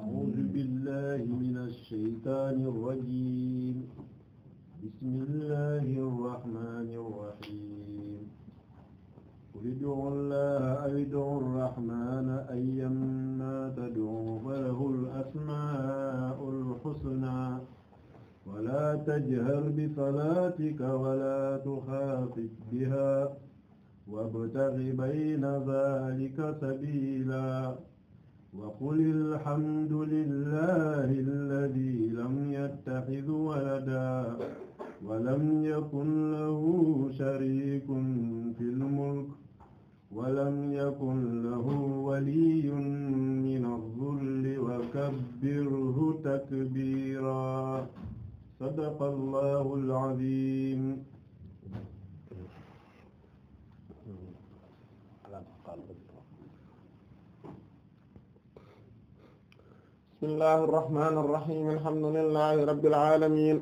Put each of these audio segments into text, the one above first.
أعوذ بالله من الشيطان الرجيم بسم الله الرحمن الرحيم قل ادعوا الله أو ادعوا الرحمن أيما تدعوا فله الأسماء الحسنى ولا تجهر بصلاتك ولا تخافت بها وابتغ بين ذلك سبيلا وقل الحمد لله الذي لم يتخذ ولدا ولم يكن له شريك في الملك ولم يكن له ولي من الذل وكبره تكبيرا صدق الله العظيم bismillahi irrahmani irrahim alhamdulillahi rabbil alamin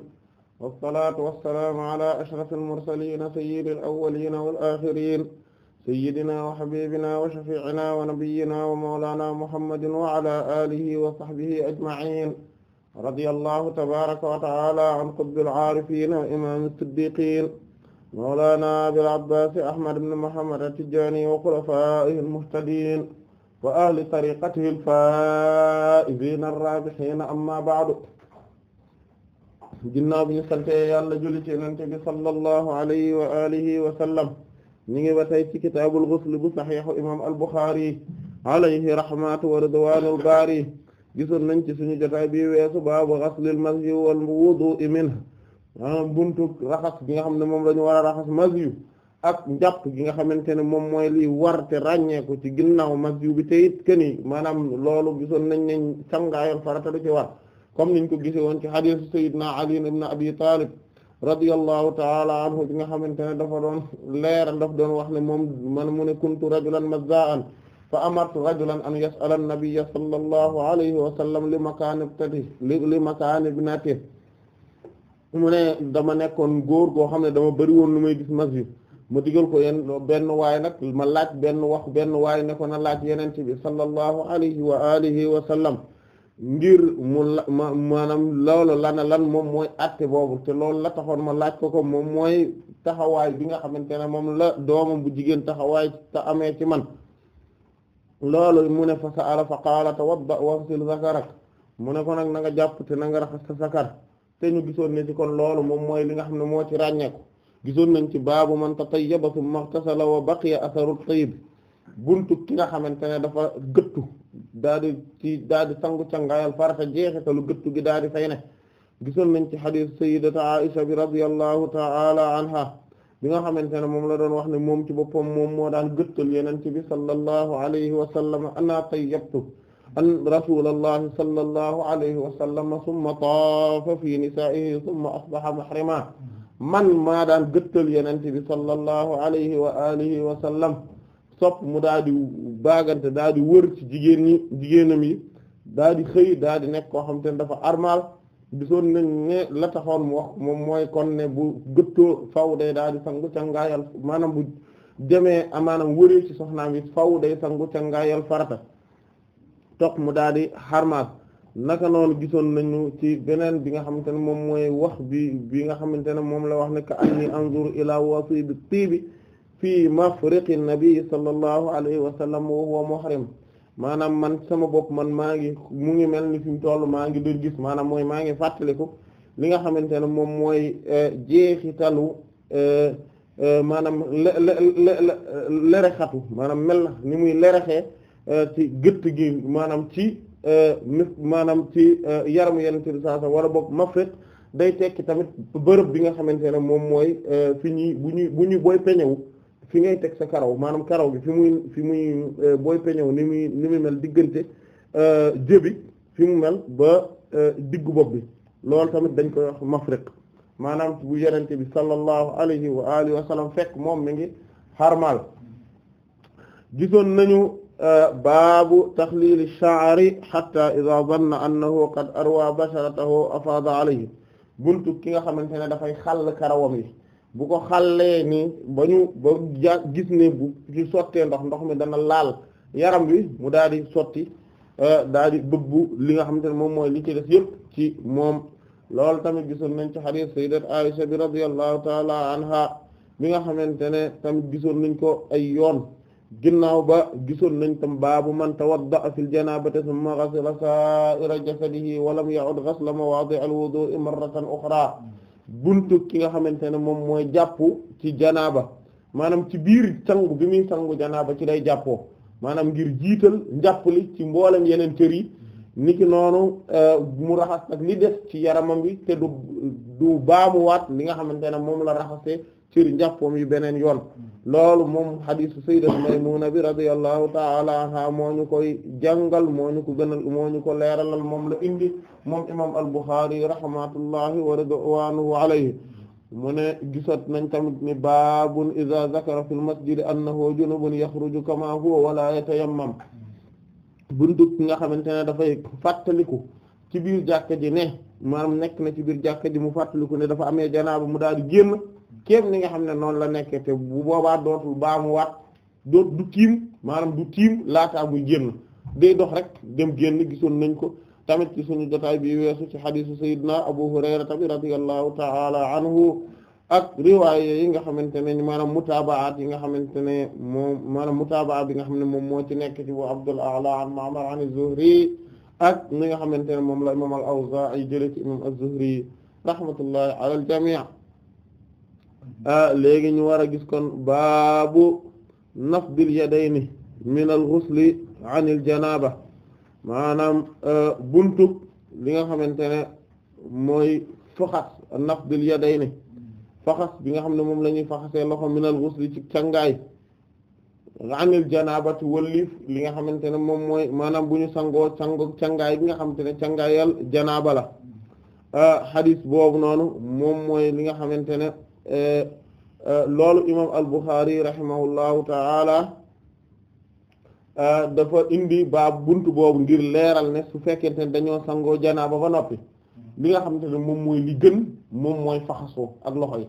wassalatu wassalaamu ala ashrafil mursalin sayyidil awwalin wal akhirin sayyidina wa habibina wa shafi'ina wa nabiyyina wa mawlana muhammadin wa ala alihi wa sahbihi ajma'in radiyallahu tabaraka wa ta'ala an qutbil aarifin wa imamit siddiqin mawlana abil abbas ahmad ibn muhammad at-tijani wa khulafa'ihil muhtadin wa ahli tariqatihi al-faa'iziina ar-raabihiina amma ba'du ginnaaw bi ñu santee yàlla julli ci yonent bi sallallahu alayhi wa alihi wa sallam ñu ngi ba tey ci kitaabul ghusl bu saxiixu imaam al-Buxaari alayhi rahmatu wa ridwaanul baari gisoon nañ ci suñu jotaay bi weesu baabu ghaslil mazyi wal wuduu'i minhu ah, buntu raxas bi nga xam ne moom la ñu war a raxas mazyu ak njàpp gi nga xamante ne moom mooy liy warte ràññeeku ci ginnaaw masjidu bi te it këni maanaam loolu gisoon nañ ne sangaayol farata du ci war comme niñ ko gise woon ci hadith sayyidina Ali ibn Abi Talib radiyallahu ta'ala anhu bi nga xamante ne dafa doon leeral daf doon wax ne moom man mu ne kuntu rajulan mazza'an fa amartu rajulan an yas'ala an-nabiyya sallallahu alayhi wa sallam li makaan ibnatihi li makaan ibnatihi mu ne dama nekkoon góor goo xam ne dama bari lu may gis masjid ma digal ko yeen benn waay nag ma laaj benn wax benn waay ne ko na laaj yenente bi sallallahu alayhi wa alihi wa sallam ngir mu la ma maanaam loolu lana lan moom mooy atte boobu te loolu la taxoon ma laaj ko ko moom mooy taxawaay bi nga xamante ne moom la doomam bu jigéen taxawaay te amee ci man loolu mu ne fa sa'ala fa qaala tawadda waghsil zakarak mu ne ko nag na nga jàpp te na nga raxas sa sakar te ñu gisoon ne ci kon loolu moom mooy li nga xam ne moo ci ràññeeku gisoon nañ ci baabu man tatayyaba thumma ightasala wa baqiya atharu tayyib buntu ki nga xamante ne dafa gëttu daa di ci daa di sangu cangaayal farata jeexitalu gëttu gi daa di fay ne gisoon nañ ci xadiis sayyidata Aisha bi radiyallahu ta'ala anha bi nga xamante ne moom la doon wax ne moom ci boppam moom moo daan gëttal yenente bi sallallahu alayhi wa sallam ana tayyabtu an rasulallahi sallallahu alayhi wa sallam summa taafa fi nisaa'ihi summa asbaha mahrima man maa daan gëttal yenente bi sallallahu alayhi wa alihi wa sallam sopp mu daa di baagante daa di wër ci jigéen ñi jigéenam yi daa di xëy daa di nekk koo xam te dafa armal gisoon ne la taxoon mu wax moom mooy kon ne bu gëttoo faw day daa di sangu cangaayal maanaam bu demee amaanam wëree ci soxnaam yi faw day sangu cangaayal farata topp mu daa di naka noonu gisoon nañu ci beneen bi nga xamante ne moom mooy wax bi bi nga xamante ne moom la wax ne ka anni anzur ila wasibi tiibi fii mafriqi nabi sallallahu alayhi wa sallam huwa muhrim maanaam man sama bopp man maa ngi mu ngi mel ni fi mu maa ngi doon gis maanaam mooy maa ngi fàttaliku li nga xamante ne moom mooy eh, jeexitalu eh, eh, maanaam lerexatu maanaam mel na ni muy lerexee ci gëtt gi maanaam ci Euh, maanaam ci euh, yaramu yenente bi saa wala boog mafriq day tekki tamit bërëb bi nga xamante ne moom mooy euh, fi ñuy bu ñuy bu ñuy booy peñewu fi ngay teg sa karaw maanaam karaw bi fi muy fi muy booy peñewu ni muy ni muy mel diggante jëbi fi mu mel ba diggu bopp bi loolu tamit dañ koy wax mafriq maanaam bu yenente bi sallallahu alayhi wa alihi wa fekk moom mu ngi xarmal gisoon nañu baabu taxliili sha'ri hatta idha dhanna annahu qad arwa basharatahu afaada alayhi buntu ki nga xamante ne dafay xàll karawam yi bu ko xàllee ni ba ñu ba gis ne bu ci sottee ndox ndox mi dana laal yaram wi mu daal di sotti euh, daal di bëbbu li nga xamante ne moom mooy li ci des yëpp ci moom loolu tamit gisoon nañ ci hadith sayyidat Aisha bi radiyallahu ta'ala anha bi nga xamante ne tamit gisoon nañ ko ay yoon ginnaaw ba gisoon nañ tam baabu man tawadda'a fil janabati thumma ghasala sa'ira jasadihi wa lam ya'ud ghasla mawadi'a al-wudu'i marratan ukhra buntu ki nga xamante ne moom mooy jàpp ci janaaba maanaam ci biir sangu bi muy sangu janaaba ci day jàppoo maanaam ngir jiital njàpp ci mboolam yeneen cër yi niki noonu euh, mu raxas nag li des ci yaramam wi te du du baamuwaat li nga xamante ne moom la raxasee ciri njàppoom yi beneen yoon loolu moom xadiisu na Maymuna bi radiyallahu ta'ala anha moo koy jàngal mooñu ko gënal moo ko leeralal moom la indi moom imam al-Bukhari rahmatullahi wa ridwanuhu alayhi mu ne gisat nañ tamit ni baabun idha zakara fil masjidi annahu junubun yakhruju kama huwa wala yatayammam buntu ki nga xamante ne dafay fàttaliku ci biir jàkka ji ne maanaam nekk na ci biir jàkka ji mu fàttaliku ne dafa amee janaaba mu daal di génn kéem ni nga xam ne noonu la nekkee te bu boobaa dootul baa mu waat doot du tiim maanaam du tiim laataa muy génn day dox rek dem génn gisoon nañ ko tamit ci suñu jotaay bi weesu ci xadiisu sayyidina Abu Hurayra tamit radiyallahu ta'ala anhu ak riwaaye yi nga xamante ne maanaam mutaabaat yi nga xamante ne moom maanaam mutaabaat bi nga xam ne moom moo ci nekk ci bu Abdul A'la an Ma'mar an az-Zuhri ak li nga xamante ne moom la imam al-Awzaa'i jële ci imam az-Zuhri rahmatullahi ala al-jamii' ah, léegi ñu war a gis kon baabu nafdil yadayni min al-ghusli an al-janaaba maanaam ah, buntu li nga xamante ne mooy foxat nafdil yadayni faxas bi nga xam ne moom la ñuy faxasee loxo minal wusli ci cangaay anil janaabati wëlliif li nga xamante ne moom mooy maanaam bu ñu sangoo sango cangaay bi nga xam xamante ne cangaayal janaaba la euh, xadis boobu noonu moom mooy li nga xamante ne euh, euh, loolu imam al-Bukhari rahimahullahu ta'ala dafa indi baab bunt boobu ngir leeral ne su fekkente ne dañoo sangoo janaaba ba noppi li nga xamante ne moom mooy li gën moom mooy faxasoo ak loxo yi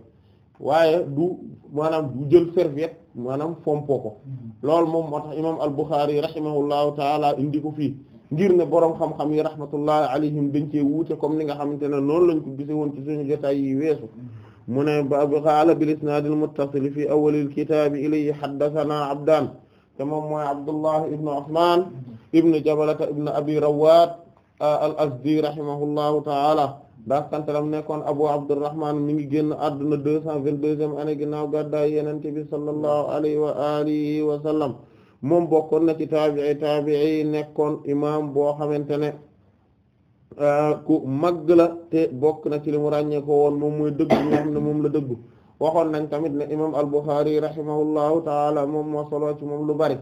waaye du maanaam du jël serviette maanaam fompo ko mm-hmm. loolu moom moo tax imaam al-Bukhari rahimahullahu taala indi ko fii ngir ne boroom xam-xam yi rahmatullahi alayhim dañ cee wuute comme li nga xamante ne noonu lañ ko gise woon ci suñu jotaay yi weesu mm-hmm. mu ne ba qaala bil isnaad al muttasil fi awwal al kitaab ilayhi haddathana abdaan te moom mooy Abdullah ibn Usman mm-hmm. ibn Jabalata ibn Abi Rawat al-Azdi rahimahullahu ta'ala daa santalam nekkoon Abu Abdurrahman mi ngi génn àdduna deux cent vingt-deuxième année ginnaaw gàddaay Yonent bi sallallahu alayhi wa alihi wa sallam moom bokkoon na ci taabi'i taabi'i nekkoon imaam boo xamante ne euh, ku màgg la te bokk na ci li mu ràññee ko woon mu mooy la dëggu waxoon nañ tamit ne imaam al-Bukhari rahimahullahu ta'ala moom moo solo ci moom lu bari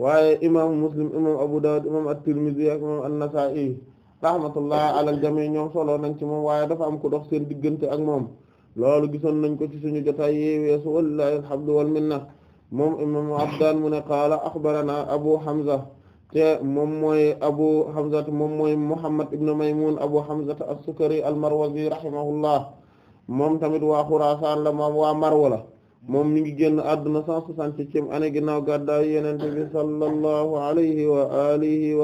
waaye imaam Muslim imaam Abu Dawud imaam at-Tirmidhi ak imaam nasai rahmatullah alal jami ñoom solo nañ ci moom waaye dafa am ku dox seen diggante ak moom loolu gisoon nañ ko ci suñu jotaay yi weesu walilahi alhamdu wal minna moom imam abdan mu ne qaala axbarana abu hamza te moom mooy abu hamza te moom mooy muhammad ibn maymun abu hamza as-sukari al-marwazi rahimahullah moom tamit waa xurasaan la moom waa marwa la moom mi ngi génn àdduna cent soixante-septième année ginnaaw gàddaay yonent bi sallallahu alayhi wa alihi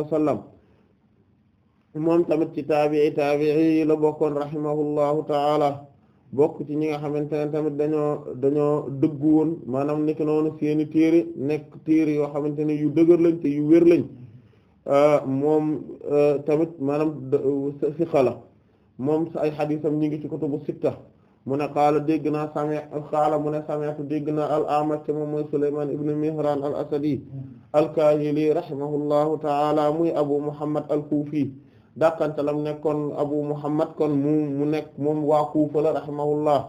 moom tamit ci taabii taabii la bokkoon rahimahullahu taala bokk ci ñi nga xamante ne tamit dañoo dañoo dëggu woon maanaam nekk noonu seeni nekk téere yoo xamante ne yu dëgër lañ te yu wér lañ euh, moom euh, tamit maanaam siqa moom ay xadiisam ñi ngi ci kutubu sitta mu ne qaala dégg naa sami qaala mu ne sami'tu dégg naa al A'mash moom mooy Sulaymaan ibn Mihraan al Asadi al-Kaahili rahimahullahu taala muy Abu Muhammad al-Kuufi dàqantalam nekkoon Abu Muhammad kon mu mu nekk moom waa Kufa la rahimahullah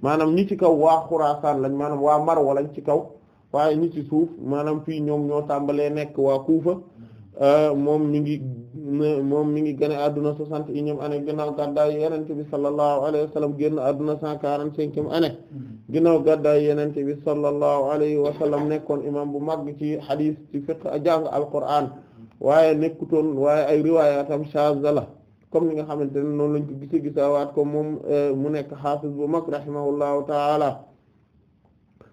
maanaam ñi ci kaw waa Xuraasaan lañ maanaam waa mar lañ ci kaw waaye ñi ci suuf maanaam fii ñoom ñoo tàmbalee nekk waa Kufa euh, moom mi ngi moom mi ngi gën a adduna soixante et unième année ginnaaw gàddaay yenente bi sallallahu alayhi wa sallam génn adduna cent quarante-cinquième année ginnaaw gàddaay yenente bi sallallahu alayhi wa sallam nekkoon imam bu mag ci hadith ci fiqh jàng Alqur'aan waaye nekkutoon waaye ay riwaayaatam shaaza la comme ni nga xamante ne noonu lañ ko gise gisawaat ko moom eh, mu nekk xaafis bu mag rahimahullahu taala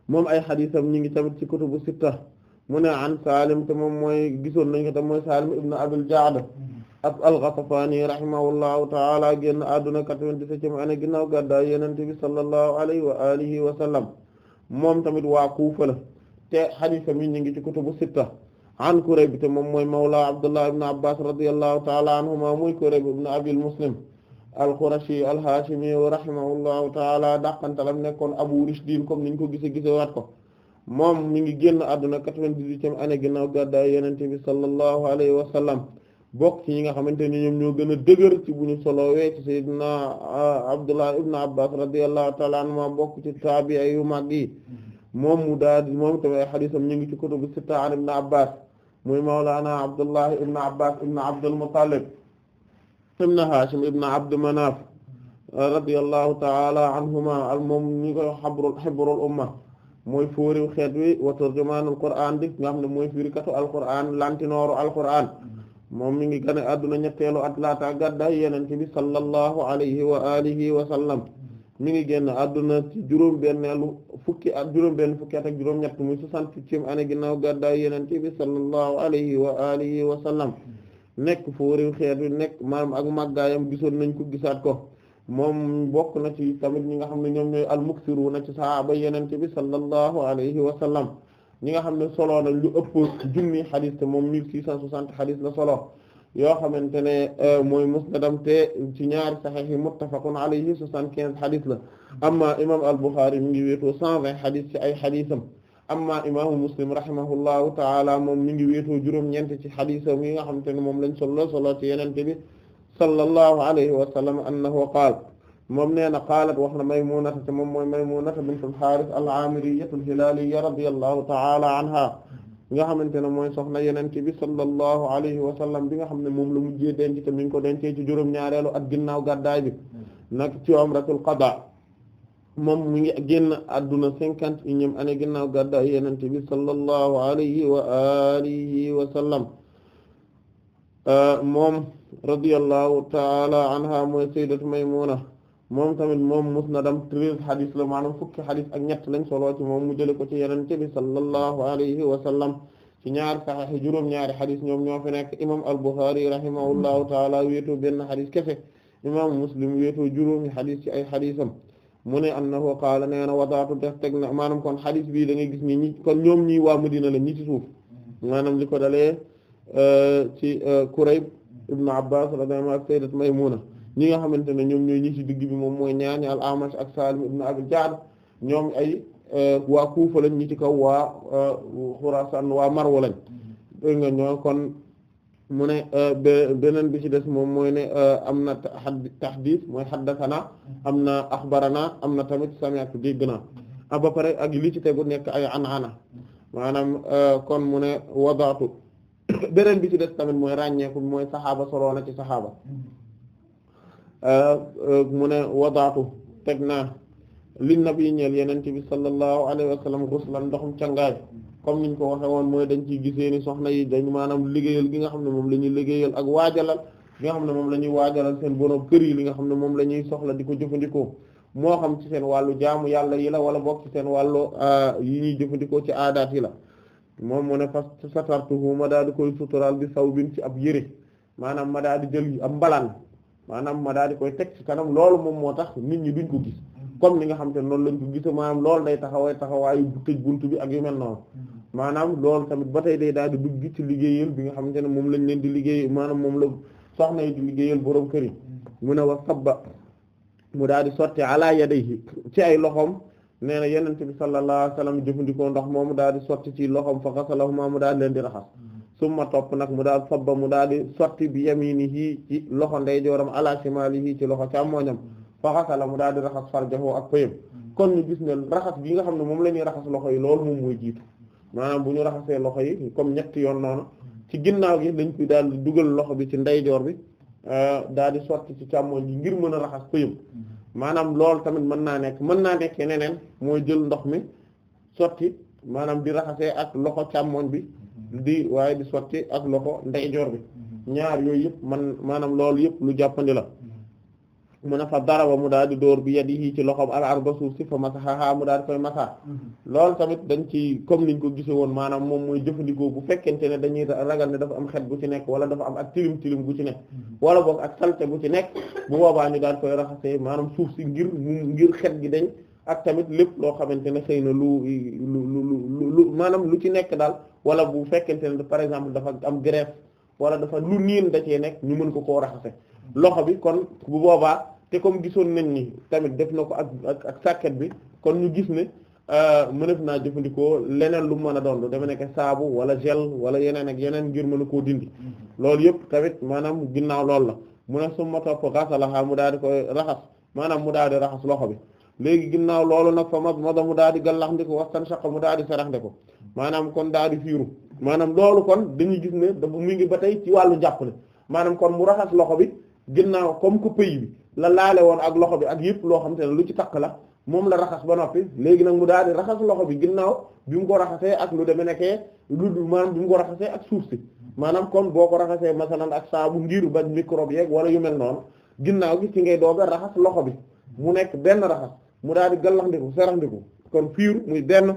moom ay xadiisam ñi ngi tamit ci kutubu sitta mu ne an Salim te moom mooy gisoon nañ ko tam mooy Salim ibn Abil Ja'd ab al-Ghatafani rahimahullahu taala génn àdduna 97e année ginnaaw gàddaay Yonent bi sallallahu alayhi wa alihi wa sallam moom tamit waa Kuufa te xadiisam yi ñi ngi ci kutubu sitta an bi te moom mooy mawla Abdullah ibn Abbas radiyallahu ta'ala anhuma muy Kurayb ibn Abil Muslim al-Qurashi al-Hashimi rahimahullahu ta'ala dàqantalam nekkoon Abu Rishdin comme niñ ko gise gisewaat ko moom mi ngi génn àdduna quatre-vingt-dix-huitième année ginnaaw gàddaay Yonent bi sallallahu alayhi wa sallam bokk ci ñi nga xamante ni ñoom ñoo gën a dëgër ci bu ñu solowee ci Sayyidina Abdullah ibn Abbas radiyallahu ta'ala anhuma bokk ci taabi'i yu mag yi mm-hmm. moom mu daal moom tamit ñu ngi ci kutubu sitta an Ibn Abbas muy mawlaana abdullah ibn abbas ibn abdul muttalib ibn hashim ibn abd manaf radiyallahu ta'ala anhuma al moom ñi koy xabrul xibrul umma mooy fóoriw xeet wi wa turjumaanul qur'aan di nga xam ne mooy firikatu al qur'aan lantinooru al qur'aan moom mi ngi ñetteelu at laata gàddaay yonent bi sallallahu alayhi wa alihi wa sallam mi ngi génn àdduna ci juróom-benneelu fukki at juróom-benn fukki at ak juróom-ñett muy soixante-huitième année ginnaaw gàddaay Yonent bi sallallahu alayhi wa alihi wa sallam nekk fóoriw xeet wi nekk maanaam ak màggaayam gisoon nañ ko gisaat ko moom bokk na ci tamit ñi nga xam ne ñoom ñooy al-muksiruna ci sahaaba Yonent bi sallallahu alayhi wa sallam ñi nga xam ne solo na lu ëpp junni xadis te moom 1660 xadis la solo. yoo xamante ne euh, mooy musnadam te ci ñaari saxiix yi muttafaqun alayhi soixante-quinze xadis la amma imam al-Bukhari mi ngi wéetoo cent vingt xadis ci ay xadisam amma imaamu Muslim rahimahullahu taala moom mi ngi wéetoo juróom-ñeent ci xadisam yi nga xamante ne moom lañ solo solo ci yenente bi sallallahu alayhi wa sallam annahu qaala moom nee na qaalat wax na Maymunata te moom mooy Maymunata bint al-Haaris al-Aamiriyya al-Hilaaliyya radiyallahu taala anha bi nga xamante ne mooy soxna yeneen ci bi sallallahu alayhi wa sallam bi nga xam ne moom la mujjee denc te mi ngi ko dencee ci juróom-ñaareelu at ginnaaw gàddaay bi nag ci umratul qadaa moom mi ngi génn adduna cinquante u ñam année ginnaaw gàddaay yenen bi sallallahu alayhi wa alihi wa sallam moom radiyallahu ta'ala anha mooy sayyidatu Maymuna moom tamit moom musnadam treize xadis la maanaam fukki xadis ak ñett lañ solo ci moom mu jële ko ci yenente bi sallallahu alayhi wa sallam ci ñaar saxex juróom-ñaari xadis ñoom ñoo fi nekk imam al-Bukhari rahimahullahu taala wéetoo benn xadis kese imam Muslim wéetoo juróomi xadis ci ay xadisam mu ne annahu qaala nee na wadaatu def teg na maanaam kon xadis bii da ngay gis ni ñi kon ñoom ñi waa dina la ñi ci suuf maanaam li ko dalee euh, ci euh, Kurayb ibnu la radiyallahu anhu sayyidat Maymuna ñi nga xamante ne ñoom ñooy ñi ci digg bi moom mooy ñaani al Amash ak Salim na ak Ja'd ñoom ay euh, waa Kufa lañ ñi ci kaw waa Khurasan euh, waa Marwa lañ ñoo kon mu ne euh, beneen bi ci des moom mooy ne am na tahdis mooy haddathana am na akhbarana am na tamit sami'tu dégg naa a ah, ba pare ak li ci tegu nekk ay anana maanaam kon mu ne wadaatu beneen bi ci des tamit mooy ràññeeku mooy saxaaba solo ci saxaaba Euh, euh, mu ne wadaatu teg naa li nabi ñeel yeneen bi sallallahu alayhi wa sallam ghuslan ndoxum cangaay comme niñ ko waxee woon mooy dañ ciy gisee ni soxna yi dañ maanaam liggéeyal gi nga xam ne moom la ñuy liggéeyal ak waajalal gi xam ne moom la ñuy waajalal seen borom kër yi li nga xam ne moom la ñuy soxla di ko jëfandikoo moo xam ci seen wàllu jaamu yàlla yi la wala bokk ci seen wàllu euh, yi ñuy jëfandikoo ci aadaat yi la moom mu ne fas satartuhu ma daal di koy suturaal bi saw bin ci ab yëre maanaam ma di jël ab mbalaan maanaam ma daal di koy teg ci kanam loolu moom moo tax nit ñi duñ ko gis comme li nga xam te ne noonu lañ ko gise maanaam loolu day taxaway taxawaayu tëj buntu bi ak yu mel noonu maanaam loolu tamit ba tey day daal di dugg ci liggéeyal bi nga xam te ne moom lañ leen di liggéey maanaam moom la soxna yi di liggéeyal borom kër yi mu ne wa sabba mu daal di sotti ala yadayhi ci ay loxoom nee na yenente bi sallallahu alayhi wasallam jëfandikoo ndox moomu daal di sotti ci loxoom fa xasalahuma mu daal leen di raxas summa topp nag mu daal sabba mu daal di sotti bi ni yaminihi ci loxo ndeyjooram ala shimalihi ci loxo càmmoñam fa xasala mu daal di raxas farjahu ak payam kon ñu gis ne raxas bi nga xam ne moom la ñuy raxas loxo yi loolu moom mooy jiitu maanaam bu ñu raxasee loxo yi comme ñetti yoon noonu ci ginnaaw gi dañ koy daal di dugal loxo bi ci ndeyjoor bi euh, daal di sotti ci càmmoñ bi ngir mën a raxas payam maanaam loolu tamit mën naa nekk mën naa nekk yeneen mooy jël ndox mi sorti maanaam di raxasee ak loxo càmmoñ bi di waaye di sotti ak loxo ndeyjoor bi mm-hmm. ñaar yooyu yëpp man maanaam loolu yëpp lu jàppandi la mm-hmm. mu ne fa ba mu daal door dóor bi yadi yii ci loxoom al arba suuf si fa masaxaxaa mu daal di koy masa mm-hmm. loolu tamit dañ ci comme niñ ko gise woon maanaam moom mooy jëfandikoo bu fekkente ne dañuy ragal ne dafa am xet bu ci nekk wala dafa am ak tilim tilim gu ci nekk wala boog ak salte bu ci nekk bu boobaa ñu daal koy raxasee maanaam suuf si ngir mu ngir xet gi dañ ak tamit lépp loo xamante ne xëy na lu lu lu lu maanaam lu ci nekk daal wala bu fekkente ne par exemple dafa am greffe wala dafa lu niin da cee nekk ñu mën ko koo raxase loxo bi kon bu boobaa te comme gisoon nañ ni tamit def na ko ak ak sàkket bi kon ñu gis ne euh, mënef naa jëfandikoo leneen lu mën a doon lu deme nekk saabu wala gel wala yeneen ak yeneen ngir mën a koo dindi mm-hmm. loolu yëpp tamit maanaam ginnaaw loolu la mu ne su ma topp gasalaxaa mu daal di koy raxas maanaam mu daal di raxas loxo bi léegi ginnaaw loolu nag fa mad mada mu daal di gallax wax waxtan saqa mu daal di sarax ndiko maanaam kon daal di fiiru maanaam loolu kon dañuy gis ne dafa mu ngi ba tey ci wàllu jàppale maanaam kon mu raxas loxo bi ginnaaw comme que pëy bi la laale woon ak loxo bi ak yëpp loo xam ne lu ci takk la moom la raxas ba noppi léegi nag mu daal di raxas loxo bi ginnaaw bi mu ko raxasee ak lu deme nekkee lu maanaam bi mu ko raxasee ak suuf si maanaam kon boo ko raxasee masalan ak saabu ngir ba microbe yeeg wala yu mel noonu ginnaaw gi ci ngay dooga raxas loxo bi mu nekk benn raxas mu daal di gallaxndiku saraxndiku kon fiiru muy benn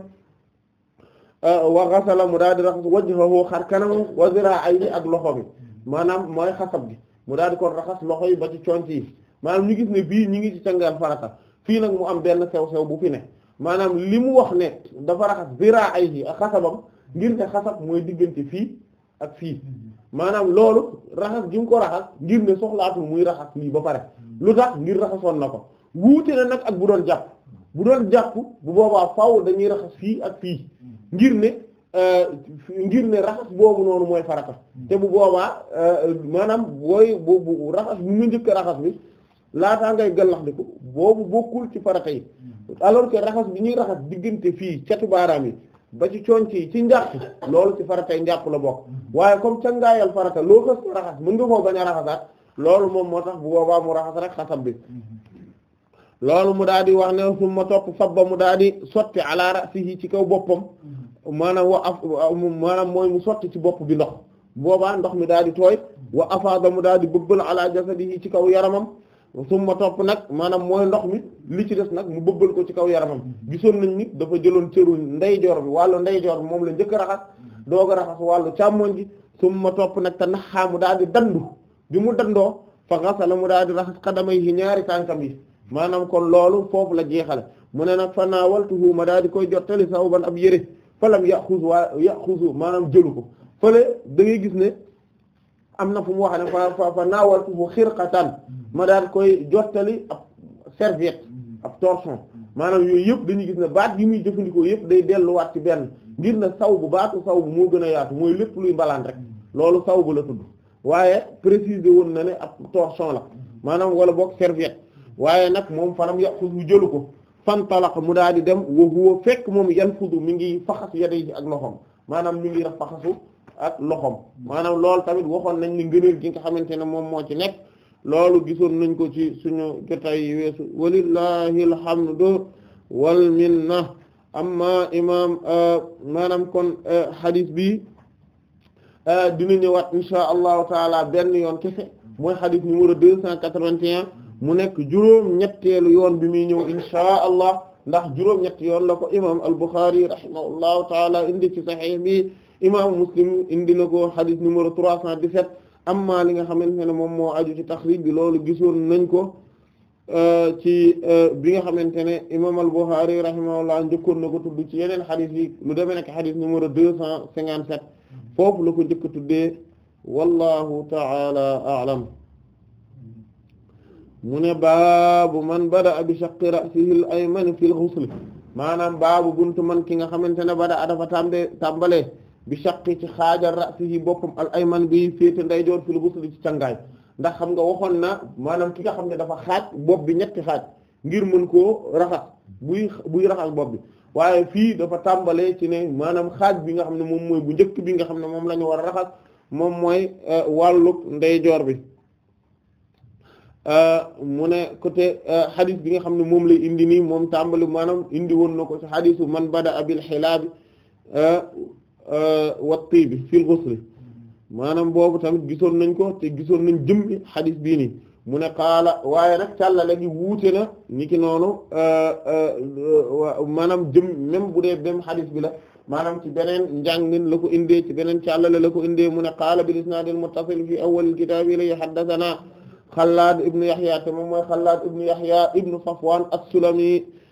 ah, wa ghasala mu daal di raxas wajhahu xar kanam wa ziraa'ayhi ak loxo bi maanaam mooy xasab gi mu daal di kon raxas loxo yi ba ci conc yi maanaam ñu gis ne bii ñu ngi ci cangaal farata fii nag mu am benn sew-sew bu fi ne maanaam li mu wax ne dafa raxas ziraa'ayhi ak xasabam ngir ne xasab mooy diggante fii ak fii maanaam loolu raxas gi mu ko raxas ngir ne soxlaatul muy raxas lii ba pare lu tax ngir raxasoon na ko wuute na nag ak bu doon jàpp bu doon jàpp bu boobaa faaw dañuy raxas fii ak fii ngir ne euh, ngir ne raxas boobu noonu mooy farata te bu boobaa euh, maanaam booy boobu raxas bu njëkk raxas bi laataa ngay gallax diko boobu bokkul ci farata yi alors que raxas bi ñuy raxas diggante fii catu baaraam yi ba ci conc yi ci njàpp loolu ci faratay njàpp la bokk waaye comme ca ngaayal farata loo xas ko raxas mën nga koo bañ a raxasaat loolu moom moo tax bu boobaa mu raxas rek xasab bi loolu mu daal di wax ne summa topp fabba mu daal di sotti ala ra'sihi ci kaw boppam maanaam wa af maanaam mooy mu sotti ci bopp bi ndox boobaa ndox mi daal di tooy wa afaada mu daal di bëbbal ala jasadihi ci kaw yaramam summa topp nag maanaam mooy ndox mi li ci des nag mu bëbbal ko ci kaw yaramam gisoon nañ nit dafa jëloon cëru ndeyjoor bi wàllu ndeyjoor bi moom la njëkk raxas doog raxas wàllu càmmoñ ji summa topp nag te naxaa mu daal di dandu bi mu dandoo fa gasala mu daal di raxas xadamay yi ñaari tànkam yi maanaam kon loolu foofu la jeexale mu ne nag fa naawaltuhu ma daal di koy jottali ban ab yëre falam yaxuzu waa yaxuzu maanaam jëlu ko fële da ngay gis ne am na fu mu wax ne fa fa fa naawaltuhu xirqatan ma daal koy jottali ab serviette ab torchon maanaam yooyu yëpp dañuy gis ne baat yi muy jëfandikoo yëpp day delluwaat ci benn ngir ne saw bu baatu saw bu moo gën a yaatu mooy lépp luy mbalaan rek loolu saw bu la tudd waaye préciser woon na ne ab torchon la maanaam wala boog serviette waaye nag moom fanam yaxudu jëlu ko fantalaq mu daal di dem wa huwa fekk moom yanfudu mi ngi faxas yadayhi ak loxoom maanaam mi ngi rax faxasu ak loxoom maanaam lool tamit waxoon nañ ni ngëneel ki nga xamante ne moom moo ci nekk loolu gisoon nañ ko ci suñu jotaay yi weesu walillahi alhamdu wal na amma imam euh, maanaam kon euh, hadith bi euh, dina ñëwaat insha allahu taala benn yoon kese mooy hadith numéro deux cent mu nekk juróom ñetteelu yoon bi muy ñëw inshaa allah ndax juróom ñetti yoon la ko imaam al-Bukhari rahimahullahu taala indi ci sahih bi imam Muslim indi na ko hadith numéro 317 amma li nga xamante ne moom moo aju ci taxrij bi loolu gisoon nañ ko euh, ci euh, bi nga xamante ne imam al-Bukhari rahimahullah njëkkoon na ko tudd ci yeneen hadith yi lu demee nekk hadith numéro 257 foofu la ko njëkk tuddee wallahu taala a'lam mu ne baabu man bada abi shaqqi ra'sihi al-ayman fil ghusl maanaam baabu buntu man ki nga xamante ne bada dafa tàmbe tàmbalee bi shaqqi ci xaajar ra'sihi boppam al-ayman bi féete ndeyjoor fil ghusl ci cangaay ndax xam nga waxoon na maanaam ki nga xam ne dafa xaaj bopp bi ñetti xaaj ngir mën koo raxas buy buy raxas bopp bi waaye fii dafa tàmbalee ci ne maanaam xaaj bi nga xam ne moom mooy bu njëkk bi nga xam ne moom la ñu war a raxas moom mooy euh, wàllug ndeyjoor bi Euh, mu ne côté xadis euh, bi nga xam ne moom lay indi nii moom tàmbali maanaam indi woon na ko ci xadisu man bada abil xilaabi euh, watti bi fil ghusli maanaam boobu tamit gisoon nañ ko te gisoon nañ jëmmi xadis bii nii mu ne waaye nag càllale gi wuute na ni ki noonu maanaam jëm même bu dee même xadis bi la maanaam ci beneen njàngin la ko indee ci beneen càllale la ko indee mu ne xaala bil isnaadil muttasil fi awwalil kitaabi ilay haddasanaa Xallaad ibnu Yahya te moom mooy ibnu Yahya ibnu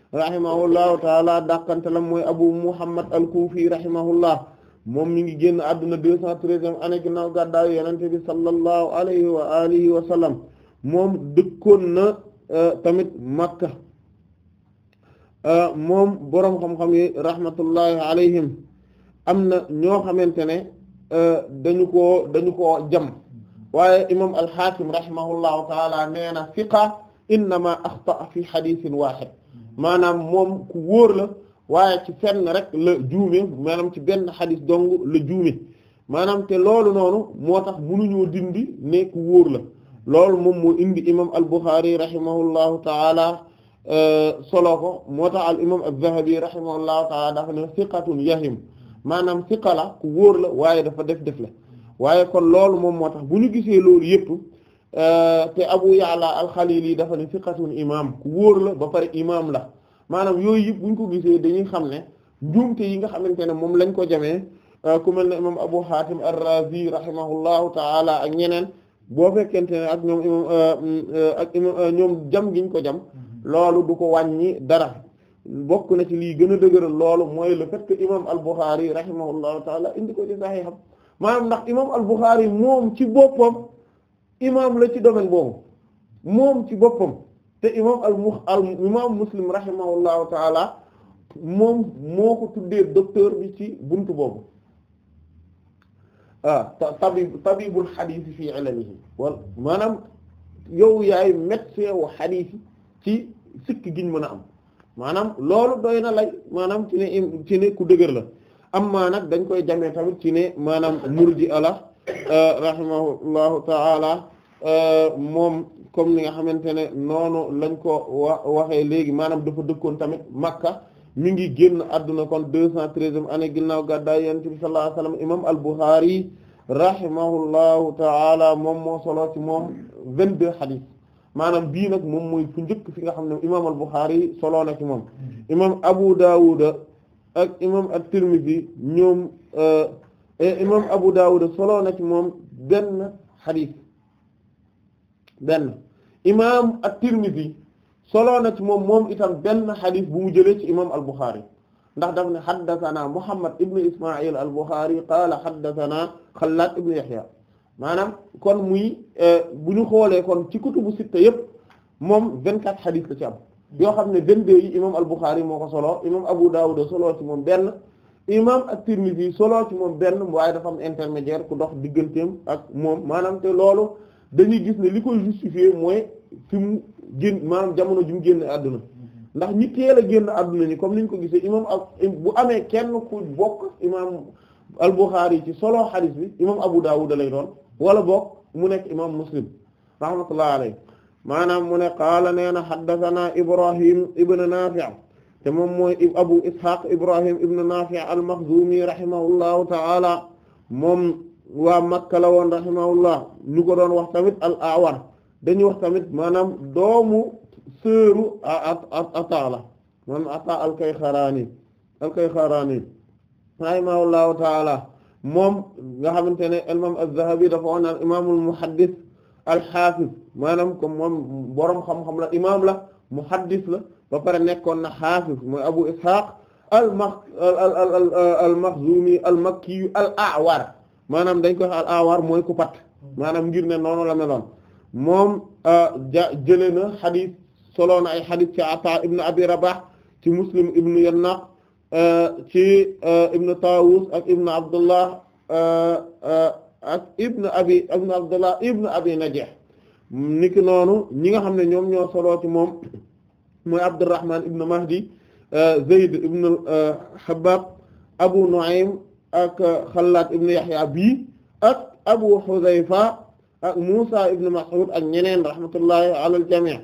rahimahullahu taala dàqantalam mooy Abu Muhammad al-Kufi rahimahullah moom mi ngi génn àdduna deux cent treizième année ginnaaw gàddaayu Yonent bi sallallahu alayhi wa alihi wa sallam moom dëkkoon na euh, tamit Makka euh, moom boroom xam-xam rahmatullahi alayhim am na ñoo xamante ne euh, dañu ko dañu ko jam waaye imam al-Hakim rahimahullahu taala nee na fiqa innama axtaa fi xadisin wahid maanaam moom ku wóor la waaye ci fenn rek la juume maanaam ci benn xadis dong la juume maanaam te loolu noonu moo tax munuñoo dindi ne ku wóor la loolu moom moo indi imam al-Bukhari rahimahullahu taala euh, solo ko moo tax al imam az-Zahabi rahimahullahu taala dafa ne siqatun yahim maanaam siqa la ku wóor la waaye dafa def def la waaye kon loolu moom moo tax bu ñu gisee loolu yëpp euh, te Abu Ya'la al-Khalili dafa ne siqatun imaam ku la ba pare imam la maanaam yooyu yëpp bu ñu ko gisee dañuy xam ne njuumte yi nga xamante ne moom lañ ko jamee euh, ku mel ne imam Abu Hatim ar-Razi rahimahullahu ta'ala ak ñeneen boo fekkente ne ak ñoom euh, ak jam giñ ko jam mm-hmm. loolu du ko wàññi dara bokk na ci lii gën a dëgëral loolu mooy le fait que imam al-Bukhari rahimahullahu ta'ala indi ko ci Sahih maanaam ndax imam al-Bukhari moom ci boppam imam la ci domaine boobu moom ci boppam te imam al al imam Muslim rahimahullahu taala moom moo ko tuddee docteur bi ci buntu boobu ah tabib tabibul xadiis fii ilmihi maanaam yow yaay médecin wu xadiis ci sikk giñ mën a am maanaam loolu doy na lay maanaam ci ne ci ne ku dëgër la amma nag dañ koy jamee tamit ci ne maanaam murji'a la euh, rahimahullahu ta'ala euh, moom comme ni nga xamante ne noonu lañ ko wa waxee léegi maanaam dafa dëkkoon tamit Makka mi ngi génn adduna kon deux cent treizième année ginnaaw gàddaay yonent bi sallallahu alayhi wa sallam imam al rahimahullahu ta'ala moom moo solo ci moom vingt-deux hadith maanaam bii nag moom mooy fu njëkk fi nga xam ne imam al-Bukhari solo na ci moom imam Abu Dawud ak imam at-Tirmidhi ñoom euh, imam Abu Dawud solo na ci moom benn xadis benn imam at-Tirmidhi solo na ci moom moom itam benn xadis bu mu jëlee ci imam al-Bukhari ndax daf ne xaddasanaa Muhammad ibn Isma'il al-Bukhari qaala xaddasanaa Xallaad ibn Yahya maanaam kon muy euh, bu ñu xoolee kon ci kutubu sitta yépp moom 24 xadis la ci am. yoo xam ne vingt-deux yi imam al-Bukhari moo ko solo imam Abu Dawud solo ci moom benn imam at-Tirmidhi solo ci moom benn waaye dafa am intermédiaire ku dox digganteem ak moom maanaam te loolu dañuy gis ne li koy justifier mooy fi mu génn maanaam jamono ji mu génn àdduna ndax ñi teel a génn àdduna ñi comme ni ñu ko gisee imam ak bu amee kenn ku bokk imam al-Bukhari ci solo xadiis bi imam Abu Dawud lay doon wala bokk mu nekk imam Muslim rahmatullah alayhi maanaam mu ne qaala nee na haddathana Ibrahim ibn Nafi' te moom mooy Abu Ishaq Ibrahim ibn Nafi' al-Makhzumi rahimahullahu ta'ala moom waa Makka la woon rahimahullah ñu ko doon wax tamit al-A'war dañuy wax tamit maanaam doomu seeru Ataa la maanaam Ataa al-Kayxaraani al-Kayxaraani rahimahullahu ta'ala moom nga xamante ne al-Imaam az-Zahabi dafa woon al-Imaam al-Muhaddis al-Haafiz maanaam comme moom borom xam-xam la imaam la mu muhaddis la ba pare nekkoon na xaafis mooy abu ishaq al ma al al makhzumi al makki al awar maanaam dañ koy mooy ku pat maanaam ngir ne noonu la meloon moom euh, ja jëlee na xadis solo na ay xadis ci Ataa ibn Abi Rabah ci Muslim ibn Yannaq euh, ci euh, ibn Tawus ak ibn Abdullah ak ibn Abi ibn niki noonu ñi nga xam ne ñoom ñoo soloo ci moom mooy Abdurrahman ibn Mahdi euh, Zayd ibn euh, Habab Abu Nu'aym ak Xallaad euh, ibn Yahya bii ak Abu Hudhayfa ak Musa ibn Mas'ud ak ñeneen rahmatullahi ala al-jami'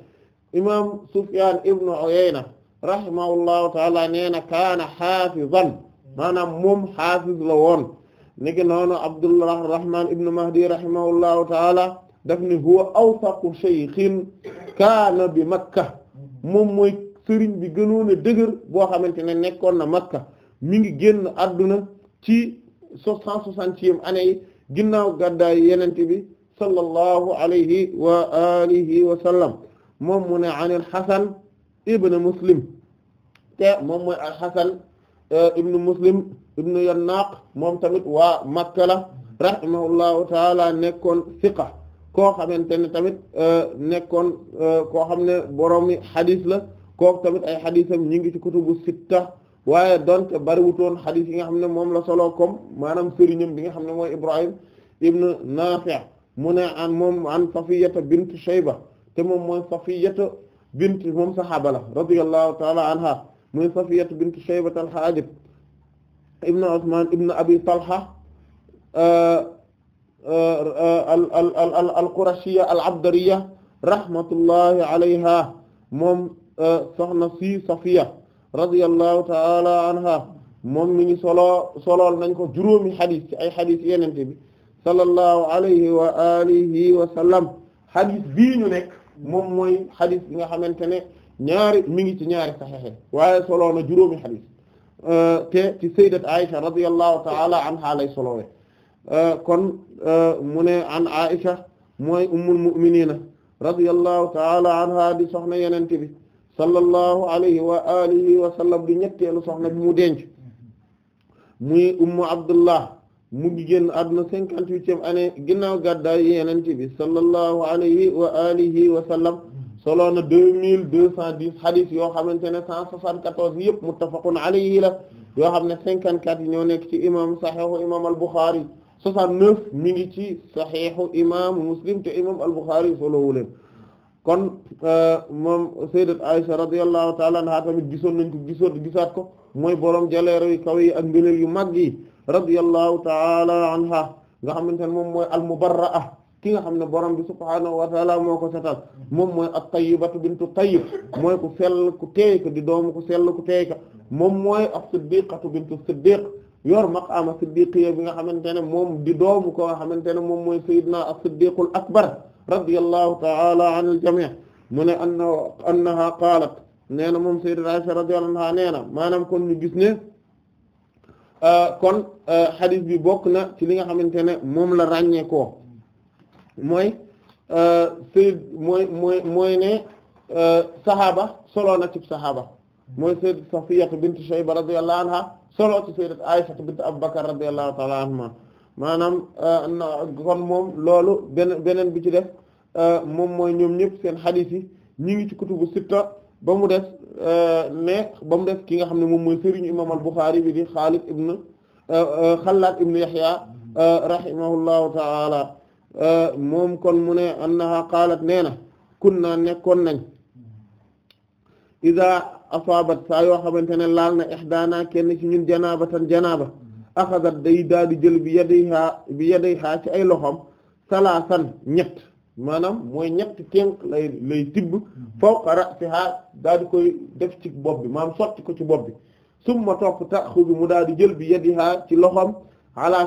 imam Sufyan ibn Uyayna rahimahullahu taala nee na kaana xaafizan maanaam moom xaafiz la woon niki noonu Abdurrahman ibn Mahdi rahimahullahu taala daf ni huwa awsaqu shaykhin kaana bi makka moom mooy sëriñ bi gënoon a dëgër boo xamante ne nekkoon na makka mi ngi génn adduna ci cent soixantième année yi ginnaaw gàddaay yenente bi sallallahu alayhi wa alihi wa sallam moom mu ne al hasan euh, ibn muslim ibn yannaq moom tamit waa makka la rahimahullahu taala nekkoon siqa koo xamante ne tamit euh, nekkoon euh, koo xam ne borom mi xadis la kooku tamit ay xadisam ñi ngi ci kutubu sitta waaye donte bariwutoon xadis yi nga xam ne moom la solo comme maanaam sëriñam bi nga xam ne mooy Ibrahim ibn Nafi' mu ne an moom an Safiyata bint Shayba te moom mooy Safiyata bint moom saxaaba la radiyallahu ta'ala anha muy Safiyata bint Shayba al-Hajib ibn Usman ibn Abi Talha euh, al al al al al qurashiyya al abdariya rahmatullahi alayha moom euh, soxna si Safiya radiyallahu ta'ala anha moom mi ngi solo solool nañ ko juróomi xadis ci ay xadis yenente bi sallallahu alayhi wa alihi wa sallam xadis bii ñu nekk moom mooy xadis bi nga xamante ne ñaari mi ngi ci ñaari saxexe waaye soloo na juróomi xadis euh, te ci sayyidat Aisha radiyallahu ta'ala anha lay soloowe Euh, kon euh, mu ne an Aisha mooy ummul mu'minina radiyallahu taala anha di soxna yenente bi sallallahu alayhi wa alihi wa sallam soxna bi mu denc muy ummu abdullah mu ngi génn àdduna cinquante-huitième année ginnaaw gàddaay yenente bi wa alihi wa sallam solo na deux mille deux cent yoo xamante ne cent soixante-quatorze yëpp muttafaqun alayhi la yoo xam ne cinquante-quatre yi ñoo nekk ci imam sahihu imam al 69 mi ngi ci saxiixu imaamu muslim te imam al-Bukhari solowu kon euh, moom sayyidat Aisha radiyallahu ta'ala anha tamit gisoon nañ ko gisoon gisaat ko mooy borom jaleere yu kaw yi ak ngëneel yu mag yi radiyallahu ta'ala anha nga xamante ne moom mooy al-mubarra'a ki nga xam ne borom bi subhaanahu wa ta'ala moo ko setal moom mooy at-tayyibatu bintu tayyib mooy ku sell ku teey ka di doomu ku sell ku teey moom mooy as bintu siddiq yor maqaama siddiqiyya bi nga xamante ne moom di doomu ko xamante ne moom mooy sayyidna as-siddiqul akbar radiyallahu ta'ala anil jami' mu ne anna annaha qaalat nee na moom sayyidatu Aisha radiyallahu nee na maanaam kon ñu gis ne euh, kon euh, xadis bi bokk na ci li nga xamante ne moom la ràññee koo mooy euh, sayyid mooy mooy mooy ne saxaaba solo na ci saxaaba mooy sayyid Safiyya bint Shayba radiyallahu solo ci sayyidat Aisha bint Abubakar radiyallahu ta'ala anha maanaam uh, kon moom loolu beneen beneen bi ci def uh, moom mooy ñoom ñëpp seen xadiis yi ñi ngi ci kutubu sitta ba mu def uh, ne ba mu def ki nga xam ne moom mooy sëriñu imam al-Bukhari bi di Xaalid ibn Xallaad ibn Yahya rahimahullahu ta'ala moom kon mu ne annaha qaalat nee na kunna nekkoon nañ iza asaabat saa yoo xamante ne laal na ihdaana kenn ci ñun janaabatan janaaba axadat day daal di jël bi yadayhaa bi yadayhaa ci ay loxoom salaasan ñett maanaam mooy ñett tenk lay lay tibb fawqa ra'sihaa daal di koy def ci bopp bi maanaam sotti ko ci bopp bi summa topp taxudu mu daal jël bi yadihaa ci loxoom ala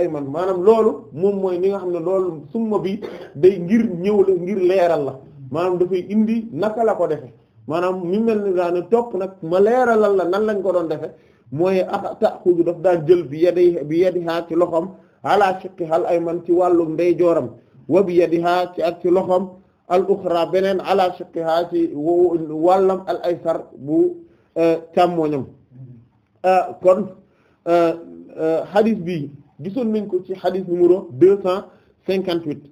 ay man maanaam loolu moom mooy li nga xam ne loolu summa bi day ngir ñëw ngir leeral la maanaam dafay indi naka la ko defe maanaam mi mel ni ne topp nag ma leeralal la nan lañ ko doon defe mooy ata taxudu daf daan jël bi yadi bi yadihaa ci loxom ala shiqqi al ayman ci wàllu ndeyjooram wa bi yadihaa ci ak ci loxom al uxra beneen ala shiqqiha ci wàllam al aysar bu euh, càmmoñam euh, kon euh, hadith bi gisoon nañ ko ci hadith numéro deux cent cinquante huit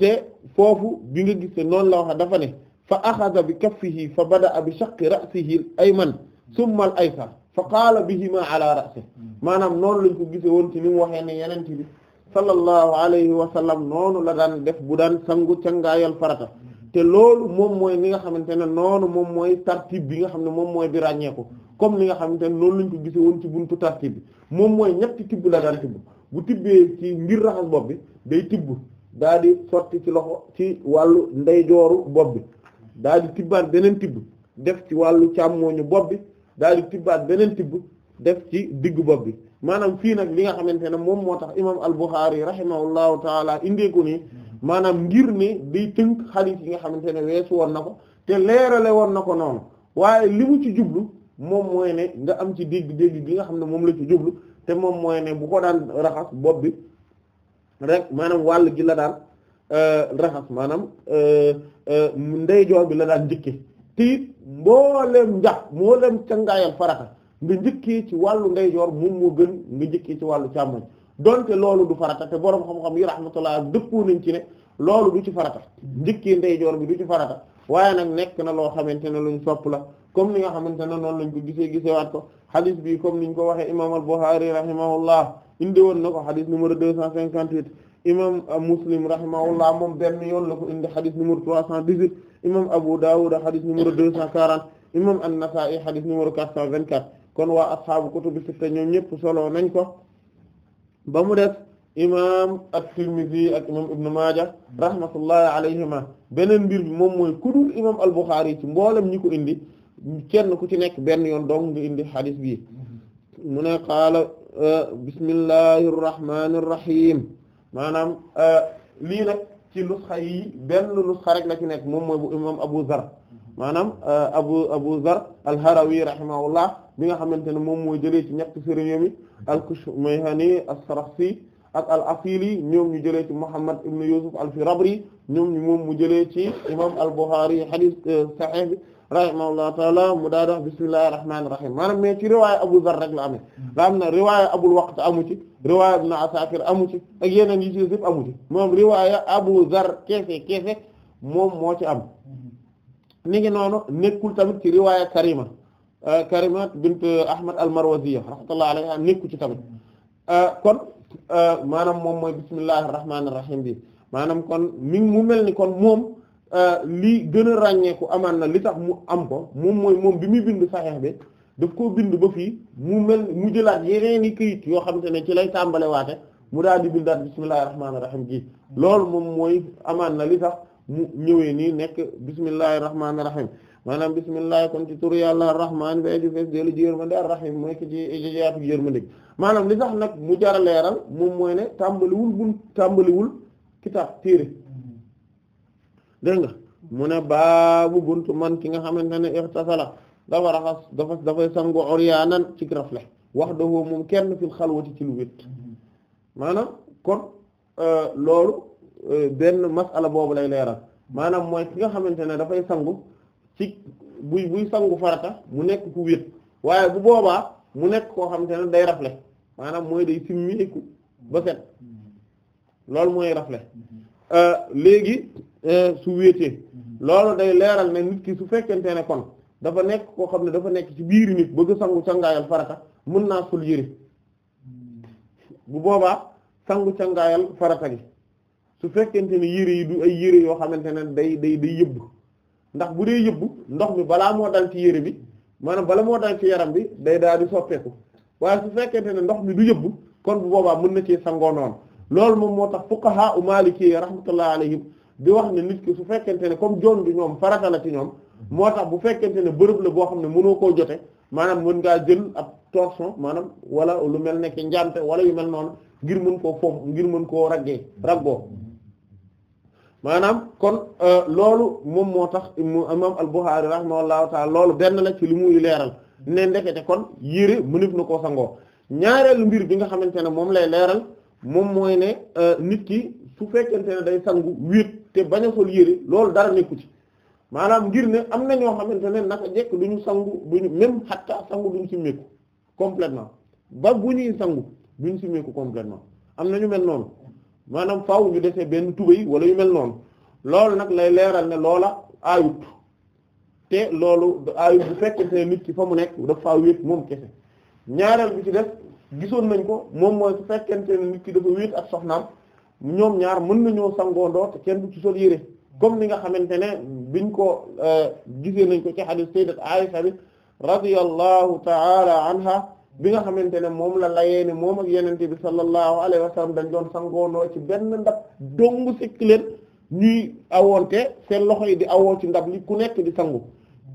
te foofu bi nga gis noonu la wax dafa ne fa axada bi kaffihi fa bada'a bi shaqqi ra'sihi al-ayman thumma ay aysar fa qaala bihimaa ala ra'sihi hmm. maanaam noonu lañ ko gisee woon ci ni mu waxee ne yenente bi sallallahu alayhi wa sallam noonu la daan def bu daan sangu cangaayal farata hmm. te loolu moom mooy ni nga xamante ne noonu moom mooy tartib bi nga xam ne moom mooy bi ràññeeku comme ni nga xamante ne noonu lañ ko gisee woon ci buntu tartib bi moom mooy ñetti tibb la daan tibb bu tibbee ci ngir raxas bopp bi day tibb daa di sotti ci loxo ci wàllu ndeyjooru bopp bi daal di tibbaat beneen tibb def ci wàllu càmmooñu bopp bi daal di tibbaat beneen tibb def ci diggu bopp bi maanaam fii nag li nga xamante ne moom moo tax imaam al-Bukhari rahimahullahu taala indee ko nii maanaam ngir ne day tënk xadiis yi nga xamante ne weesu woon na ko te leerale woon na ko noonu waaye li mu ci jublu moom mooy nga am ci dégg-dégg gi nga xam ne moom la ci jublu te moom mooy ne bu ko daan raxas bopp bi rek maanaam wàll gi la daal euh, raxas maanaam euh, Euh, ndeyjoor bi la daan njëkke te it mbooleem njàpp mbooleem cangaayal farata nga njëkkee ci wàllu ndeyjoor moom moo gën nga njëkkee ci wàllu càmmoñ donte loolu du farata te boroom xam-xam yi rahmatullah dëppoo nañ ci ne loolu du ci farata njëkkee ndeyjoor bi du ci farata waaye nag nekk na loo xamante ne luñ sopp la comme ni nga xamante ne noonu lañ ko gisee gisewaat ko xadis bi comme niñ ko waxee imam al Bukhari rahimahullah indi woon na ko xadis numéro cent cinquante-huit imam Muslim rahimahullah moom benn yoon la ko indi xadis numéro trois cent dix-huit imam Abu Dawud xadis numéro deux cent quarante imam An-Nasa'i xadis kon waa ashaabu kutubu sitta ñoom ñëpp solo nañ ko ba mu def imam At-Tirmidhi ak imam Ibn Maaja rahmatullahi alayhima beneen mbir bi moom mooy kudul imam Al-Bukhari ci mboole mboolem ñi ko indi kenn ku ci nekk benn yoon dong nga indi xadis bi mu ne qaala bismillahir rahmanir rahim maanaam euh, lii nag ci nusxa yi benn nusxa rek la ci nekk moom mooy bu imam Abu Zar maanaam euh, Abu Abu Zar al-Harawi rahimahullah bi nga xamante ne moom mooy jëlee ci ñetti sëriñam yi al-Kushmayhani as-Sarakhsi ak al-Asili ñoom ñu jëlee ci Muhammad ibn Yusuf al-Firabri ñoom ñu moom mu jëlee ci imam al-Bukhari hadith euh, sahih rahimahullahu taala mu daa dox bismillahir rahmanir rahim maanaam mais ci riwaaya Abu Zarr rek la amee la am na riwaaya Abul Waqt amu ci riwaaya Ibn Asakir amu ci ak yeneen yi ci yëpp amu ci moom riwaaya Abu Zarr keefe keefe moom moo ci am ni noonu nekkul tamit ci riwaaya Karima euh, Karima bint Ahmad al-Marwaziyya rahmatullahi alayha nekku ci tamit euh, kon euh, maanaam moom mooy bismillahir rahmanir bi maanaam kon mu mel ni kon moom Euh, li gën a ràññeeku amaan na li tax mu am ko moom mooy moom bi muy bind saxeex bi daf koo bind ba fii mu mel mu jëlaat yeneen i këyit yoo xamante ne ci lay tàmbale waate mu daal di bindaat bismillahir rahmanir rahim gi loolu moom mooy amaan na li tax mu ñëwee nii nekk bismillahir rahmanir rahim maanaam bismillah kon ci tur yàlla rahman bi aji fees deelu ji yërmande ar rahim mooy ki ci jaatu gi yërmande gi li tax nag mu jar leeral moom mooy ne tàmbaliwul bu tàmbaliwul kitaab téere dégg nga mu ne baabu bunt man ki nga xamante ne war dafa raxas dafa dafay sangu uryaanan ci rafle wax dafoo moom kenn fil xalwati ci lu wét maanaam kon euh, loolu euh, benn masala boobu lay leeral maanaam mooy ki nga xamante ne dafay sangu ci buy buy sangu farata mu nekk ku wét waaye bu boobaa mu nekk koo xam xamante ne day rafle maanaam mooy day simmiku ba set loolu mooy rafle euh, léegi E su wéetee mm-hmm. loolu day leeral ne nit ki su fekkente ne kon dafa nekk koo xam ne dafa nekk ci biir nit bëgg sangu cangaayal farata mën naa sol yére mm-hmm. bu boobaa sangu cangaayal farata gi su fekkente ne yére yi du ay yére yoo xamante ne day day day yëbb ndax bu dee yëbb ndox mi balaa moo dal ci yére bi maanaam bala moo dal ci yaram bi day daal di soppeeku waaye su fekkente ne ndox mi du yëbb kon bu boobaa mën na cee sangoo noonu loolu moom moo tax fuqaha u maliki rahmatullah di wax ne nit ki su fekkente ne comme jon du ñoom farata la ci ñoom moo tax bu fekkente ne bërëb la boo xam ne mënoo koo jote maanaam mën ngaa jël ab torchon maanaam wala lu mel nekk njante wala yu mel noonu ngir mën koo foof ngir mën koo raggee raggoo maanaam kon euh, loolu moom moo tax imam al-Bukhari rahimahullahu ta'ala loolu benn la ci li muy leeral ne ndekete kon yére mënif na koo sangoo ñaareelu mbir bi nga xamante ne moom lay leeral moom mooy ne euh, nit ki su fekkente ne day sangu wéet te bañ a sol yére loolu dara nekku ci maanaam ngir ne am na ñoo xamante ne naka jekk du ñu sangu du ñu même xatta sangu du ñu simmeeku complètement ba bu ñuy sangu du ñu simmeeku complètement am na ñu mel noonu maanaam faw ñu desee benn tubéy wala yu mel noonu loolu nag lay leeral ne loola aayut te loolu aayut bu fekkente nit ki fa mu nekk dafa faa wéet moom kese ñaareel bi ci def gisoon nañ ko moom mooy su fekkente ne nit ki dafa wéet ak soxnaam ñoom ñaar mën nañoo sangoondoo te kenn bu ci sol yére comme ni nga xamante ne biñ ko euh, gisee nañ ko ci hadith sayyidat Aisha bi radiyallahu ta'ala anha bi nga xamante ne moom la layee ne moom ak yenente bi sallallahu alayhi wa sallam dañ doon sangoondoo ci benn ndab dong sikk leen ñuy awoonte seen loxo yi di awoo ci ndab li ku nekk di sangu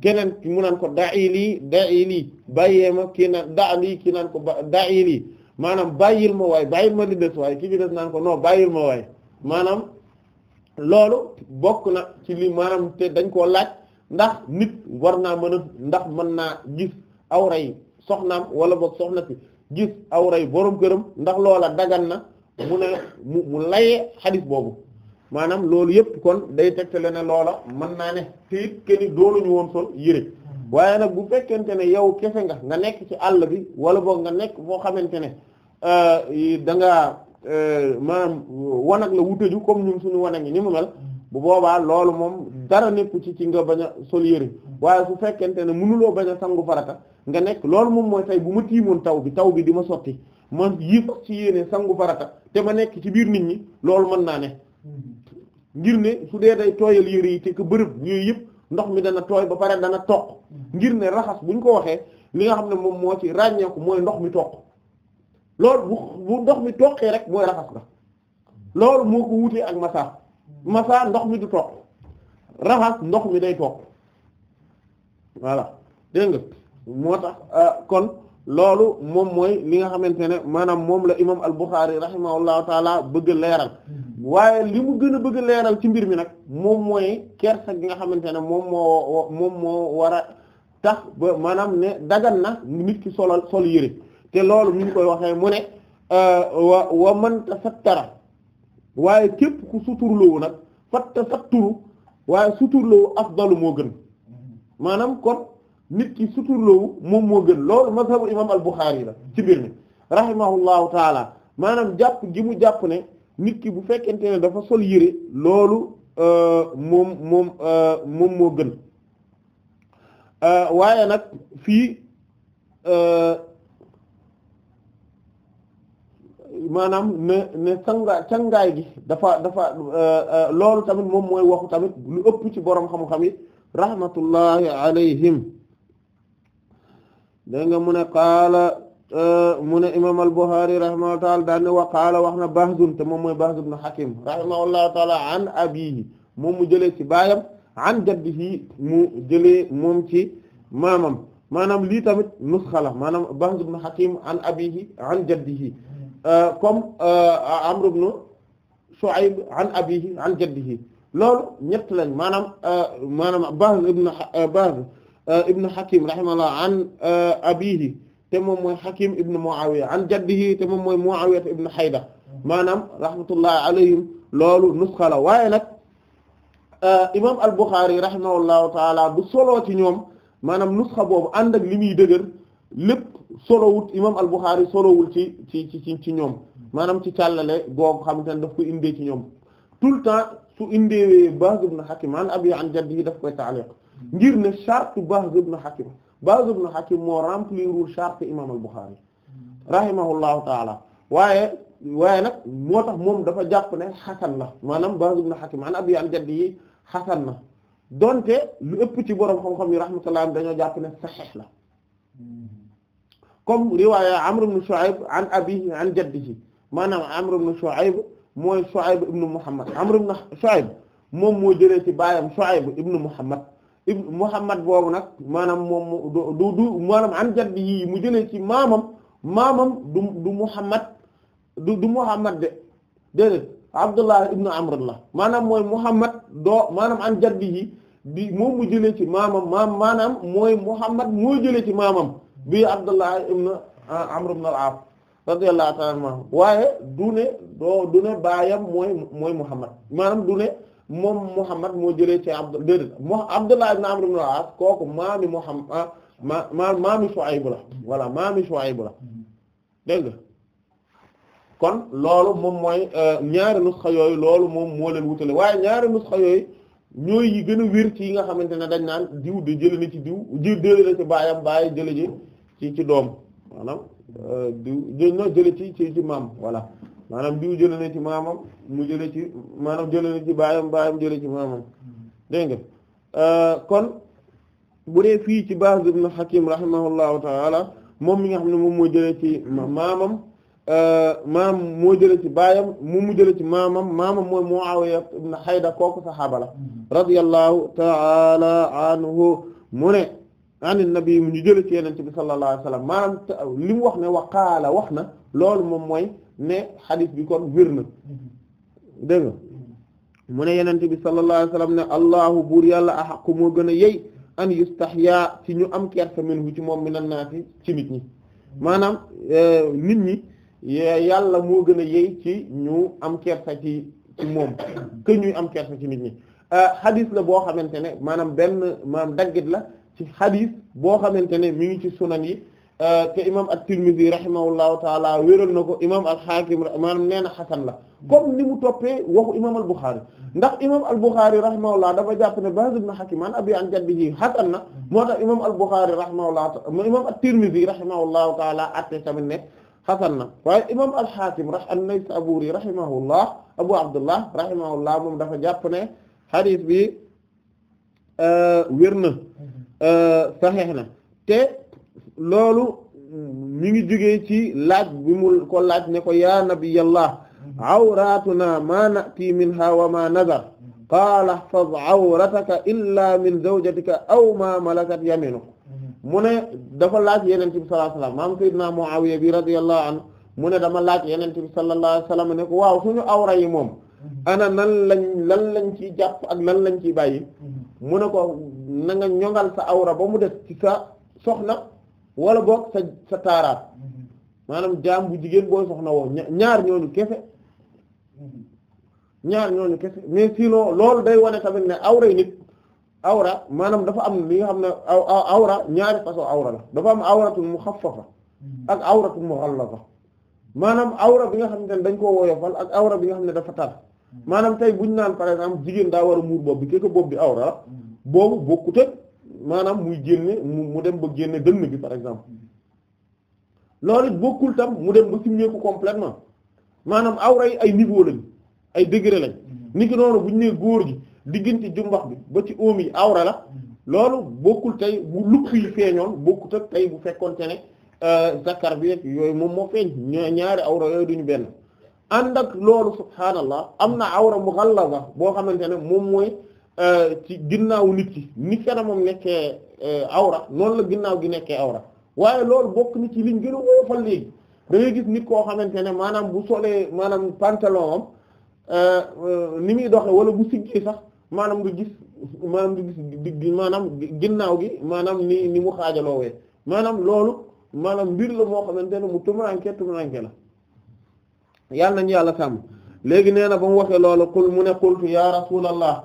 keneen mu naan ko da'i lii da'i lii bàyyee ma kii naan da lii kii naan ko da'i lii maanaam bàyyil ma waaye bàyyil ma li des waay ki ci des naan ko non bàyyil ma waay maanaam loolu bokk na ci li maanaam te dañ koo laaj ndax nit war naa mën a ndax mën naa gis awray soxnaam wala boog soxna si gis awray borom këram ndax loola dagan na mu ne mu mu boobu maanaam loolu yëpp kon day tegtale ne loola mën naa ne te it keni doonuñu woon sol yére waaye nag bu fekkente ne yow kefe nga nga nekk ci àll bi wala boog nga nekk foo xamante ne Euh, da ngaa euh, maanaam wanag la wutaju comme ñun suñu wanag yi ni mu mel bu boobaa loolu moom dara nekku ci ci nga bañ a sol yëre waaye su fekkente ne mënuloo bañ a sangu farata nga nekk loolu moom mooy tey bu ma tiimoon taw bi taw bi di ma sotti man yii sax ci yéene sangu farata te ma nekk ci biir nit ñi loolu mën naa ne ngir ne su dee day tooyal yëre yi te que bërëb yooyu yëpp ndox mi dana tooy ba pare dana toq ngir ne raxas buñ ko waxee li nga xam ne moom moo ci ràññeeku mooy ndox mi toq loolu bu bu ndox mi toqee rek mooy raxas la loolu moo ko wutee ak masa masaa ndox mi du toq raxas ndox mi day toq voilà dégg nga moo euh, kon loolu moom mooy li nga xamante ne maanaam moom la imam al-Bukhari rahimahullahu taala bëgg leeral mm-hmm. waaye li mu gën a bëgg leeral ci mbir mi nag moom mooy kersa gi nga xamante ne moom moo moom moo war a tax ba maanaam ne dagan na nit ki solal sol yëre te loolu ñu ngi koy waxee mu ne euh, wa wa man tasattara waaye képp ku suturloowu nag fatta satturu waaye suturloowu afdalu moo gën maanaam kon nit ki suturloowu moom moo gën loolu mazhabu imam al-Bukhari la ci mbir mi rahimahullahu taala maanaam jàpp gi mu jàpp ne nit ki bu fekkente ne dafa sol yére loolu euh, moom moom euh, moom moo gën waaye nag fii maanaam ne ne gi dafa dafa euh, euh, loolu tamit moom mooy waxu tamit lu ëpp ci borom xam-xam yi rahmatullahi alayhim dégg nga mu ne qaala euh, mu ne imam al-Bukhari rahimahullahu taala daan wa qaala wax na Bahzun te moom mooy Bahz ibn Hakim rahimahullahu taala an abihi moom mu jëlee ci baayam an jaddihi mu jëlee moom ci maamam maanaam lii tamit nusxa la maanaam Bahz ibn Hakim an abihi an jaddihi Euh, comme euh, Amr ibn Shu'ayb an abihi an jaddihi loolu ñett lañ maanaam euh, maanaam Bahz ibn Bahz ibn Hakim rahimahullah an abihi te moom mooy Hakim ibn Muawiya an jaddihi te moom mooy Muawiya ibn Hayda maanaam rahmatullahi alayhim loolu nusxa la waaye nag imam al-Bukhari rahimahullahu taala du solo ci ñoom maanaam nusxa boobu ànd ak li muy dëgër lépp solowut imam al-Bukhari solowul ci ci ci ci ñoom maanaam ci càllale googu xam te ne daf ko indee ci ñoom tout le temps su indee Bahz ibn Hakim an abi an jaddi daf koy taaliq ngir ne charte Bahz ibn Hakim Bahz ibn Hakim moo remplirul charte imam al-Bukhari rahimahullahu taala waaye waaye nag moo tax moom dafa jàpp ne xasan la maanaam Bahz ibn Hakim an abi an jaddi yi xasan na donte lu ëpp ci borom xam-xam yi rahmatullah dañoo jàpp ne saxiix la comme riwaaya Amr ibn Shu'ayb an abihi an jaddihi maanaam Amr ibn Shu'ayb mooy Shu'ayb ibn Muhammad Amr ibn Shu'ayb moom moo jëlee ci baayam Shu'ayb ibn Muhammad ibn Muhammad boobu nag maanaam moom du du maanaam an jaddihi mu jëlee ci maamam maamam du du Muhammad du du Muhammad de Abdullah ibn Amr la maanaam mooy Muhammad do maanaam an jaddihi di moom mu jëlee ci maamam maam maanaam mooy Muhammad moo jëlee ci maamam bi Abdullah ibn ah, Amr ibn al-As waaye du ne du ne baayam mooy mooy Muhammad maanaam du ne moom Muhammad moo jëlee ci Abd déedéet mo Abdullah ibn Amr ibn al-As kooku maami Muhammad ah, ma ma maami Shuayb la voilà maami Shuayb la dégg nga kon loolu moom mooy euh, ñaari nusxa yooyu loolu moom moo leen wutale waaye ñaari nusxa yooyu ñooy yi gën a wér ci yi nga xamante ne dañ naan diw de jëlee na ci diw diw jëlee la ci baayam baay jëlee ji ci ci doom maanaam euh, diw jël na jële ci ci ci maam voilà maanaam diw jële na ci maamam mu jële ci maanaam jële ci baayam baayam jële ci maamam dégg nga euh, kon bu dee fii ci Bahz ibn Hakim rahimahullahu taala moom mi nga xam ne moom moo jëlee ci maamam euh, maam moo jëlee ci baayam moom mu jëlee ci maamam maamam mooy Muawiya ibn Hayda kooku saxaaba la mm-hmm. radiyallahu taala anhu mu ne anin nabi mu ñu jële ci yenente bi sallallahu alayhi wasallam maanaam li mu wax ne wa qaala wax na loolu moom mooy ne xadis bi kon wér na dégg nga mu ne yenente bi sallallahu alayhi wasallam ne allahu buur yàlla axaqu moo gën a yey an yustahya ci ñu am kersa minhu ci moom mi nan naati ci nit ñi maanaam e, nit ñi e, yàlla moo gën a yey ci ñu am kersa ci ci moom que ñuy am kersa ci nit ñi e, xadis la boo xamante ne maanaam benn maam daggit la ci xadis boo xamante ne mi ngi ci sunan yi euh, te imam at-Tirmidhi rahimahullahu taala wéral na ko imam al-Hakim maanaam nee na xasan la comme ni mu toppee waxu imam al-Bukhari ndax imam al-Bukhari rahimahullah dafa jàpp ne Bahz ibn Hakim an abi an ji xasan na moo tax imam al-Bukhari rahimahullah imam at-Tirmidhi rahimahullahu taala atte tamit ne xasan na waaye imam al-Hakim an-Naysaburi rahimahullah Abu Abdullah rahimahullah moom dafa jàpp ne xadis bi euh, wér na Euh, saxeex na te loolu mi ngi jógee ci laaj bi ko laaj ne ko yaa nabiyallah awratuna ma na'ti minha wa ma nazar qaala ihfaz awrataka illa min zawjatika aw ma malakat yaminuk mu ne dafa laaj yenente bi sallallahu alayhi wasallam maam sayyidina mu ne dama laaj yenente bi sallallahu ne ko waaw yi moom ana nan lañ lan lañ ciy jàpp ak lan lañ ciy bàyyi mu ne ko nanga nga sa awra ba mu def ci sa soxna walla boog sa sa taaraat mm-hmm. maanaam jaam bu jigéen booy soxna woo ñaar ñooñu kese mm-hmm. ñaar ñooñu kese mais sinon loolu day wane tamit ne awra yi nit awra maanaam dafa am li nga xam ne awra ñaari façon awra la dafa am awratul muxaffafa mm-hmm. ak awratul muxallafa maanaam awra bi nga xam ne dañ koo woyofal ak awra bi nga xam ne dafa tar maanaam tey buñ naan par exemple jigéen daa war a muur bopp bi keke bopp bi awra la boobu bokkute maanaam muy génne mu dem ba génne dënn bi par exemple loolu bokkul tam mu dem ba simmeeku completement maanaam awra yi ay niveau lañ ay degré lañ ni ki noonu ñu nee góor gi diggante jumbax bi ba ci oom yi awra la loolu bokkul tey bu lukk yi feeñoon bokkut ak tey bu fekkoon te ne euh, zakkar bi yooyu moom moo feeñ ñaari awra yooyu duñu benn ànd ak loolu subhaanallah am na awra mu mughallaza boo xamante ne moom mooy euh, ci ginnaawu nit ki ni kanamam nekkee euh, awra noonu la ginnaaw gi nekkee awra waaye loolu bokk na ci liñ gën a woyofal léegi da ngay gis nit koo xamante ne maanaam bu solee maanaam pantalon am euh, ni muy doxe wala bu siggee sax maanaam nga gis maanaam nga gis di maanaam ginnaaw gi maanaam ni mu xaajaloowee maanaam loolu maanaam mbir la moo xamante ne mu tumuranke tumuranke la yàlla nañu yàlla sàmm léegi nee na ba mu waxee loolu qul mu ne qultu ya rasulallah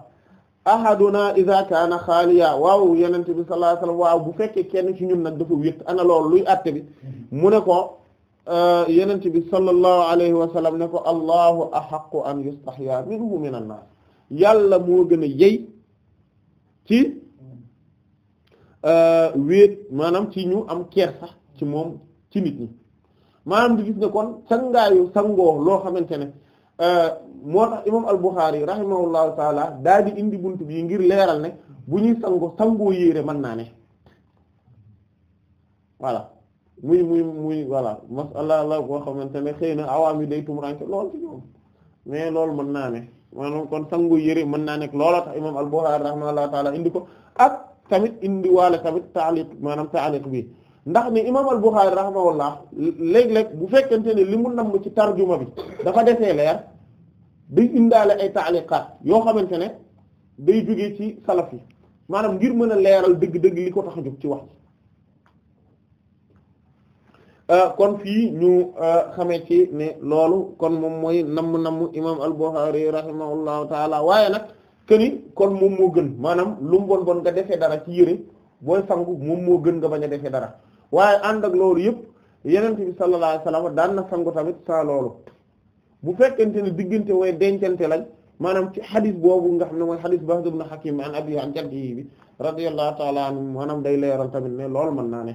ahaduna iza kaana xaaliya waaw yenente bi sallallahu alayhi waaw bu fekkee kenn ci ñun nag dafa wét ana loolu luy atte bi mu ne ko euh, yenente bi sallallahu alayhi wa ne ko allahu ahaqqu an yustahya minhu min an yàlla mu gën a yey ci euh, wéet maanaam ci ñu am keer sax ci moom ci nit ñi maanaam di gis ne kon sangaayu sangoo loo xamante ne euh, moo tax imam al-Bukhari rahimahullahu taala daal di indi bunt bi ngir leeral ne bu ñuy sango sangoo yére mën naa ne voilà muy muy muy voilà masala la boo xamante ne xëy na awaam yi day tumuranke lool ci ñoom mais loolu mën naa ne ma maanaam kon sangu yëre mën naa nekk loola tax imam al-Bukhari rahimahullahu taala indi ko ak tamit indi waale tamit taaliq maanaam taaliq bi ndax ne imaam al-Bukhari rahimahullah léeg-léeg bu fekkente ne li mu namm ci tarjuma bi dafa defee leer day indaale ay taaliqaat yoo xamante ne day jóge ci salaf yi maanaam ngir mën a leeral dëgg-dëgg li ko tax a jóg ci wax euh, kon fii ñu euh, xamee ci ne loolu kon moom mooy namm-namm imaam al-Bukhari rahimahullahu taala waaye nag këni kon moom moo gën maanaam lu mu bon bon nga defee dara ci yére booy sangu moom moo gën nga bañ a defee dara waaye ànd ak loolu yëpp yeneen bi sallallahu alayhi wasallam daan na sangu tamit saa loolu bu fekkente ne diggante way dencante lañ maanaam ci xadis boobu nga xam ne mooy xadis Bahd ibn Hakim an abi an jaddihi bi radiyallahu ta'ala anhu maanaam day leeral tamit ne loolu mën naa ne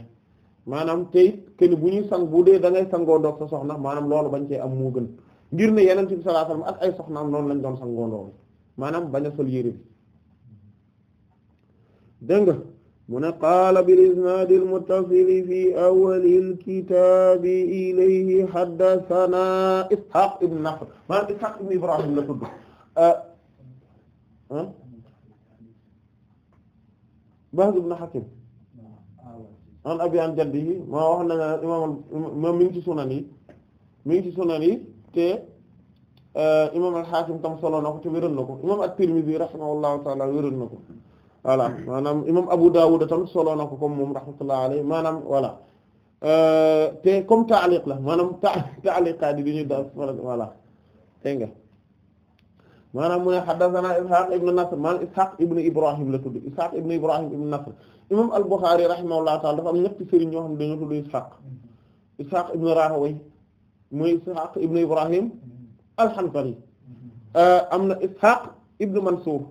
maanaam tey kenn bu ñu sang bu dee da ngay sangoo ndoog sa soxna maanaam loolu bañ cee am moo gën ngir ne yeneen bi sallallahu alayhi wasallam ak ay soxnaam noon lañ doon sangoo ndoog maanaam bañ a sol yére bi nga mu ne qaala bilisnaadi almutasili fi awali alkitaabi ilayhi xaddasanaa Isxaaq ibn Nasr maanaam Isxaaq ibn Ibrahim la tudd ah, ah? Bahz ibn Hakim an abi an jaddihi maa wax na nga imaam ma mi ngi ci sunan yi mi ngi ci sunan yi te ah, imaam al-Hakim tam solo na ko te wéral na ko imaam at-Tirmidhi rahimahullahu ta'ala wéral na ko voilà hmm. maanaam imam Abu Dawud tamit solo na ko comme moom rahmatullahi alayhi maanaam voilà euh, te comme taaliq la maanaam taaliqaat yi duñu da voilà dégg nga maanaam mu ne haddathana Ishaq ibn Nasr maanaam Ishaq ibn Ibrahim la tudd Ishaq ibn Ibrahim ibn Nasr imam al-Bukhari rahimahullahu ta'ala dafa am ñetti sëriñ ñoo xam ne dañu Ishaq Ishaq ibn Rahawayh muy Ishaq ibn Ibrahim al hmm. euh, am na Ishaq ibn Mansur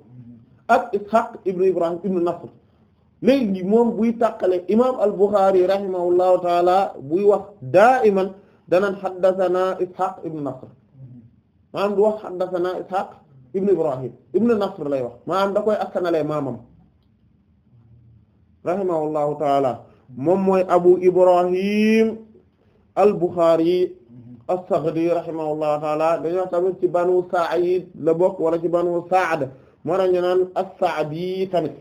ak Ishaq ibnu Ibrahim ibnu Nasr léegi moom buy tàqale imaam al-Bukhari rahimahullahu taala buy wax daa iman danan xaddasanaa Ishaq ibnu Nasr maanaam du wax xaddasanaa Ishaq ibnu Ibrahim ibnu Nasr lay wax maanaam da koy askanalee maamam rahimahullahu taala moom mooy Abu Ibrahim al-Bukhari as-Saghdi rahimahullahu taala dañu wax tamit ci banu Sa'id la bokk wala ci banu Sa'd moo tax ñu naan as-Sa'di tamit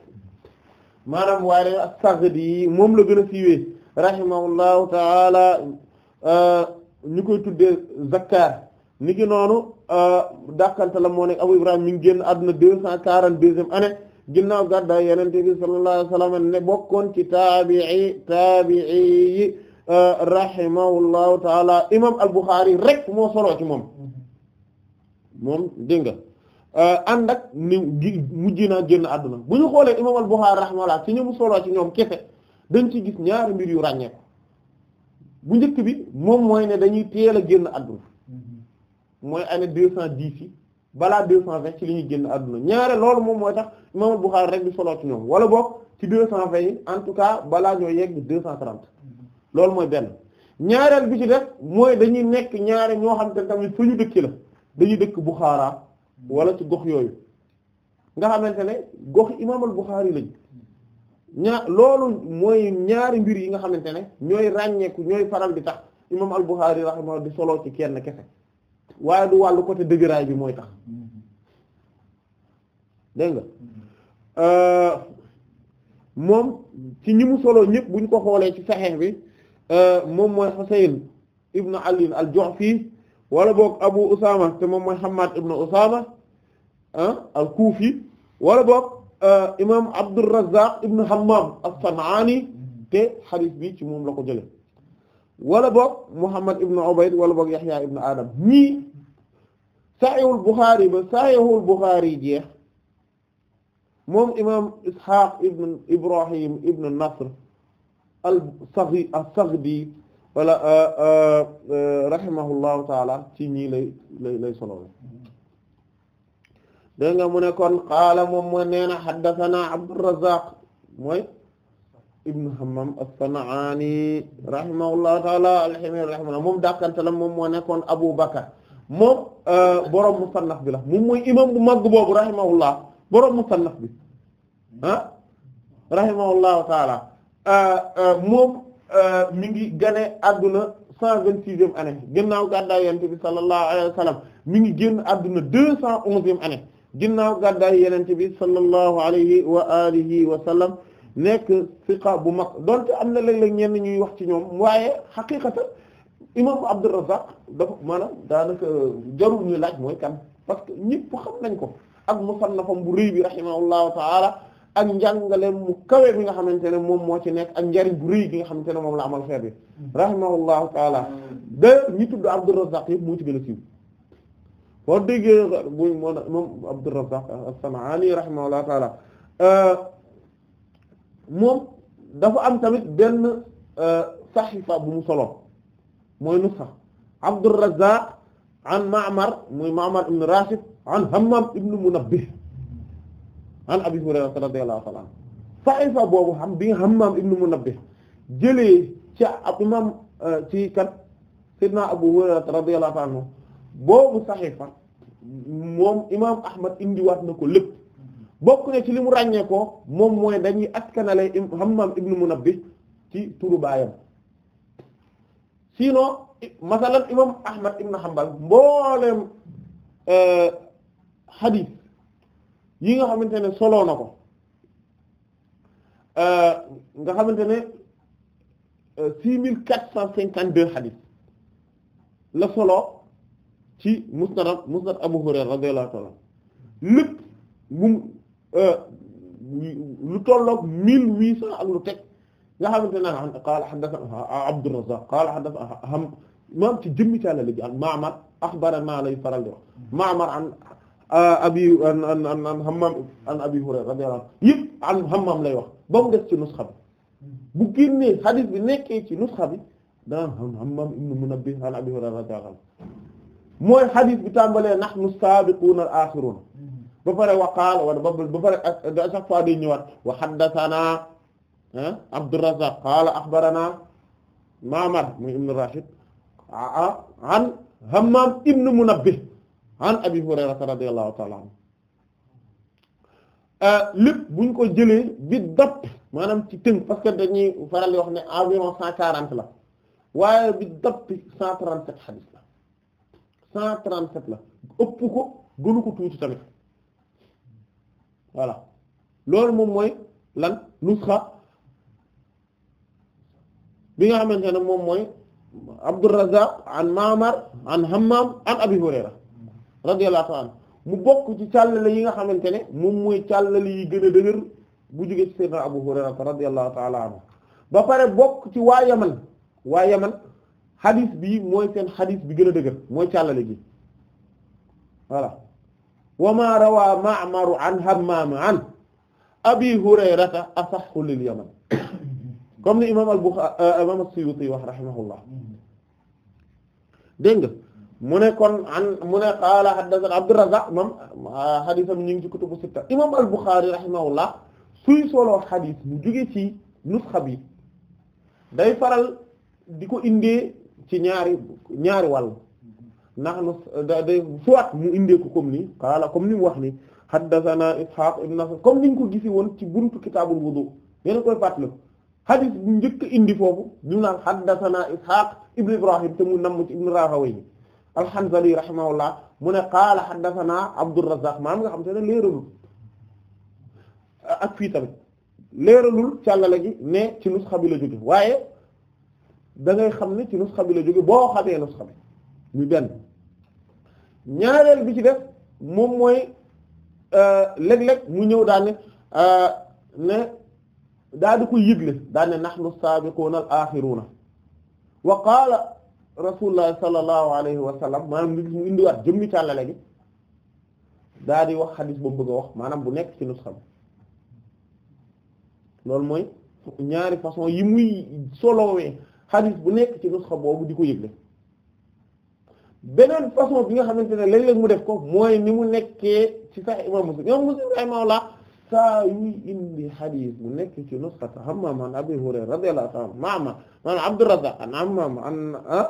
maanaam waaye as-Sa'di moom la gën a siiwee rahimahullahu taala euh, ñu koy tuddee Zakkar ni ki noonu euh, dàqante la moo nekk Abu Ibrahim mi ngi génn àdduna deux cent quarante deuxième année ginnaaw gàddaay Yonent bi sallallahu alayhi ne bokkoon ci taabi'i taabi'i yi euh, rahimahullahu taala imam al-Bukhari rek moo solo moom mm-hmm. moom dégg Euh, ànd ak ni mujj naa génn àdduna bu ñu xoolee imam al-Bukhari rahimahullah ci ñu mu solo ci ñoom kese dañ ci gis ñaari mbir yu ràññeeku bu njëkk bi moom mooy ne dañuy teel a génn àdduna mm-hmm. mooy année deux cent dix yi balaa deux cent vingt ci li ñuy génn àdduna ñaare loolu moom mooy tax imam al-Bukhari rek di solo ci ñoom wala boog ci deux cent vingt yi en tout cas balaa ñoo yegg deux cent trente mm-hmm. loolu mooy benn ñaareel bi ci def mooy dañuy nekk ñaare ñoo xam te tamit fu ñu dëkki la dañuy dëkk Bukhara wala ci gox yooyu nga xamante ne gox imaam al-Bukhari lañ ñaa loolu mooy ñaari mbir yi nga xamante ne ñooy ràññeeku ñooy faral di tax imaam al-Bukhari rahimahullah di solo ci kenn kese waaye du wàllu côté dëgëraay bi mooy tax dégg nga euh, moom ci ñi solo ñëpp bu ñu ko xoolee ci Sahih bi euh, moom mooy Husayn ibn Ali al-Ju'fi wala boog Abu Usama te moom mooy Hammad ibn Usama ah, al-Kufi wala boog eh, imaam Abdurrazzaq ibn Hammam as-San'ani te hadith bi ci moom la ko jëlee wala boog Muhammad ibn Ubayd wala boog Yahya ibn Adam ñii Sahihul Bukhari ba Sahihul Bukhari jeex moom imaam Ishaq ibn Ibrahim ibn Nasr al-Saghdi wala euh, euh, euh, rahimahullahu taala ci ñii lay lay lay solo dégg nga mu ne kon qaala moom mooy nee na haddathana Abdurrazzaq mooy ibnu Hammam as-San'aani rahimahullahu taala al-Himyari rahimahullah moom dàkkantalam moom moo nekkoon Abu Bakr moom borom musannaf bi la moom mooy imam bu mag boobu rahimahullah borom musannaf bi ah rahimahullahu taala moom Euh, mi ngi gane adduna cent vingt-sixième année ginnaaw gàddaay yonent bi sallallahu alayhi wa sallam mi ngi génn adduna deux cent onzième année ginnaaw gàddaay yonent bi sallallahu alayhi wa alihi wa sallam nekk siqa bu mag donte am na léeg-léeg ñenn ñuy wax ci ñoom waaye xaqiqatan imam Abdur Razzaq dafa maanaam daanaka jarul ñu laaj mooy kan parce que ñëpp xam nañ ko ak musannafam bu rëy bi rahimahullahu ta'ala ak njàngale mu kawe bi nga xamante ne moom moo ci nekk ak njariñ bu rëy gi nga xamante ne moom la amal xeet bi mm. rahimahullahu taala da mm. ñi tudd Abdurrazzaq yëpp moo ci gën a siiw boo déggee buñ moo moom Abdurrazzaq as-San'ani taala euh, moom dafa am tamit benn euh, saxifa bu mu solo mooy nusxa Abdurrazzaq an Ma'mar muy Ma'mar ibn Rashid an Hammam ibn Munabbih an Abi Hurayra radiyallahu ta'ala saxiifa boobu xam bi nga Hammaam ibn Munabbih jëlee ci ab imaam euh, ci kan Seydina Abu Hurayra radiyallahu ta'ala anhu boobu saxiifa moom imaam Ahmad indiwaat na ko lépp bokk ne ci li mu ràññee ko moom mooy dañuy askanale Hammaam ibn Munabbih ci turu baayam sinon masalan imaam Ahmad ibn Hanbal mbooleem xadiis euh, yi nga xamante ne soloo na ko euh, nga xamante ne euh, six mille quatre cent cinquante deux xadis la soloo ci musnad musnad Abu Hurayra radiyallahu ta'ala lépp mu euh, lu tolloog mille huit cent ak lu teg nga xamante ne qaala haddathanaa Abdurrazzaq qaala haddathanaa maam ci jëmmi caalale bi ak Ma'mar axbaranaa lay faral di wax Ma'mar an Euh, abi an an an an Hammam an Abi Hurayra radiyallahu anhu yëpp an Hammam lay wax ba mu des ci nusxa bi bu génnee xadis bi nekkee ci nusxa bi danaan an Hammam ibn Munabbih an Abi Hurayra radiyallahu anhu mooy xadis bi tàmbalee nahnu saabiquuna al-aaxiruuna ba pare waqaala wala ba ba pare à chaque fois day ñëwaat wa haddathanaa Abdurrazzaq qaala axbaranaa Ma'mar muy ibn Rashid an Hammam ibn Munabbih an abi hurayrata radiyallahu ta'ala anhu euh, lépp buñ ko jëlee bi dapp maanaam ci tënk parce que dañuy faral di ne environ cent quarante la waaye bi dapp cent trente la cent trente ëpp ko gënu tuuti tamit voilà loolu moom mooy lan nusxa bi nga xamante ne moom mooy Abdurrazzaq an Ma'mar an Hammam an Abi Hurayra radiyallahu anhu mu bokk ci càllale yi nga xamante ne moom mooy càllale yi gën a dëgër bu jóge ci sayyidina Abu Hurayra radiyallahu ta'ala anhu ba pare bokk ci waa Yaman waa Yaman xadis bi mooy seen xadis bi gën a dëgër mooy càllale gi voilà wa ma rawaa Ma'maru an an Abi Hurayrata asahhu lil Yaman comme ni imam al-Bukhari euh, imam as-Suyuti wax rahimahullah dégg mu ne kon mu ne qaala haddathana Abdurrazzaq moom ah, hadisam ñu ngi ci kutubu sitta imam al-Bukhari rahimahullah suy soloo hadis mu jóge ci nusxa bi day faral di ko indee ci ñaari ñaari wàll ndax nu day soit mu indee ko comme ni qaala comme ni mu wax ni haddathana Ishaq ibn comme niñ ko gisi woon ci buntu kitaabul wudu yéena koy fàttali hadis bu njëkk indi foofu ñu naan haddathana Ishaq ibn Ibrahim te mu namm ci ibn Rahawayh al-Hanzali rahimahullah mu ne qaala haddathana Abdurrazzaq maanaam nga xam te ne leeralul ak fii tamit leeralul càllale gi ne ci nusxa bi la jóge waaye dangay xam ne ci nusxa bi la jóge boo xamee nusxa bi muy benn ñaareel bi ci def moom mooy euh, léeg-léeg mu ñëw daan ne euh, daa di ko yëgle daan ne nahnu saabiquuna al-aaxiruuna wa qaala rasulullah sallallahu alayhi wa sallam maanaam ngi mu indiwaat jëmmi càllale gi daa di wax xadis ba mu bëgg a wax maanaam bu nekk ci nusxa loolu mooy ñaari façon yi muy solowee xadis bu nekk ci nusxa bu di ko yëgle beneen façon bi nga xamante ne léeg-léeg mu def ko mooy ni mu nekkee ci sax imam Muslim imam Muslim rahimahullah saa yuy indi xadis bu nekk ci nusxa Hammam an Abi Hurayra radiyallahu ta'ala anhu maama maanaam Abdurrazzaq an Hammam an ah,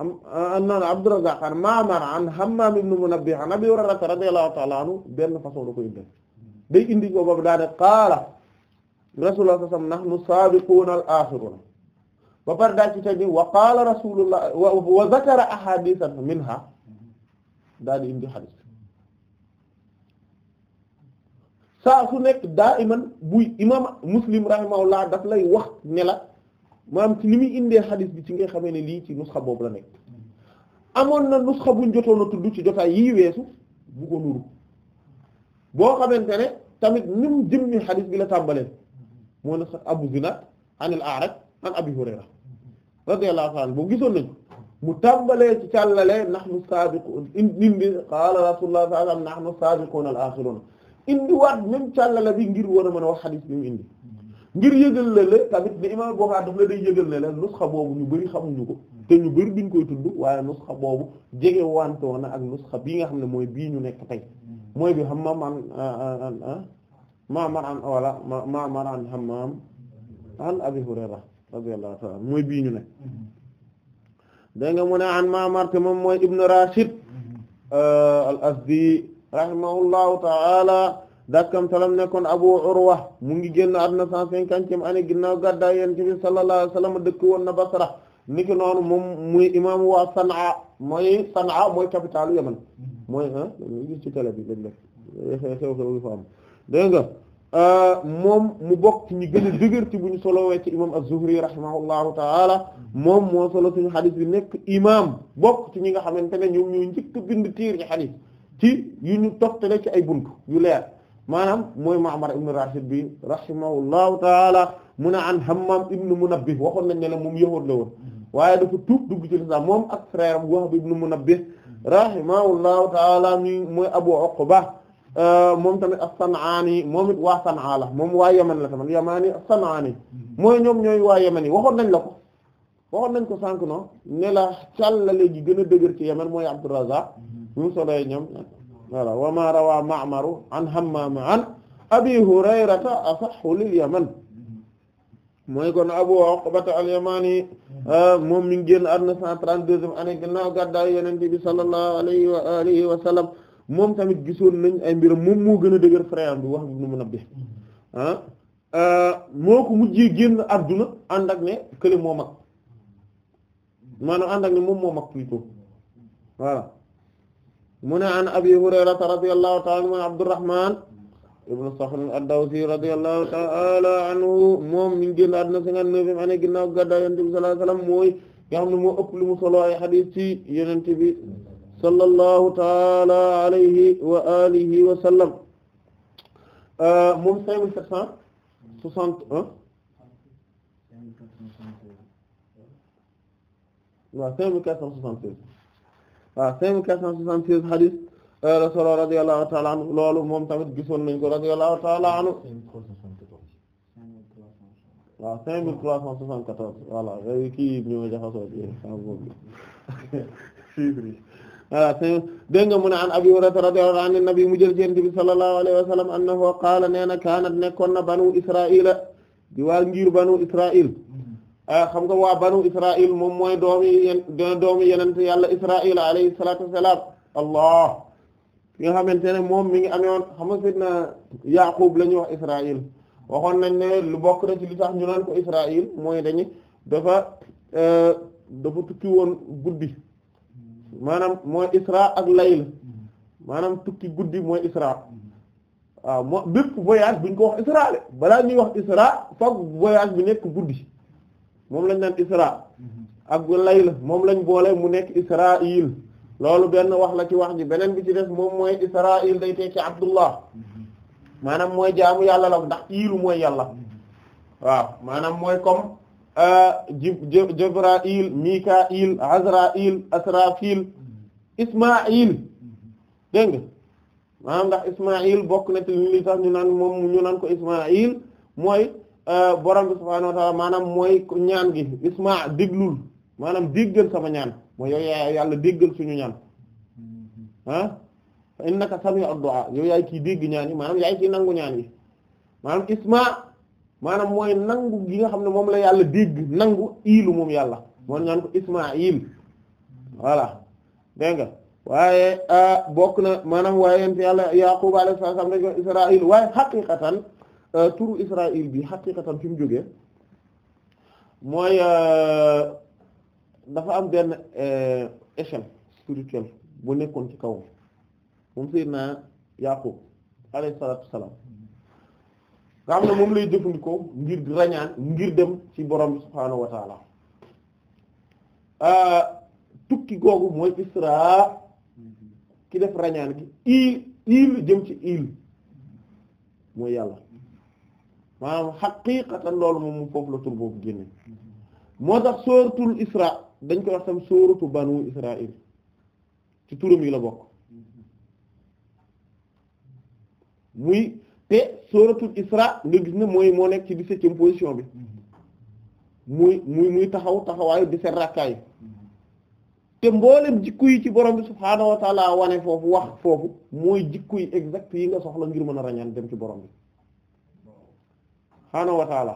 anna Abdourazaq an Ma'mar an Hammam ibn Munabbih an Abi Hurayrata radiyallahu ta'ala anhu benn façon da koy indi day indi ko boobu daa ne qaala Rasulullah sallallahu alayhi wa sallam nahnu saabiquuna al-aaxiruuna ba pare daa ci teg wa qaala Rasulullah wa zakara ahaadiisan minha daa di indi hadiis saa su nekk daa iman buy imaam Muslim rahimahullah daf lay wax ne la. maanaam ci ni muy indee xadis bi ci ngay xamee ne lii ci nusxa boobu la nekk amoon na nusxa buñ jotoon a tudd ci jotaay yii weesu bu ko nuru boo xamante ne tamit ñum jëm ni xadis bi la tàmbaleen moo ne abu zinat an al a'raj an abi hurayra radiyallahu anhu boo gisoon nañu mu tàmbalee ci càllale nahnu sabiqun indi qala rasulullah sallallahu alayhi wasallam nahnu sabiqun al akhirun indiwaat même càllale bi ngir war a mën a wax xadis bi indi ngir yëgal la la tamit ni imam Bukhari daf la day yëgal ne la nusxa boobu ñu bari xamuñu ko te ñu bari duñ koy tudd waaye nusxa boobu jege wantoo na ak nusxa bii nga xam ne mooy bii ñu nekk tey mooy bi xam maam an mamar an wala mamar an hammam an abi hurayra radiyallahu ta'ala moom mooy ibnu mm-hmm. euh, ta'ala dakkamtalam nekkoon Abu Urwa mu ngi génn àdduna cent cinquantième année ginnaaw gàddaay Yonent bi sallallahu alayhi wa sallam dëkk woon na Basra niki noonu moom muy imam waa Sanaa mooy Sanaa mooy capitalu Yaman mooy ah bi lañ def nga euh, moom mu bokk ci ñu gën a bu ñu solowee ci imam az-Zuhri rahimahullahu taala moom moo solo suñu xadis bi nekk imam bokk ci ñi nga xamante ne ñoom ñoo njëkk bind tiir ci xadis ci yu ñu toftale ci ay buntu yu leer maanaam mooy Ma'mar ibn Rashid bi rahimahullahu taala mu ne an Hammam ibn Munabbih waxoon nañ ne la moom yahuud la woon waaye dafa tuub dugg ci lislaam moom ak frère Wahb ibn Munabbih rahimahullahu taala mi mooy Abu Uqba euh, moom tamit ak san sanaani moom it waa san San'aa la moom waa yeman la tamit Yamani san sanaani mooy ñoom ñooy waa Yamani waxoon nañ la ko waxoon nañ ko sànq non ne la càllale gi gën a dëgër ci Yaman mooy Abdurrazzaq mu solo ñoom. voilà wa ma rawaa Ma'maru an Hammaama an Abi Hurayrata asahhu lil Yaman mooy kon Abu Uqbata al-Yamani hmm. ah, moom mi ngi génn àdduna 132e année ginnaaw gàddaay Yonent bi sallallahu alayhi wa alihi wa moom tamit gisoon nañ ay mbiram moom moo gën a dëgër frère wax Ibn Munabbih hmm. ah, ah, moo ko mujjee génn àdduna ànd kële moo mag maanaam ànd moom moo mag plutôt mu ne an abi hurayrata radiyallahu ta'ala anhu abdurrahman ibnu Sakhr ad-Dawsi radiyallahu ta'ala anhu moom mi ngi génn àdduna cinquante-neuvième année ginnaaw gàddaay Yonent bi sallallahu alayhi wasallam mooy nga xam ne moo ëpp lu mu solo ay xadiis ci Yonent bi sallallahu ta'ala alayhi wa alihi wa sallam euh, moom cinq mille sept cent soixante un waaw cinq mille quatre cent soixante-seize waaw cinq mille quatre cent soixante-seize hadith la solo radiyallahu ta'ala anhu loolu moom tamit gisoon nañ ko radiyallahu ta'ala anhu waaw cinq mille trois cent soixante-quatorze voilà kii ñoo jaxasoo ci chiffre voilà dégg nga mu ne an Abi Hurayra radiyallahu anhu nabi mu jël jent bi sallallahu alayhi wa sallam annahu qaala nee na kaanat nekkoon na banu Israa'ila di waa ngir banu Israa'il Euh, xam nga waa banu Israa'il moom mooy doomi yeneen doomi yeneen yàlla Israa'il alayhi salaatu wa salaam allah ki nga xamante ne moom mi ngi amewoon xam nga sidna Yaaqub la ñuy wax Israa'il waxoon nañ ne lu bokk na ci li tax ñu naan ko Israa'il mooy dañu euh, dafa tukki woon guddi maanaam mooy Isra ak layl maanaam tukki guddi mooy Isra. waaw moo bépp voyage bu ñu ko wax Isra balaa ñuy wax Isra foog voyage bi nekk guddi moom lañ naan isra ak layl moom lañ boole mu nekk israil loolu benn wax la ci wax ji beneen bi ci def moom mooy israil day tekki abdullah maanaam mooy jaamu yàlla la ndax iilu mooy yàlla waaw maanaam mooy kom euh, jib jibrail mikail azrail asrafil ismail dégg nga maanaam ndax ismail bokk na ci li tax ñu naan moom ñu naan ko ismail mooy Euh, borom bi subhaanahu wa ta'ala maanaam mooy ñaan gi isma déglul maanaam déggal sama ñaan mooy yow yaa yàlla déggal suñu ñaan mm-hmm. ah innaka sami'u ad-du'a yow yaay kii dégg ñaan yi maanaam yaay kii nangu ñaan yi maanaam isma maanaam mooy nangu gi nga xam ne moom la yàlla dégg nangu iilu moom yàlla moom ñaan ko ismail voilà dégg nga waaye ah, bokk na maanaam waaye yàlla yaqub alayhi salaam dañ ko waaye haqiqatan Euh, turu Israël bi xaqiqatan fi mu jógee mooy euh, dafa am benn euh, échelle spirituelle bu nekkoon ci kawam moom Seydina Yaqub alayhi salaatu wassalaam nga xam ne moom lay jëfandikoo ngir rañaan ngir dem ci borom bi subhaanahu tukki googu mooy Isra ki def rañaan gi il il jëm ci il mooy yàlla maanaam xaqiiqatan loolu moom mu foofu la tur boobu génne moo tax sóoratul isra dañ koy wax tam sóoratu banu israil ci turam yi la bokk muy te sóoratul isra nga gis ne mooy moo nekk ci dix-septième position bi muy muy muy taxaw taxawaayu dix-sept rakkaay te mboolem jikko yi ci borom bi subhaanahu wa taala wane foofu wax foofu mooy jikku yi exact yi nga soxla ngir mën a ràññaan dem ci borom bi subhaanahu wa taala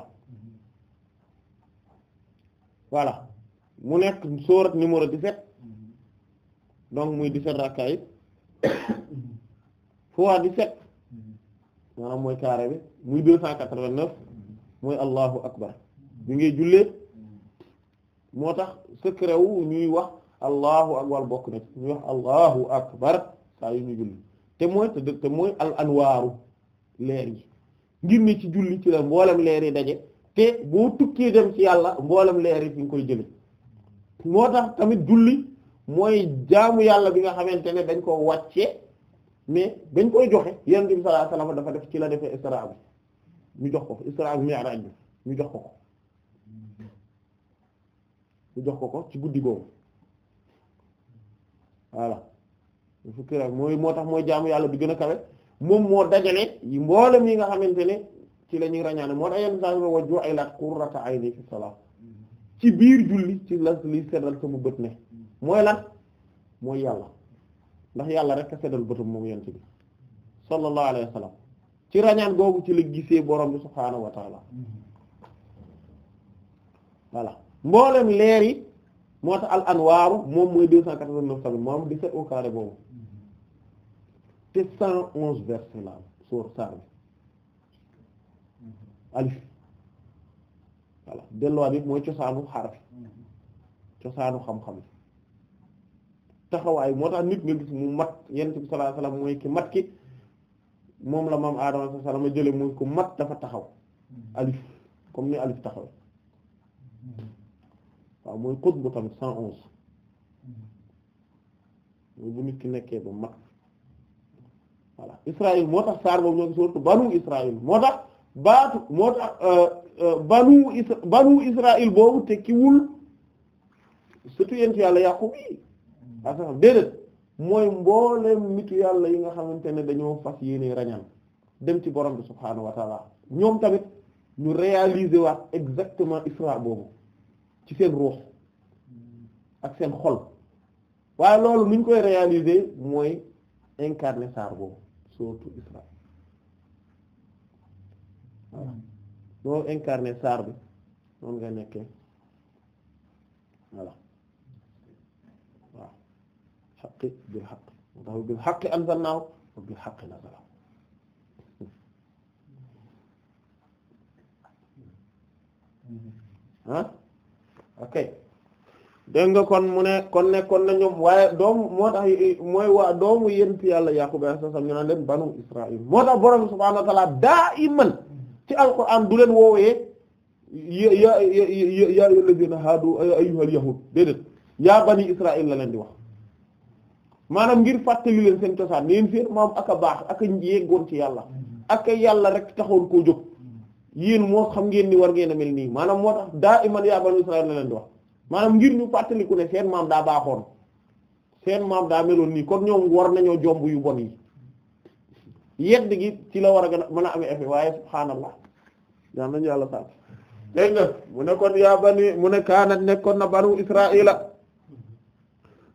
voilà mu nekk sourate numéro 17 donc muy 17 rakka yi fois 17 maanaam mooy carré bi muy 289 mooy allahu akbar bi ngay jullee moo tax secret wu ñuy wax allahu akbar bokk na ñuy wax allahu akbar saa yu ñu julli te mooy te mooy al anwaaru leer yi ngir ni ci julli ci la mboolem leer yi daje te boo tukkee dem ci yàlla mboolem leer yi fi nga koy jële moo tax tamit julli mooy jaamu yàlla bi nga xamante ne dañ koo wàcce mais dañ koy joxe yonent bi sallallahu alayhi wasallam dafa def ci la defee isra bi ñu jox ko isra bi mi'raj bi ñu jox ko ko mu jox ko ko ci guddi googu voilà fukki rek mooy moo tax mooy jaamu yàlla bi gën a kawe moom moo dajale mboolem yi nga xamante ne ci la ñuy rañaane moo tax yenn saa yi wajju ay laat qurrata ayni fi salaat ci biir julli ci la liy seddal sama bët ne mooy lan mooy yàlla ndax yàlla rek a seddal bëtam moom yent bi sallallahu alayhi wa ci rañaan googu ci la gisee borom bi subhaanahu wa taala mboolem leer yi moo tax al anwaaru moom mooy deux cent quatre-vingt-neuf moom dix-sept au carré boobu te cent onze versets la soor saar bi alif voilà delluwaat bi mooy cosaanu xaraf cosaanu xam-xam taxawaay moo tax nit nga gis mu mat yonent bi sallallahu alayhi wasallam mooy ki mat ki moom la maam Adama sallallahu alayhi jële mooy ku mat dafa taxaw alif comme ni alif taxaw waaw mooy code bu tamit cent onze mooy bu nit ki nekkee ba mat voilà Israël moo tax saar boobu ñoo surtout banu Israël moo tax baatu moo tax euh, euh, banu is banu Israël boobu tekkiwul surtout yent yàlla yàqu bi asa déedéet mooy mbooleem yàlla yi nga xamante ne dañoo fas yéene rañan dem ci borom bi wa taala ñoom tamit ñu réaliser waat exactement isra boobu ci seen ak seen xol waaye loolu nuñ koy réaliser mooy incarner saar boobu sootu Isra voilà boo incarné saar bi noonu nga nekkee voilà waaw xaqi bil xaq ndax bil xaqi anzalnaahu wa bil xaqi nazala ah dégg nga kon mu ne kon nekkoon na ñoom waaye doomu moo tax mooy waa doomu yent yàlla yaqub alayhi salaam ñu naan leen banu israil moo tax borom subhaanahu wa ta'aala daa iman ci alquran du leen woowee ya ya ya ya alladhiina haadu ayyuhal yahuud déedéet yaa bani israil la leen di wax maanaam ngir fàttali leen seen cosaan yéen seen maam ak a baax ak a yeggoon ci yàlla ak yàlla rek taxoon koo jóg yéen moo xam ngeen ni war ngeen a mel nii maanaam moo tax daa iman yaa bani israil la leen di wax. maanaam ngir ñu fàttaliku ne seen maam daa baaxoon seen maam daa meloon nii kon ñoom war nañoo jomb yu bon yi yedd gi ci la war a gën a mën a amee effet waaye subhaanallah yaan nañu yàlla sax dégg mu ne kon yaa bani mu ne kaanat nekkoon na banu israila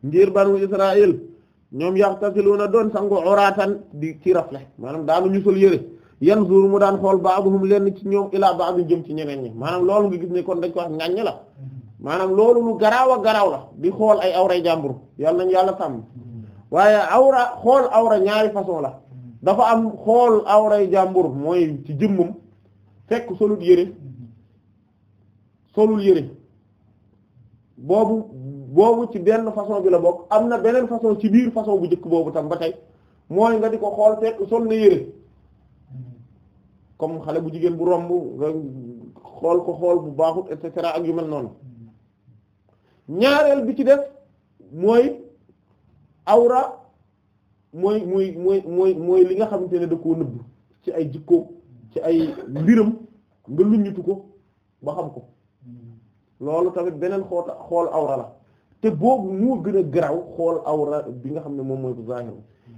ngir banu israil ñoom yaxtasiluuna doon sangu oratan di ci rafle maanaam daanu ñu sol yëre yan jour mu daan xool baabuhum lenn ci ñoom ilaa baabu jëm ci ñeneen ñi maanaam loolu nga gis ne kon dañ ko wax ngaññ la maanaam loolu lu garaaw a garaaw la di xool ay awray jàmbur yàlla nañ yàlla sàmm waaye awra xool awra ñaari façon la dafa am xool awray jàmbur mooy ci jëmmam fekk solut yére solul yére boobu boobu ci benn façon bi la bokk am na beneen façon ci biir façon bu njëkk boobu tam ba tey mooy nga di ko xool fekk sol na yére comme xale bu jigéen bu romb xool ko xool bu baaxut et cetera ak yu mel noonu ñaareel bi ci def mooy awra mooy mooy mooy mooy mooy li nga xamante ne da koo nëbb ci ay jikkoom ci ay mbiram nga luññitu ko ba xam ko loolu tamit beneen xoota xool awra la te boobu moo gën a garaw xool awra bi nga xam ne moom mooy bu zahir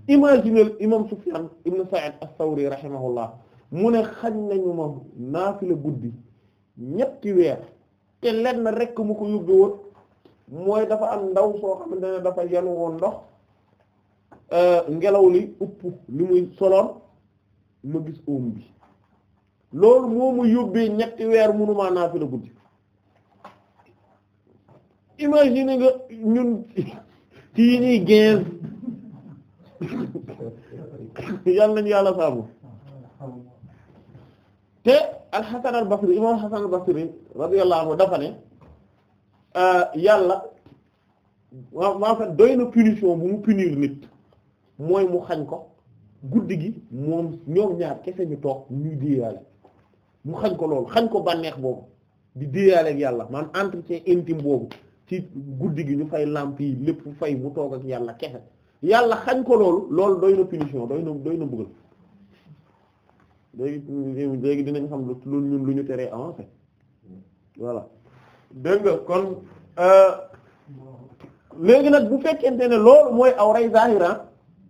imagineel imam Sufyan ibn Sa'id as-Sawri rahimahullah mu ne xañ nañu ma naafila guddi ñetti weer te na rekk mu ko yóbbe woon mooy dafa am ndaw soo xam ne dafa yenu woon ndox euh, ngelaw li upp li muy soloon ma gis óom bi loolu moo ma yóbbee ñetti weer mënumaa naa fi la guddi imagine nga ñun ci yi ñuy ginze yàlla nañu yàlla saabu te al Hasan al Basri imam Hasan al Basri dafa ne Euh, yàlla en fait doy na punition bu mu punir nit mooy mu xañ ko guddi gi moom ñoom ñaar kese ñu toog ñuy déeyaale mu xañ ko loolu xañ ko bànneex boobu di déeyaale yàlla man entretien intime boobu ci guddi gi ñu fay làmp yi lépp fay mu toog ak yàlla kese yàlla xañ ko loolu loolu doy na punition doy na doy na bëggal léegi léegi dinañ xam lu ñun lu ñu teree avancé voilà dégg nga kon euh, léegi nag bu fekkente ne loolu mooy awray zahiran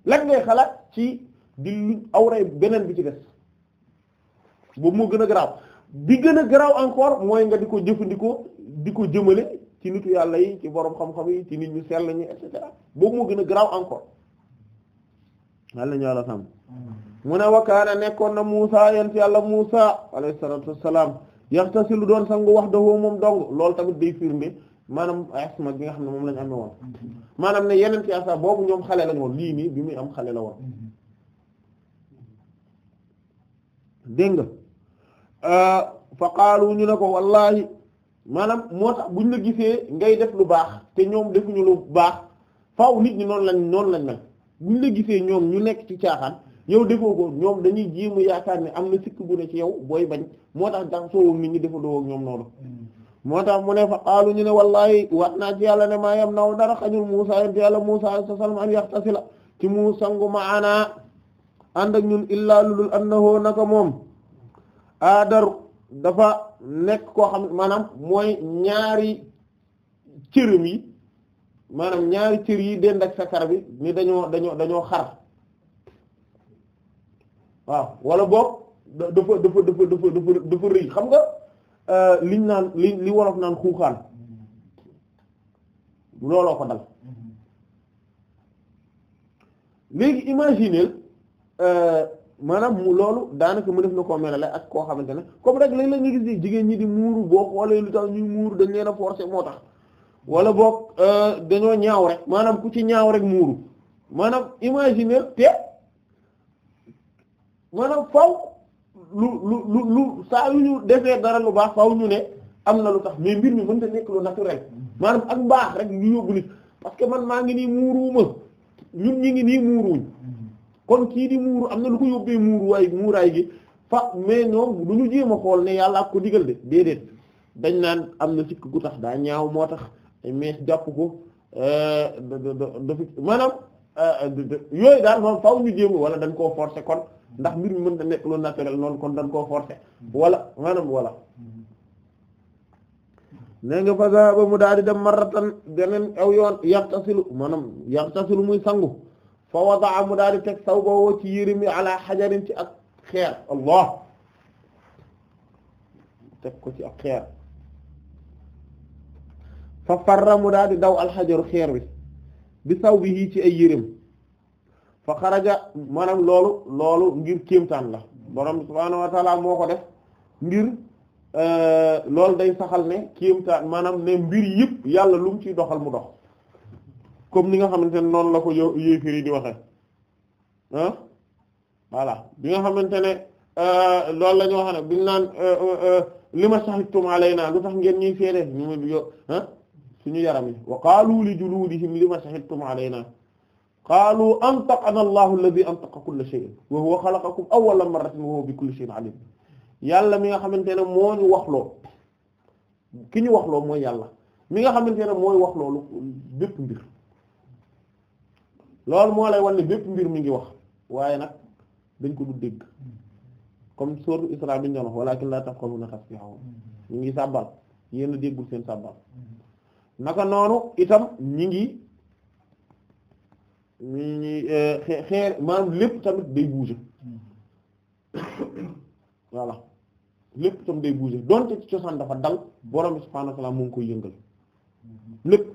lan ngay xalaat ci di lu awray beneen bi ci des boobu moo gën a garaaw bi gën a garaaw encore mooy nga di ko jëfandikoo di ko jëmale ci nit yàlla yi ci borom xam-xam yi ci nit ñu sell ñi et boobu moo gën a garaaw encore yàlla ñu yàlla sàmm mu ne wakkaana nekkoon na Muusa yent yàlla Muusa alayhi salaatu wassalaam si lu doon sangu wahdahu moom dong loolu tamit day firnde maanaam asma gi nga xam ne moom lañu amee woon maanaam ne yeneen ci asa boobu ñoom xale lañ woon lii nii bi muy am xale la woon dégg nga euh, fa qaalu ñu ne ko wallahi maanaam moo tax buñ la gisee ngay def lu baax te ñoom defuñu lu baax faw nit ñi noonu lañ noonu lañ mel buñ la gisee ñoom ñu nekk ci caaxaan yow defoo ko ñoom dañuy jéemu yaakaar ni am na sikk bu ne ci yow booy bañ moo tax dax soowul nit ñi defandoo ak ñoom noonu moo tax mu ne fa qaalu ñu ne wallahi wat naa ci yàlla ne maa yam naw dara xañul Muusaa yenti yàlla Muusaa alayhi salaam an yaxtasila ci mu sangu maanaa ànd ak ñun illaa lulul annahoo naka moom aadaru dafa nekk koo xam maanaam mooy ñaari cërëm yi maanaam ñaari cër yi dend ak sa bi ni dañoo dañoo dañoo xar waaw wala boog dafa dafa dafa dafa rëy xam nga euh, liñ naan li li wolof naan xuuxaan looloo ko dal léegi imaginer euh, maanaam mu loolu daanaka mu def na ko melale ak koo xamante ne comme rek léeg la nga gis ni jigéen ñi di muuru boo xoolee lu tax ñuy muuru dañ leen a forcer moo tax wala boog euh, dañoo ñaaw rek maanaam ku ci ñaaw rek muuru maanaam imaginer te maanaam faw lu lu lu lu saa yu ñu defee dara lu baax faw ñu ne am na lu tax mais mbir mi mënta nekk lu naturel maanaam ak mbaax rek ñu yóbbu nit parce que man maa ngi nii muuruwuma ñun ñi ngi nii muuruwuñ kon kii di muuru am na lu ko yóbbee muuruwaay muuraay gi fa mais ñoom du ñu jéem a xool ne yàlla ak ko digal de déedéet dañ naan am na sikk gu tax daa ñaaw moo tax mees jàpp ko euh, dafa maanaam euh, yooyu daal moom faw ñu jéem wala dañ koo forcer kon ndax mbir mi mën na nekk lu naturel noonu kon dañ koo forcer wala maanaam wala nee nga faga ba mu daal di dem maratan yoon yaxtasilu maanaam yaxtasilu muy sangu fa wadaa mu daal di teg saw boo ci yére mi ala xajarin ci ak xeer allah teg ko ci ak xeer fa farra mu daal di daw alxajaru xeer wi bi saw bi yii ci ay yérém fa xaraja maanaam loolu loolu ngir kéemtaan la borom subhaanahu wa moo ko def ngir euh, loolu day saxal ne kéemtaan maanaam ne mbir yëpp yàlla lu mu ciy doxal mu dox comme ni nga xamante ne noonu la ko yow yéefir di waxe ah voilà bi nga xamante ne euh, loolu la ñu wax ne biñ naan euh, li ma shahidtum lu tax ngeen ñuy seede ñu mu yo ah suñu yaram yi wa qaalu li juluudihim li ma qaalu antaqana allahu alladhi antaqa kulla shay'in wa huwa khalaqakum awwala marratin wa huwa bi kulli shay'in alim yàlla mi nga xamante ne moo ñu wax loo ki ñu wax loo mooy yàlla mi nga xamante ne mooy wax loolu bépp mbir loolu moo lay wal ne bépp mbir mi ngi wax waaye nag dañ ko du dégg comme sourate Isra bi ñu doon wax walakin la tafqahuna tasbihahum ñu ngi sàbbal yéen a déggul seen sàbbal naka noonu itam ñi ngi ñi euh, xeer maanaam lépp tamit day bouger voilà lépp tamit day bouger donte ci cosaan dafa dal borom bi subhaanahu wa ta'aala mu ngi koy yëngal lépp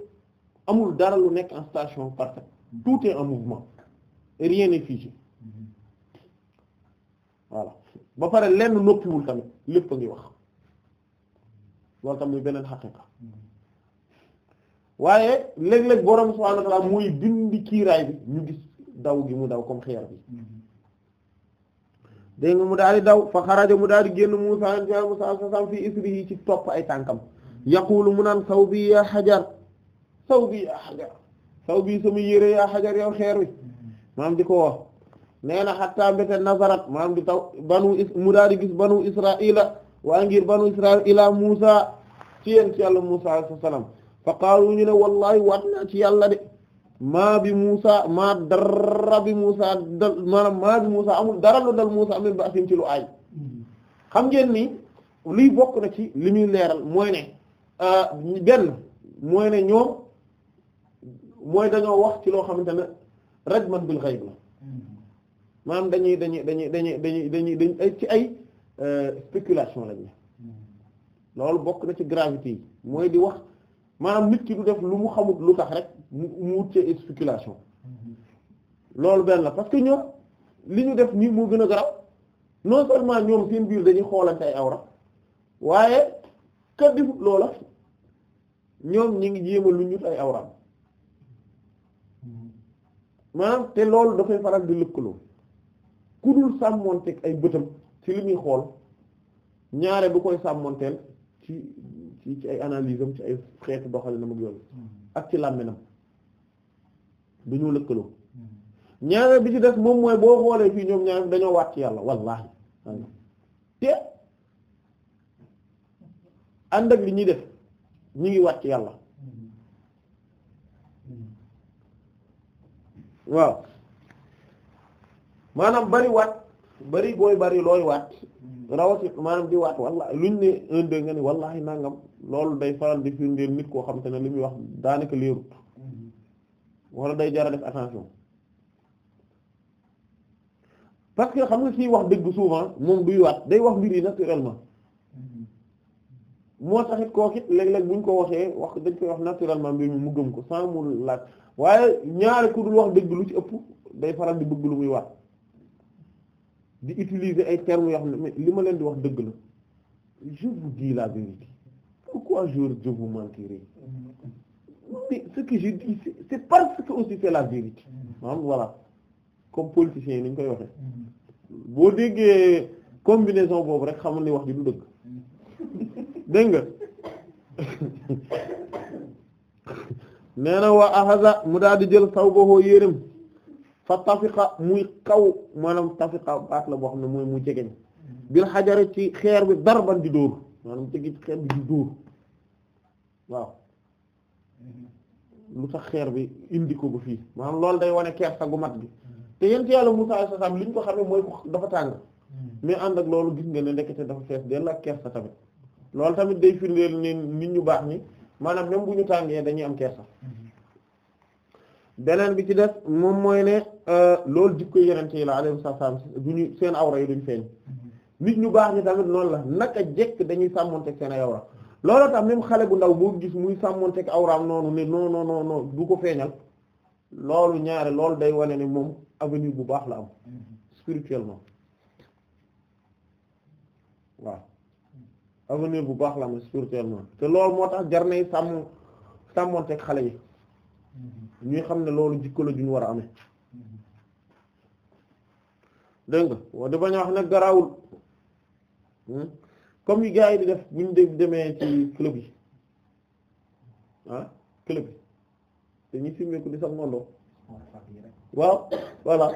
amul dara lu nekk en station parfaite tout est en mouvement et rien n'est ba pare lenn noppiwul tamit lépp a ngi wax loolu tamit beneen xaqiqa waaye léeg-léeg borom subhaanahu wa muy dindi kiiraay bi ñu gis daw gi mu daw comme xeer bi dégg nga mu daal di daw fa xaraja mu daal di génn Muusaa Muusaa sasam fii isrihi ci topp ay tànkam yaqulu mu naan saw bi yaa xajar saw bi yaa xajar saw bi sama yére yaa xajar yow xeer wi maam di ko wax nee na xatta mbéte nazarat maam di taw banu is mu daal di gis banu israila waa ngir banu israila Muusaa ci yéen ci yàlla Muusaa sallam fa qaalu ñu ne wallahi waat naa ci yàlla de maa bi Musa maa dara bi Musa dal maanaam maa bi Musa amul dara lu dal Musa amin ba asin ci lu aay xam ngeen ni liy bokk na ci li muy leeral mooy ne ah, benn mooy ne ñoom mooy dañoo wax ci loo xamante ne rajman bil ghayb la maanaam dañuy dañuy dañuy dañuy dañuy dañuy dañ ay ci ay euh, spéculation lañu hmm. loolu bokk na ci gravité yi mooy di wax. maanaam nit ki du def lu mu xamut lu tax rek mu wut ci spéculation loolu benn la parce que ñoom li ñu def nii moo gën a garaw non seulement ñoom seen biir dañuy xoolante ay awra waaye kat defut loola ñoom ñi ngi jéema lu ñut ay awraam maanaam te loolu dafay faral di lëkkaloo ku dul teg ay bëtam ci li muy xool ñaare bu koy sàmmoonteel ci ci ci ay analyse am ci ay xeetu doxalinam ak yoon hmm. ak ci làmminam du ñu lëkkaloo hmm. ñaareel bi ci des moom mooy boo xoolee fii ñoom ñaar dañoo waat ci yàlla wallaahi te li ñuy def ñu ngi waat ci yàlla hmm. waaw maanaam bari waat bari booy bari looy waat rawati maanaam di waat wala luñ ne un deux nga ni wallahi nangam loolu day faral di firndeel nit koo xam te ne li muy wax daanaka leerut wala day jara def attention parce que xam nga kii wax dëgg souvent moom duy waat day wax mbir yi naturellement moo taxit kooku it léeg-léeg buñ ko waxee wax dañ koy wax naturellement mbir mi mu gëm ko sans mu laaj waaye ñaari ku dul wax dëgg lu ci ëpp day faral di bëgg lu muy waat di utiliser ay termes yoo xam ne li ma leen di wax dëgg la je vous dis la vérité pourquoi je je vous mentirai ce que je dis c'est parce que aussi c'est la vérité maanaam voilà comme politiciens yi ni ñu koy waxee boo déggee combinaison boobu rek xamul ni wax ji nu dëgg dégg nga nee na waa ahaza mu daal jël saw boobu yéreem fa tafiqa muy kaw maanaam tafiqa baat la boo xam ne mooy mu jegeñ bil xajara ci xeer bi darban di dóor maanaam jege ci xeer bi di dóor waaw mm-hmm. lu tax xeer bi indi ko ba fii maanaam loolu day wane kersa gu mat gi te yent yàlla mu alayhi salaam li ñu ko xamee mooy dafa tàng mm-hmm. mais ànd ak loolu gis nga ne ndekete dafa fees dell ak kersa tamit loolu tamit day firndeel ne nit ñu baax ni maanaam même bu ñu tàngee dañuy am kersa mm-hmm. beneen bi ci def moom mooy ne euh, loolu jikko yeneen yi la alayhi salaam ñu seen awra yi duñ feeñ nit ñu baax ni tamit noonu la naka jekk dañuy sàmmonteeg seen ay awra loolu tax même xale bu ndaw boo gis muy sàmmonteeg awraam noonu ne non non non ko feeñal loolu ñaare loolu day wane ne moom avenir bu baax la am spirituellement waaw avenir bu baax la am spirituellement te lool moo tax jar nay sàmm sàmmonteeg xale yi. Mm-hmm. ñuy xam ne loolu jikko la juñ war a amee dégg nga waaw di bañ a wax nag garaawul hmm? comme yi gars yi di def buñ dégg demee ci club yi ah club yi dañuy filmer ko di sax ngondoo waaw voilà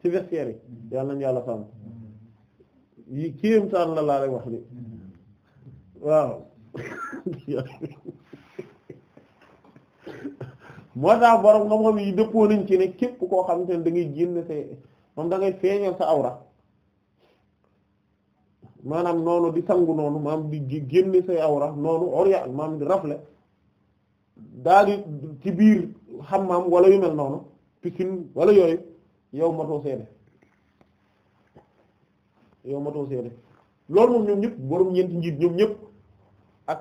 ci vestiaire yi yàlla nañ yàlla faam yi kéem saan la laa lay wax ni waaw moo tax borom nga moom yi dëppoo nañ ci ne képp koo xamante ne dangay ngay génn sa moom da feeñal sa awra maanaam noonu di sangu noonu maanaam di génne say awra noonu orya maanaam di rafle daal ci biir hammam wala yu mel noonu piscine wala yooyu yow matoo seede yow matoo seede loolu moom ñoom ñëpp borom ñeenti njiit ñoom ñëpp ak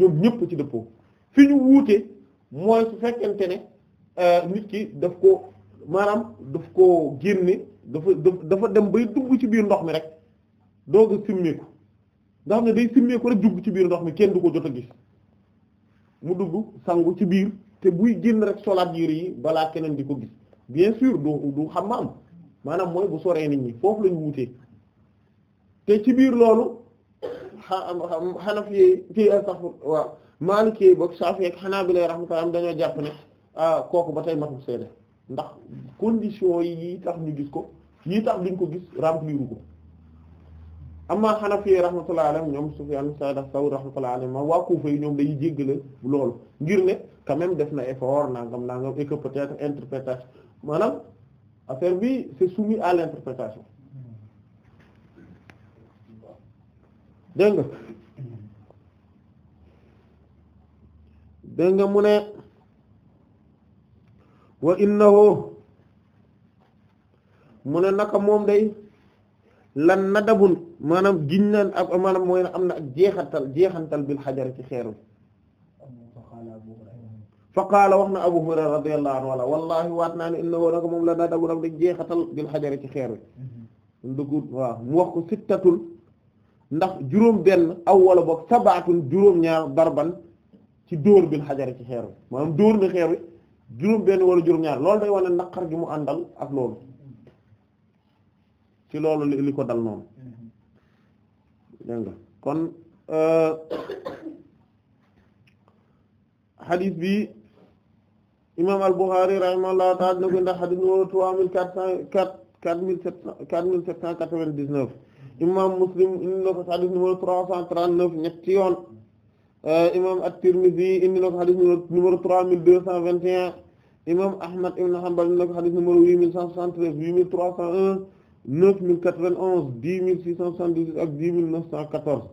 ñëpp ci dëppoo fi ñu wuute mooy su fekkente ne euh, nit ki daf ko maanaam daf ko génne dafa dafa dem bay dugg ci biir ndox mi rek doog a simmeeku nga xam ne day simmeeku rek dugg ci biir ndox mi kenn du ko jot a gis mu dugg sangu ci biir te buy génn rek solaat yére yi balaa keneen di ko gis bien sûr du du xam maanaam mooy bu soree nit ñi foofu lañu wutee te ci biir loolu xanaf yi ci sax waaw Maliki boog Shafi'i ak Hanabila rahmatullah dañoo jàpp ne ah kooku ba tey matul seede ndax condition yi tax ñu gis ko yi tax duñ ko gis remplir ko amma Hanafi rahmatullah alayhi ñoom su Sa'id as-Sawri rahmatullah alayhi ma waa Kufa yi ñoom dañuy jéggale loolu ngir ne quand def na effort nangam nangam et que peut-être interprétation maanaam affaire bi c'est soumis à l'interprétation dégg dégg nga mu ne wa innahu mu ne naka moom day lan nadabun maanaam giñ naan ab maanaam mooy na am na ak jeexantal jeexantal bil xajar ci xeer wi fa qaala wax na Abu Hurayra radiyallahu anhu wala wallahi waat naa ne innahu naka moom la nadabun am na jeexatal bil xajar ci xeer wi dugul waaw mu wax ko sittatul ndax juróom benn aw wala boog sabaatun juróom ñaar darban ci dóor bil xajari ci xeer wi maanaam dóor na xeer wi juróom benn wala juróom ñaar loolu day wane naqar gi mu àndal ak loolu ci loolu li ko dal noonu nga kon xadis euh, bi imam al-Bukhari rahimahullahu ta'ala dina ko ndax xadis numéro trois mille quatre cent quatre quatre mille sept cent quatre vingt dix neuf imam Muslim indi na ko xadis numéro trois cent trente-neuf ñetti yoon Euh, imam at-Tirmidhi indi na ko xadis numéro trois mille deux cent vingt et un imam Ahmad ibn Hanbal indi na ko xadis numéro huit mille cent soixante-treize huit mille trois cent un neuf mille quatre-vingt-onze ak dix mille neuf cent quatorze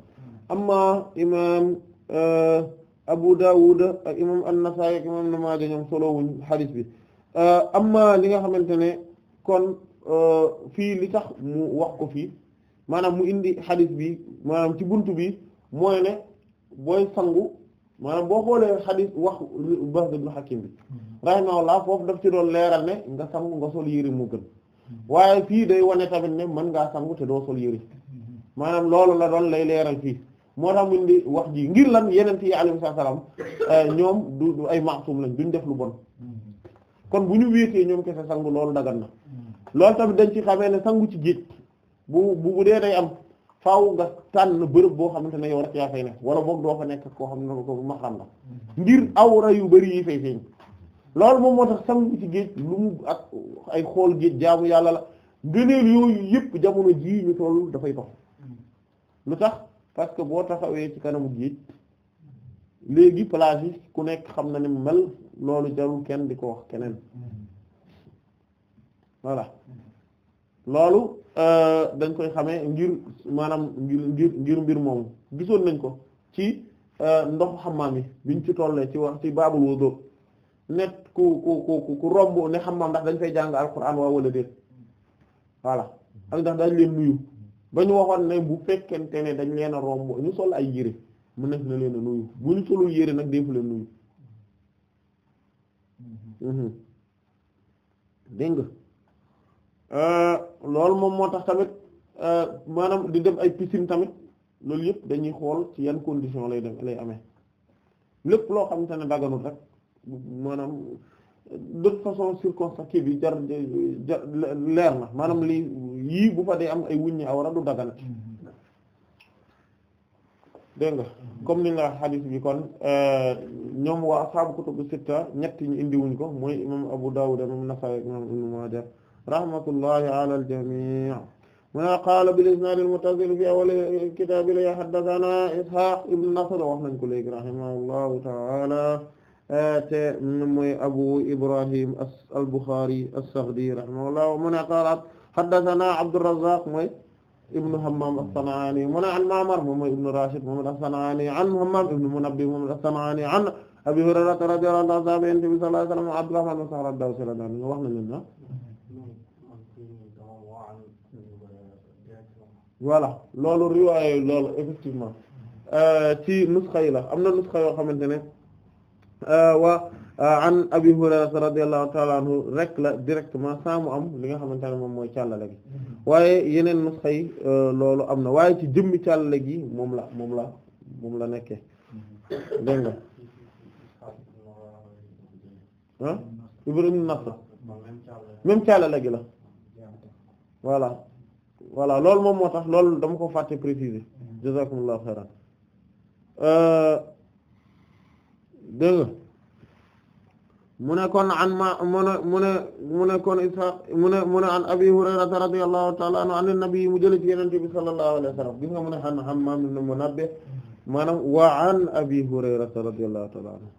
amma imam euh, Abu Dawud ak imam an-Nasa'i ak imam Ibn Maaja ñoom solo wuñ bi euh, amma li nga xamante ne kon fii li tax mu wax ko fii maanaam mu indi xadis bi maanaam ci buntu bi mooy ne booy sangu maanaam boo xoolee xadis wax Bahz ibn Hakim bi mm-hmm. rahimahullah foofu daf ci doon leeral ne nga sangu nga sol yére mu gën waaye fii day wane tamit ne mën ngaa sangu te doo sol yëri mm-hmm. maanaam loolu la doon lay leeral fii moo tax mun di wax jii ngir lan yeneen yi alayhi salaam eh, ñoom du ay maasum lañ duñ def lu bon mm-hmm. kon bu ñu wéetee ñoom kese sangu loolu dagan na loolu tamit dañ ci xamee ne sangu ci jiit bu bu bu dee day am faaw nga tànn bërëb boo xamante ne yow rek yaa fay nekk wala boog doo fa nekk koo xam ne ko maxram la mm-hmm. ngir awra yu bari yi fay feeñ loolu moom moo tax sangu ci géej lu mu ak ay xool géej jaamu yàlla la gëneel yooyu yëpp jamono jii ñu toll dafay dox mm-hmm. lu tax parce que boo taxawee ci kanamu géej léegi plage yi ku nekk xam na ne mel loolu jarul kenn di ko wax keneen mm-hmm. voilà loolu Euh, dañ koy xamee ngir maanaam ngir ngir mbir moomu gisoon nañ ko ci euh, ndoxu xammaam yi biñ ci tollee ci wax ci baabul wudu net ku ku ku ku romb ne xammaam ndax dañ fay jàng alquran waa wala déet voilà ak ndax dañ leen nuyu ba ñu waxoon ne bu fekkente ne dañ leen a romb ñu sol ay yére mu nekk na leen a nuyu bu ñu solul yére nag defu leen nuyu mm-hmm. Mm-hmm. dégg nga Euh, loolu moom moo tax tamit euh, maanaam di dem ay piscine tamit loolu yëpp dañuy xool ci yan condition lay dem lay amee lépp loo xamante ne daganul rek maanaam de façon circonstance bi jar jar leer na maanaam lii yii bu fa dee am ay wuññi awra du daganat dégg nga comme ni nga xadis bi kon euh, ñoom waa ashaabu kutubu sitta ñett ñu indiwuñ ko mooy imam Abu Dawud imam Nasa'i imam Ibn Maaja rahmatullahi ala al-jamii mu ne qaala bil-isnaad al-muttasil fi awwal kitaab li haddathanaa Ishaaq ibn Nasr wax nañ ko léegi rahimahullahu ta'aala te mooy Abu Ibrahim al-Bukhari as-Saghdi rahimahullah mu ne qaala haddathanaa Abdur-Razzaaq mooy ibn Hammaam as-San'aani mu ne an Ma'mar moom mooy ibn Rashid moom as-San'aani an Hammaam ibn Munabbih moom as-San'aani an Abi Hurayrata radiyallahu anhu sallallahu alayhi wa sallam Abdurrahmaan ibn Saxr ad-Dawsi wax nañ voilà loolu riwaaye loolu effectivement euh, ci nusxa yi la am na nusxa yoo xamante ne euh, wa euh, an abi hurairata radiallahu taala anhu rek la directement saa mu am li nga xamante ne moom mooy càllale gi waaye yeneen nusxa yi loolu am na waaye ci jëmmi càllale gi moom la moom la moom la nekkee dégg nga ah Ibrahim Nasr même càllale gi la voilà voilà loolu moom moo tax loolu dama ko fàtte préciser jazakumullahu xayran euh, dégg mu ne kon an ma mu ne mu ne mu ne kon Ishaq mu ne mu ne an Abi Hurayrata radiyallahu ta'ala anhu an nabi mu jële ci Yonent bi sallallahu alayhi wa sallam gis nga mu ne an Hammaam ibn Munabbih maanaam wa an Abi Hurayrata radiyallahu ta'ala anhu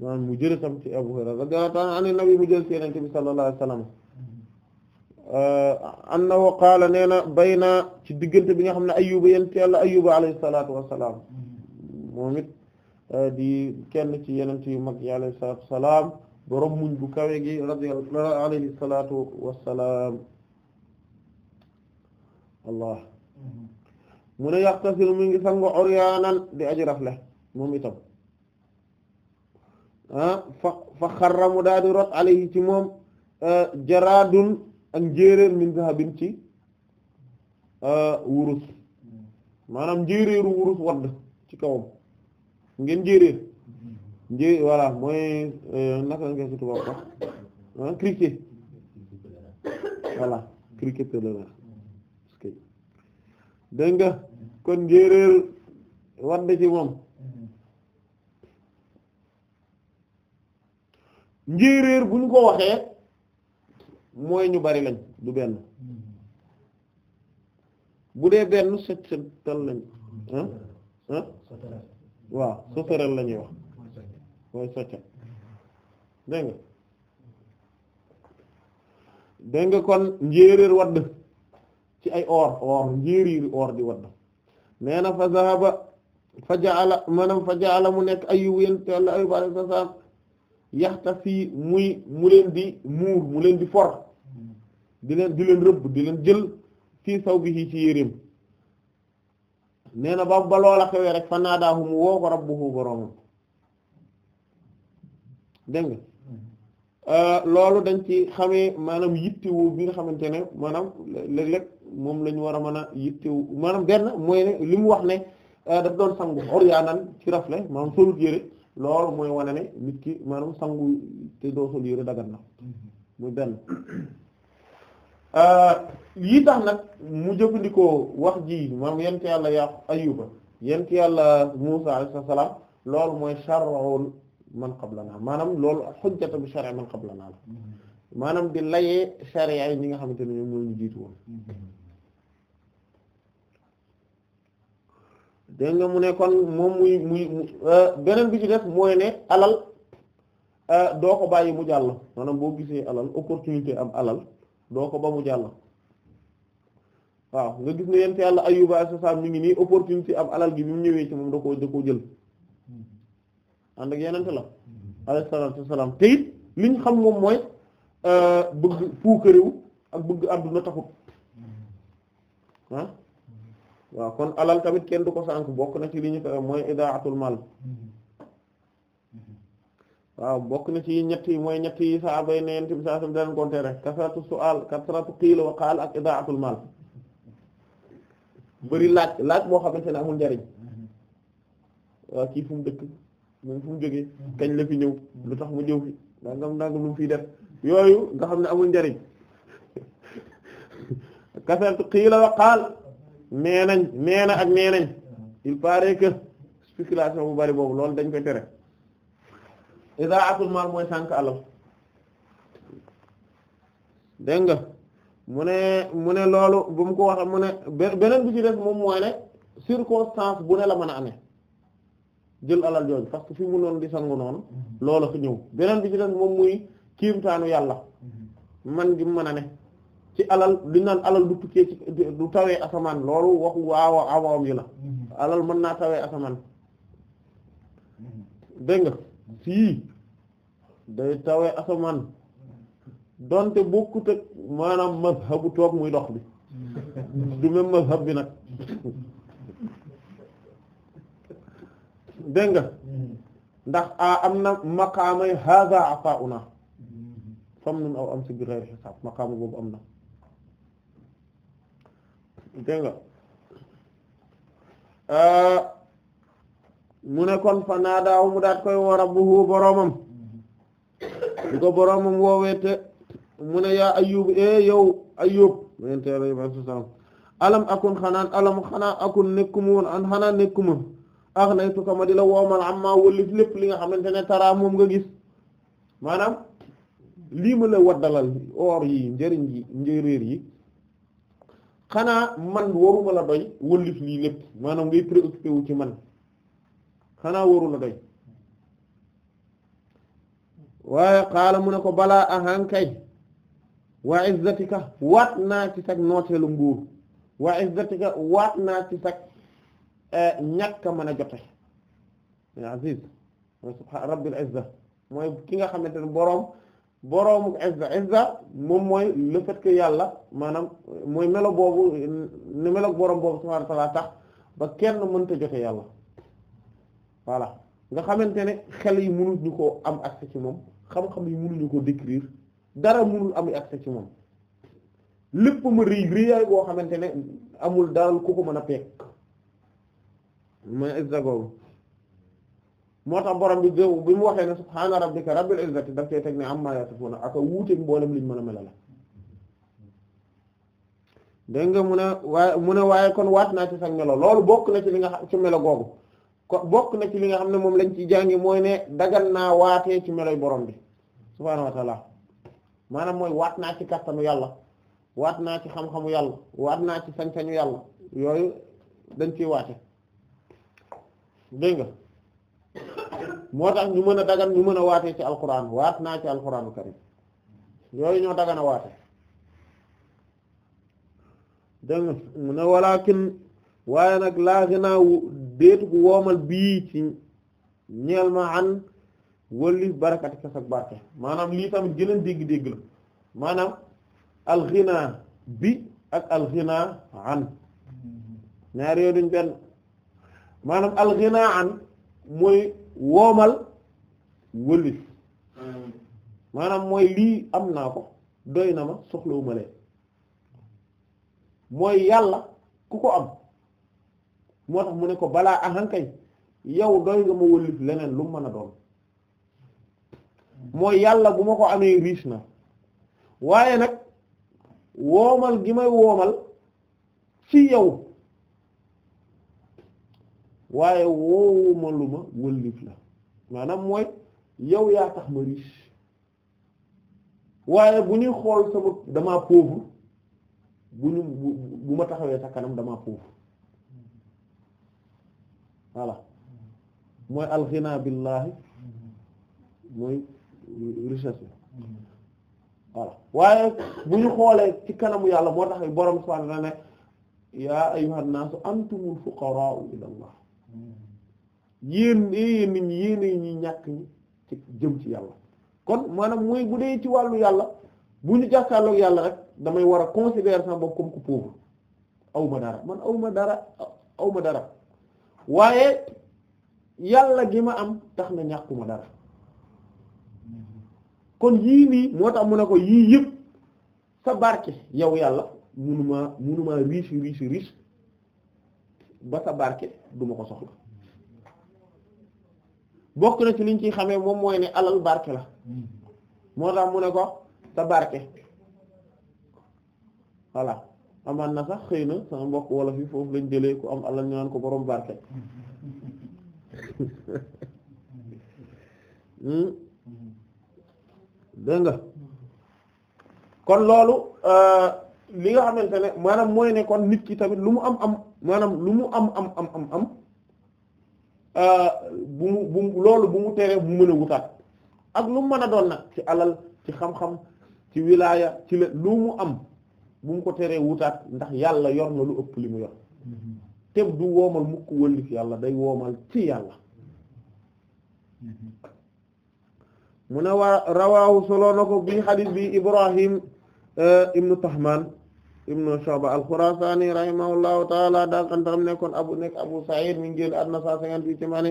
maanaam mu jële tam ci Abu Hurayrata radiyallahu ta'ala anhu an nabi mu jële ci Yonent bi sallallahu alayhi wa sallam annahu qaala nee na bayna ci diggante bi nga xam ne ayuba yent yàlla ayuba alayhi salaatu wassalaam moom it di kenn ci yenent yu mag yi alayhi salaatu wassalaam borom muñ bu kawe gi radiyallahu alayhi salaatu wassalaam allah mu ne yaxtasil mu ngi sango oryaanan di aji rafle moom itam ah fa fa xarramu daa di rot alayhi ci moom jaraadun ak njéeréer min zahabin ci wurus maanaam njéeréeru wurus wadd ci kawam ngeen njéeréer njé voilà mooy e, naka nga ci tubaab ah, criquet voilà criquet pèlerin dégg kon njéeréer wadd ci moom njéeréer bu ñu ko waxee mooy ñu bari lañ du benn bu dee benn sët sëtal ah ah waaw lañuy wax mooy socca dégg nga dégg nga kon njéeréer wadd ci ay or or njéeréeri or di wadd nee fa zahaba fa jaala maanaam mu nekk ayub yent yàlla ayub alayhi salaam yaxta fii muy mu leen di muur mu leen di for di leen di rëbb di leen jël fii saw bi ci yérim nee na ba ba loola xewee rek fa daa mu woo ko rabbuhu boroomam dégg nga euh, loolu dañ ci xamee maanaam yittewu bi nga xamante ne maanaam léeg-léeg moom la war a mën a yittewu maanaam benn mooy ne li mu wax ne euh, daf doon sangu oryaanan ci rafle maanaam solut yére loolu mooy wane ne nit ki maanaam sangu te doo sol yére dagan na muy benn lii euh, tax nag mu jëfandikoo wax ji moom yent yàlla ya ayuba yent yàlla Musa alayhi salaam loolu mooy shar'u man qablanaa maanaam loolu hujjatu bi shar'i man qablanaa la mm-hmm. maanaam di layee sharia yi ñi nga xamante ne ñoom ñoo ñu jiitu mm-hmm. nga mu ne kon moom muy muy euh, beneen bi ci def mooy ne alal euh, doo ko bàyyi mu jàll maanaam boo gisee alal opportunité am alal doo ko ba mu jàll waaw nga gis ne yent yàlla Ayyuba alayhi salaam mi ngi nii opportunité am alal gi bi mu ñëwee ci moom da koo da koo jël ànd ak yenente la alayhi salaatu wassalaam te it xam moom mooy euh, bëgg fuukaréwu ak bëgg àdduna taxut ah waaw kon alal tamit kenn du ko sànk bokk na ci li ñu ko mooy idaatul mal waaw bokk na ci ñett yi mooy ñett yi sahaaba yi neen ti bi saa sam daan ko tere kasratu su'al kasratu qiil wa qaal ak idaatul maal bëri laaj laaj boo xamante ne amul njariñ waaw kii fu mu dëkk moom fu mu jógee kañ la fi ñëw lu tax mu ñëw fi ndangam ndangam lu mu fiy def yooyu nga xam ne amul njariñ kasratu qiil wa qaal nee nañ nee na ak nee nañ il paraît que spéculation bu bari boobu loolu dañ koy tere idaatul maal mooy sànq alal dégg nga mu ne mu ne loolu bu mu ko waxee mu ne beneen bi ci def moom mooy ne circonstance bu ne la mën a amee jël alal jooju parce que fi mu noonu di sangu noonu mm-hmm. loolu fi ñëw beneen bi ci def mu muy taanu yàlla mm-hmm. man gi mën a ne ci alal li naan alal du tukkee tawee asamaan loolu waxu waaw awam yi la mm-hmm. alal mën naa tawee asamaan dégg nga fii day tawee asamaan donte bokkut ak maanaam toog muy dox bi du même mazhab bi nag dégg ndax a am na maqaamay haza afauna fam nun aw am si bi ghayr hisaab maqaama boobu am na dégg a mu ne kon fa naadaahu mu daat koy woo rabbuhu boroomam di ko boroomam woowete mu ne yaa ayyub e yow ayyub alam akun xanaa akun nekkuma an xanaa nekkuma ax nay tuka di la woomal amma wëlif lépp li nga xamante ne taraa moom nga gis maanaam lii ma la waddalal or yi njëriñ yi njëréer yi xanaa man waruma la doy wëlif lii lépp maanaam ngay préoccupé wu ci man xanaa warula doy waaye xaala mu ne ko balaa ahankay wa izzatika waat naa ci sag nooteelu nguur wa izzatika waat naa ci sag eh, ñàkk mën jote aziz subhan rabbil izza mooy ki nga xamante ne boroom boroomu izza izza moom mooy le fait yàlla maanaam mooy melo boobu ne melo boroom boobu subhanahu wa tax ba kenn mënta jote yàlla voilà nga xamante ne xel yi mënuñu koo am accès ci moom xam-xam yi mënuñu ko décrire dara mënul am accès ci moom lépp ma rëy rëyaay boo xamante ne amul daal ku ko mën a peek ma izzagoogu moo tax borom bi déw bi mu waxee ne subhaana rabbika rabbil izzati daf koy teg ne amma yasifuna aka wuuteeg mboolem liñ mën a mela la dégg nga mu ne waaye mu ne waaye kon waat naa ci sax melo loolu bokk na ci li nga xam ci melo googu ko bokk na ci li nga xam ne moom lañ ci jàngi mooy ne dagan naa waatee ci meloy borom bi subhaanahu wa taala maanaam mooy waat naa ci kattanu yàlla waat naa ci xam-xamu yàlla waat naa ci sañ-sañu yàlla yooyu dañ ciy waate dégg nga moo tax ñu mën a dagan ñu mën a waatee ci alquran waat naa ci alquran karim yooyu ñoo dagan a waate dégg mu ne walaakin waaye nag laa gënaawu déetu ko woomal bii ci ñeel ma an wali barakati kasak barke maanaam lii tamit gëneen dégg-dégg la maanaam alxinaa bi ak alxinaa an ñaari yoo duñ benn maanaam alxinaa an mooy woomal wëlis maanaam mooy lii am naa ko doy na ma soxlawuma leen mooy yàlla ku ko am moo tax mu ne ko balaa ahankay yow doy nga ma wëlif leneen lu mu mën a doon mooy yàlla bu ma ko amee riis na waaye nag woomal gi may woomal ci yow waaye woowuma lu ma wëlif la maanaam mooy yow yaa tax ma riche waaye bu ñuy xool sama damaa pauvre bu ñu bu ma taxawee sa kanam damaa pauvre voilà mooy alxinaa billaahi mooy richesse waaw voilà waaye bu ñu xoolee ci kanamu yàlla moo tax borom subhaanahu wa ta'aala yaa ayyuhan antumul fuqaraa'u ilallah yéen yéen nit ñi yéen ñàkk ñi ci jëm ci yàlla kon maanaam mooy bu dee ci wàllu yàlla bu ñu jàkkaarloog yàlla rek damay war a considérer sama bopp comme ku pauvre awma dara man awma dara awma dara waaye yàlla gi ma am tax na ñàkkuma dara kon yii nii moo tax mu ne ko yii yëpp sa barke yow yàlla munuma munuma riche riche riche ba sa barke duma ko soxla bokk na ci liñ ciy xamee moom mooy ne alal barke la moo tax mu ne ko sa barke voilà amaan na sax xëy na sama mbokk wala fi foofu lañ jëlee ku am alal ñu ko borom barke hmm? dégg nga kon loolu euh, li nga xamante ne manam mooy ne kon nit ki tamit lu mu am am maanaam lu mu am am am am am euh, bu mu bu mu loolu bu mu teree mu mën a wutaat ak lu mu mën a doon na ci alal ci xam-xam ci wilaaya ci la lu mu am bu mu ko teree wutaat ndax yàlla yor lu ëpp li mu yor mhm. te du woomal mukk wëllif yàlla day woomal ci yàlla mhm. mu ne waa rawaahu soloo na ko bii xadis bi ibrahim eh, ibnu tahman ibnu Shu'ba al-Khurasani rahimahullahu taala daal antaram nekkoon abu nekk abu Sa'id mi ngi génn àdduna cent ci mane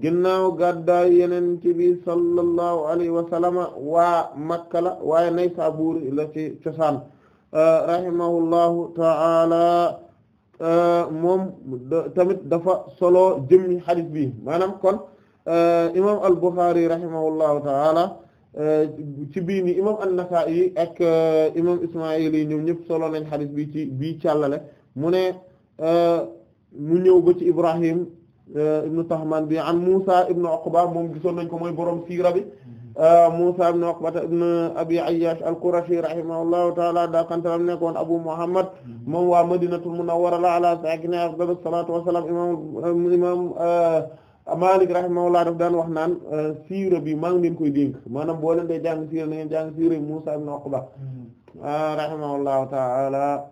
ginnaaw gàddaay Yonent bi sallallahu alayhi wa sallama waa Makka la la ci cosaan rahimahullahu ta'ala euh, moom tamit dafa solo jëmmi xadis bi maanaam kon euh, imam al-Bukhari rahimahullahu ta'ala euh, ci bii ni imam an-Nasa'i ak imam Isma'il yi ñoom ñëpp solo nañ xadis bi ci bii càllale mu ne mu ñëw ba ci Ibrahim ibnu Tahman bi an Musa ibnu Uqba moom gisoon nañ ko mooy borom siira bi Euh, Musa ibn Uqbata ibn Abi Ayyash al-Qurashi rahimahullahu ta'ala dakantalam nekkoon Abu Muhammad moom waa Madinatul Munawwara la ala sakina afdalu salatu wassalam imam imam euh, rahimahullah daf daan wax naan euh, siira bi maa ngi leen koy dénk maanaam boo dee jàng siira na ngeen Musa ibn Uqba hmm. rahimahullahu ta'ala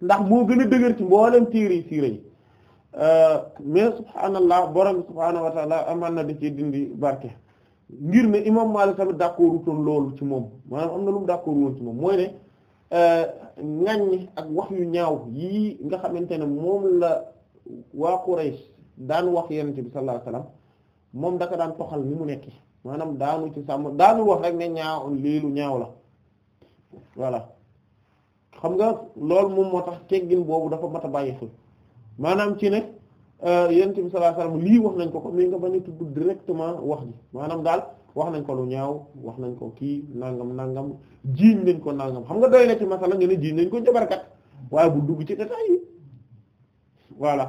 ndax moo gën a dëgër ci mboolem téere siira yi mais subhaanallah borom subhaanahu wa ta'ala na da ci barke ngir ne imam Maalik tamit d'accordu toon loolu ci moom maanaam am na lu mu d'accord woon ci moom mooy ne ŋàññ euh, ak wax yu ñaaw yii nga xamante ne moom la waa Quraysh daan wax yenente bi sallallahu alayhi wasallam moom daka daan toxal ni mu nekk maanaam daanu ci sàmm daanul wax rek ne ñaaw liilu ñaaw la voilà xam nga loolu moom moo tax teggin boobu dafa mat a bàyyi xel maanaam ci ne Euh, yonent bi sallallahu alayhi wasallam lii wax nañ ko ko mi nga bañ a tudd directement wax ji maanaam daal wax nañ ko lu ñaaw wax nañ ko kii nangam nangam jiiñ nañ ko nangam xam nga doy na ci masala nga ne nañ ko njabarkat waaye bu dugg ci voilà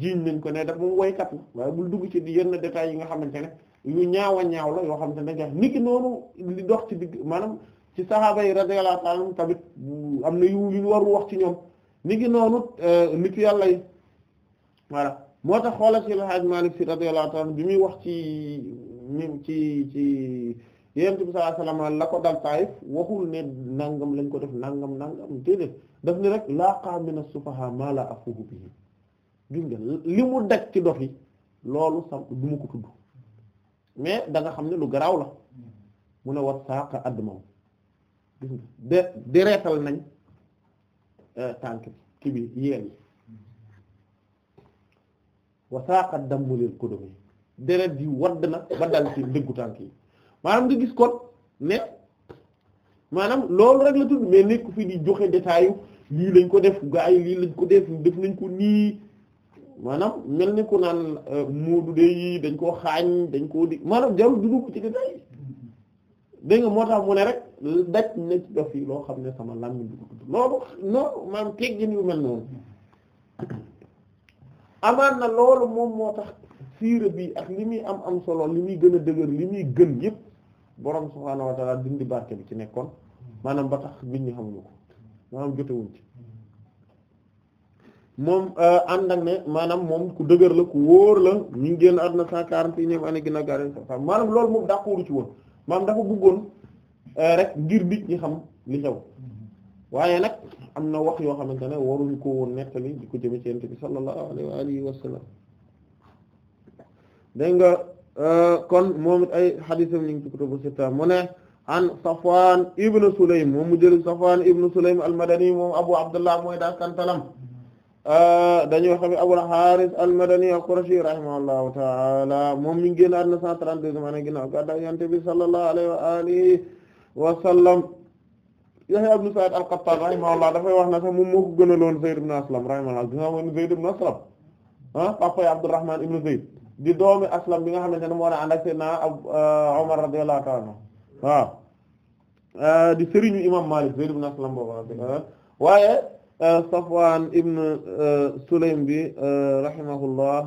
jiiñ nañ ko ne daf moom woykat waaye bul dugg ci yenn détails yi nga xamante ne yu ñaawa ñaaw la yoo xam ne dañ koy niki noonu li dox ci digg maanaam ci sahaaba yi radiyallahu ta'ala tamit am na yu ñu waru wax ci ñoom niki noonu euh, nitu yàlla yi voilà moo tax xoolal si El Hadj Malick Sy radiyallahu bi muy wax ci ñun ci ci yonent bi la ko dal Taayif waxul ne nangam lañ ko def nangam nangam déedéet daf ne rek laqaa mina sufaha maa laa afuuhu bihi gis nga li mu daj ci dof yi loolu sax du ma ko tudd mais da xam ne lu garaaw la mu a wat saaqa admaw gis de dereetal nañ euh, tànk bi kii bi yeel yi wa saaqa dammu lil qudumi deret ji wadd na ba dal ci dëggu tànk yi maanaam nga gis kon ne maanaam loolu rek la tudd mais nekk fi di joxe détail lii lañ ko def gaa yi lii lañ ko def def nañ ko nii maanaam mel ni ko naan euh, muudu de yi dañ koo xaañ dañ koo di maanaam jarul dugg ko ci détail dégg nga moo tax mu ne rek daj na ci dof yi loo xam ne sama làmmiñ dugg loolu noonu maanaam teggin yu mel noonu amaan na loolu moom moo tax siira bi ak li muy am am solo li muy gën a dëgër li muy gën yépp borom subhaanahu wa ta'ala dindi barke bi ci nekkoon maanaam ba tax nit ñi xamuñu ko maanaam ci moom euh, ànd ne maanaam moom ku dëgër la ku la ñu ngi génn àdduna cent quarante yi ñoom année gën a garé loolu moom d'accord ci woon maam dafa bëggoon euh, rek ngir nit ñi xam li xew mm-hmm. waaye nag am na wax yoo xamante ne waruñu ko woon nettali di ko jëme ci yonent sallallahu alayhi wa alihi nga euh, kon moom it ay xadiisam ñu ngi ci kutubu sitta mu ne an Safwan ibn Sulaym moom mu jël Safwan ibn Sulaym al-Madani moom Abu Abdullah mooy daa kantalam dañoo xam ne Abul Haaris al-Madani al-Qurashi rahimahullahu ta'ala moom mi ngi génn àdduna 132 maanaam ginnaaw gàddaay yonent bi sallallahu alayhi wa Yahya ibn Sa'id al-Qattan rahimahullah dafay wax na sax moom moo ko gënaloon Aslam rahimahullah gis nga moom ah, di doomi Aslam bi nga xamante ne moo na ànd ak Seydina Umar euh, radiyallahu euh, di sëriñu imam Malik Zayd ibn Aslam boobu euh, waaye Safwan ibn Sulaym bi rahimahullah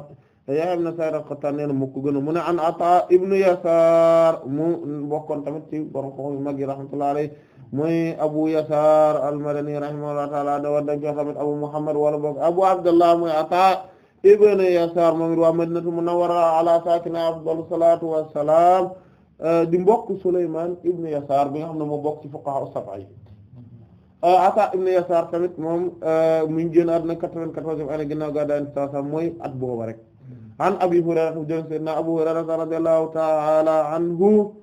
Yahya ibn Sa'id al-Qattan nee na moo ko gën mu ne an Ata ibn Yasar mu bokkoon tamit ci borom ko yu mag yi muy Abu Yasar al-Madani rahimahullahu ta'ala da war dañ ko xamit Abu Muhammad wala boog Abu Abdullah muy Ata ibn Yasar moom it waa Madinatu Munawwara ala sakina afdalu salatu wassalam euh, di mbokk Sulayman ibn Yasar bi nga moo bokk fuqaha as-sab'a yi euh, ibn Yasar tamit moom euh, mu ngi génn àdduna 94e année ginnaaw ga daan sa mooy at booba rek an Abu Hurayra radiyallahu ta'ala anhu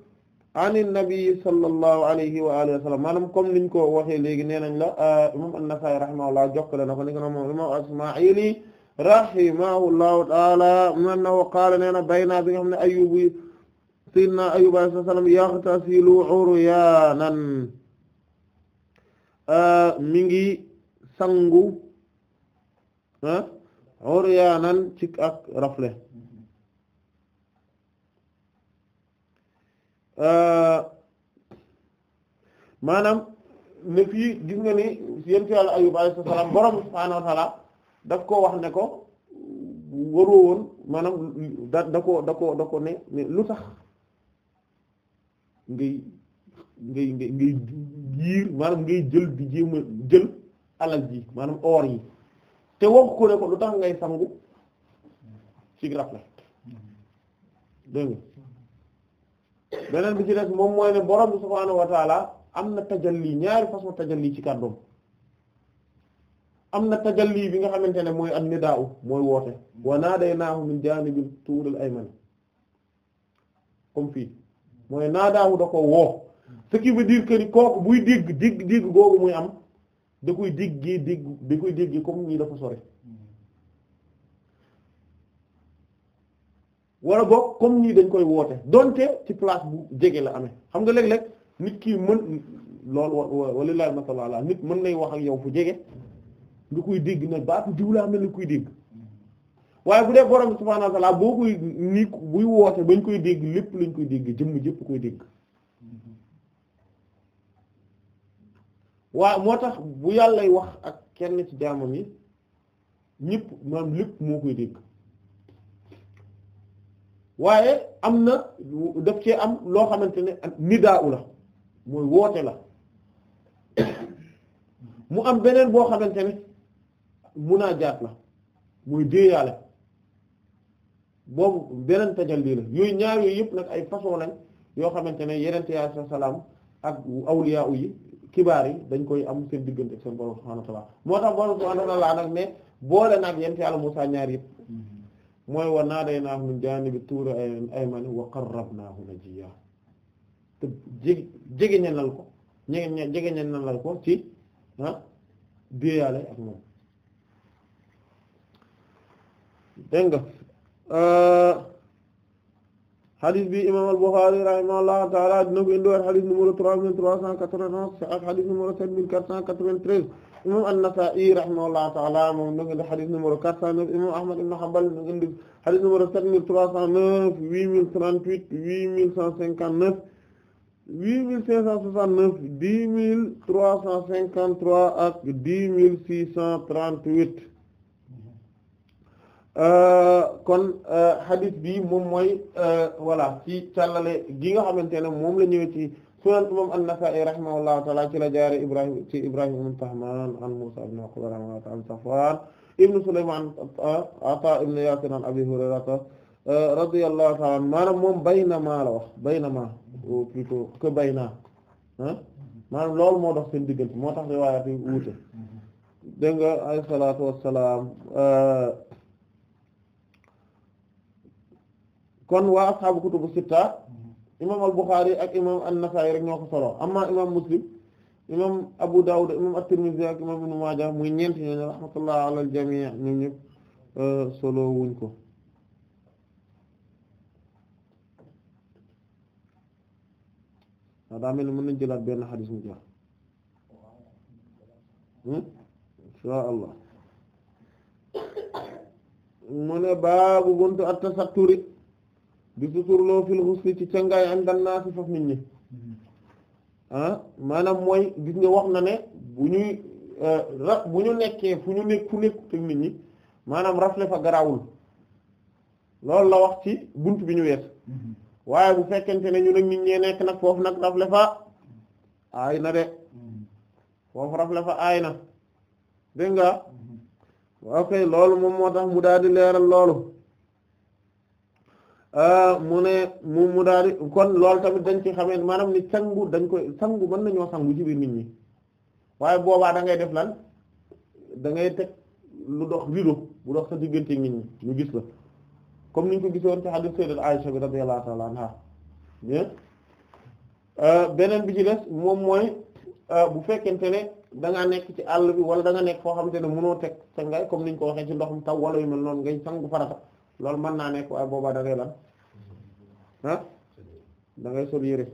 ani nabi sallallahu alayhi wa alihi wa sallam maanaam comme niñ ko waxee léegi nee nañ la euh, imam an-Nasa'i rahimahullah jokkale na ko ni ko noon moom imam Ismaa'ili rahimahullahu taala man na qaala nee na bayna bi nga xam ne Ayyubu sayyidina Ayyub alayhi salaam yaghtasilu uryaanan euh, mi ngi sangu ah, uryaanan ci ak rafle Euh, maanaam ne fii gis nga ni yéen ci yàlla ayub alayhi salaam borom subhaanahu wa ta'ala daf koo wax ne ko waroo woon maanaam da da ko da ko da ko ne lu tax ngay ngay ngay ngay giir maanaam ngay jël di jéem a jël alal ji maanaam or yi te wax ko ne ko lu tax ngay sangu ci rafet dégg nga beneen bi ci des moom mooy ne borom bi subhaanahu wa taala am na tajalli ñaari façon lii ci kàddoom am na lii bi nga xamante ne mooy am an-nidaa'u mooy woote wa naadaynaahu min jaanibil tuuril ayman comme fii mooy naadaahu da ko woo ce qui veut dire que kooku buy dégg dégg dégg googu muy am da koy déggee dégg da koy déggee comme nii dafa sore wala boog comme nii dañ koy woote donte ci place bu jege la amee xam nga léeg-léeg nit ki mën lool wala laal masalaala nit mën nay wax ak yow fu jege nga koy dégg nag baatu diw laa mel ni koy dégg waaye bu dee borom subhaanahu wa ta'aala boo koy ni buy woote bañ koy dégg lépp lañ koy dégg jëmm jëpp koy dégg waaw moo tax bu yàllay wax ak kenn ci jaamam yi ñépp maanaam lépp moo koy dégg. waaye am na def cee am loo xamante ne nidaa u la mooy woote la mu am beneen boo xamante ne jaat la muy déeyaale boobu beneen tajalli la yooyu ñaar yooyu yëpp nag ay façon lañ yoo xamante ne yenente ya salaam ak u yi kibaar yi dañ koy am seen diggante ak seen borom subhaanahu wa ta'aala moo tax borom nag ne boole nag yenente yàlla Muusaa ñaar yëpp mooy wa naadaynaahu min bi tuuri aymani wa qarrabnaahu najiya te jé jege ñanal ko ñege jege ñanal ko ci ah a ak moom xadis bi imam al-Bukhari rahimahullahu taala dina ko indiwaat xadis numéro 3391 ak xadis numéro 7493 imam an-Nasa'i rahimahullahu taala moom dina ko indi xadis numéro 409 imam Ahmad ibn Hanbal dina ko indi xadis numéro 7309 8038 8159 8569 10353 ak 10638 Euh, kon euh, hadith bi moom mooy euh, voilà ci càllale gi nga xamante ne moom la ñëwee ci sunan imam an-Nasa'i rahimahullahu ta'ala ci la jaare Ibrahim ci Ibrahim ibn Tahman an Musa ibn Uqba an Safwan ibn Sulayman uh, Ata ibn Yasir an Abi Hurayrata uh, radiyallahu ta'ala maanaam moom baynama la wax baynama plutôt que bayna maanaam loolu moo dox seen diggante moo tax riwaayat yi wuute mm-hmm. dégg nga alayhi salaatu wassalaam uh, kon waa ashaabu kutubu sitta imaam al-Bukhari ak imaam an-Nasa'i rek ñoo ko solo amma imaam Muslim imaam Abu Dawud imaam at-Tirmidhi ak imaam Ibn Maaja muy ñeenti ñooñu rahmatullah ala al-jami' ñoom ñëpp euh, solo wuñ ko. mel ni mën nañ jëlaat benn xadis mu jox hmm? insha Allah mu ne baabu buntu at di suturloo fil xusli ci cangaay an dan fi faf nit ñi ah, maanaam mooy gis nga wax na ne bu ñuy euh, ra bu ñu nekkee fu ñu nekk fu nekk teg nit ñi maanaam rafle fa garawul loolu la wax ci bunt bi ñu wees mhm. waaye bu fekkente ne ñu nag nit ñee nekk nag foofu nag rafle fa aay na de mhm. foofu rafle fa aay na dégg nga mhm. ok loolu moom moo tax mu daal di leeral loolu Ah, mu ne mu mu daal di kon loolu tamit dañ ci xamee maanaam ni sangu dañ koy sangu mën nañoo sangu ci biir nit ñi waaye boobaa da ngay def lan dangay teg lu dox rido bu dox sa diggante nit ñi ñu gis la comme niñ ko gisoon ci hadith sayyidat Aisha bi radiyallahu ta'ala anha ah, beneen bi ci des moom mooy ah, bu fekkente ne da ngaa nekk ci àll bi wala danga nga nekk foo xamante ne mënoo teg sangaay comme niñ ko waxee ci ndox mu taw wala yu mel noonu ngay sangu farata loolu mën naa nekk waaye boobaa da ngay lan ah da ngay sol yére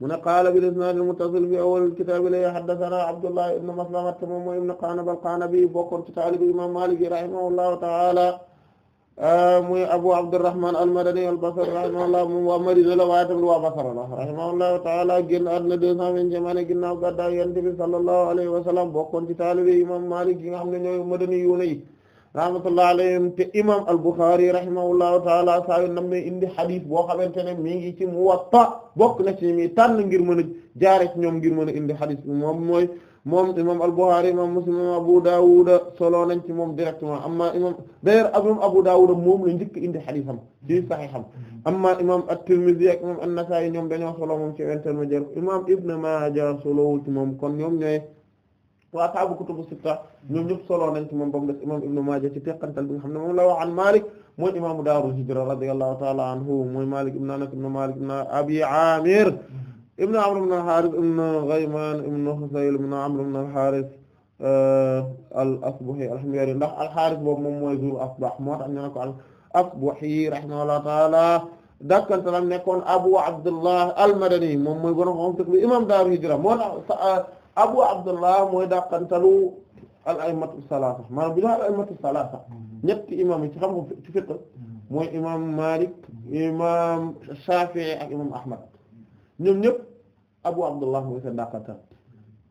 mu ne qaala bil isnaad al muttasil bi awwal kitaab la haddathana Abdullah ibn Maslama moom mooy ibn Qanab al-Qanabi bokkoon ci taalibu imaam Maalik rahimahullahu ta'ala muy Abu Abdurrahman al-Madani al-Basri rahimahullah moom waa Madina la waaye tamit waa Basra la rahimahullahu ta'ala génn àdduna deux cent vingtième année ginnaaw gàddaay Yonent bi sallallahu alayhi wa sallam bokkoon ci taalibu imaam Maalik yi nga xam ne ñooy Madani yu ne yi rahmatullahi alayhim te imam al-Bukhari rahimahullahu taala saa yu nam ne indi xadis boo xamante ne mi ngi ci mu Muwatta bokk na ci mi tànn ngir mën a jaare ci ñoom ngir mën a indi xadis bi moom mooy moom imam al-Bukhari imam Muslim imam Abu Dawud solo nañ ci moom directement amma imam d'ailleurs imam Abu Dawud moom la njëkk indi xadisam ci saxiixam amma imam at-Tirmidhi ak imam an-Nasa'i ñoom dañoo solo moom ci intermédiaire imam Ibn Maaja solo ci moom kon ñoom ñooy waa saabu kutubu sitta ñoom ñëpp solo nañ ci moom ba mu des imam Ibn Maaja ci teqantal bi nga xam ne moom la wax an Malik mooy imaamu daaru hijra radiyallahu ta'ala anhu mooy Malik ibn Anas ibn Malik ibn Abi Amir ibn Amr ibn al-Harith ibn Ghayman ibn Husayl ibn Amr ibn al-Harith uh, al-Asbahi al-Himyari ndax al-Harith boobu moom mooy Zul Asbah moo tax ñu ne ko al-Asbahi rahimahullahu ta'ala dakkantalam nekkoon Abu Abdullah al-Madani moom mooy borom xam-xam bi imam daaru hijra moo tax uh, abu abdullah mooy dàqantalu al aymatu salaasa maanaam bu ñu al aymatu salaasa ñetti imam yi ci xam ci fiqh mooy imam malik imam shafi'i ak imam ahmad ñoom ñëpp abu abdullah mooy seen dàqantal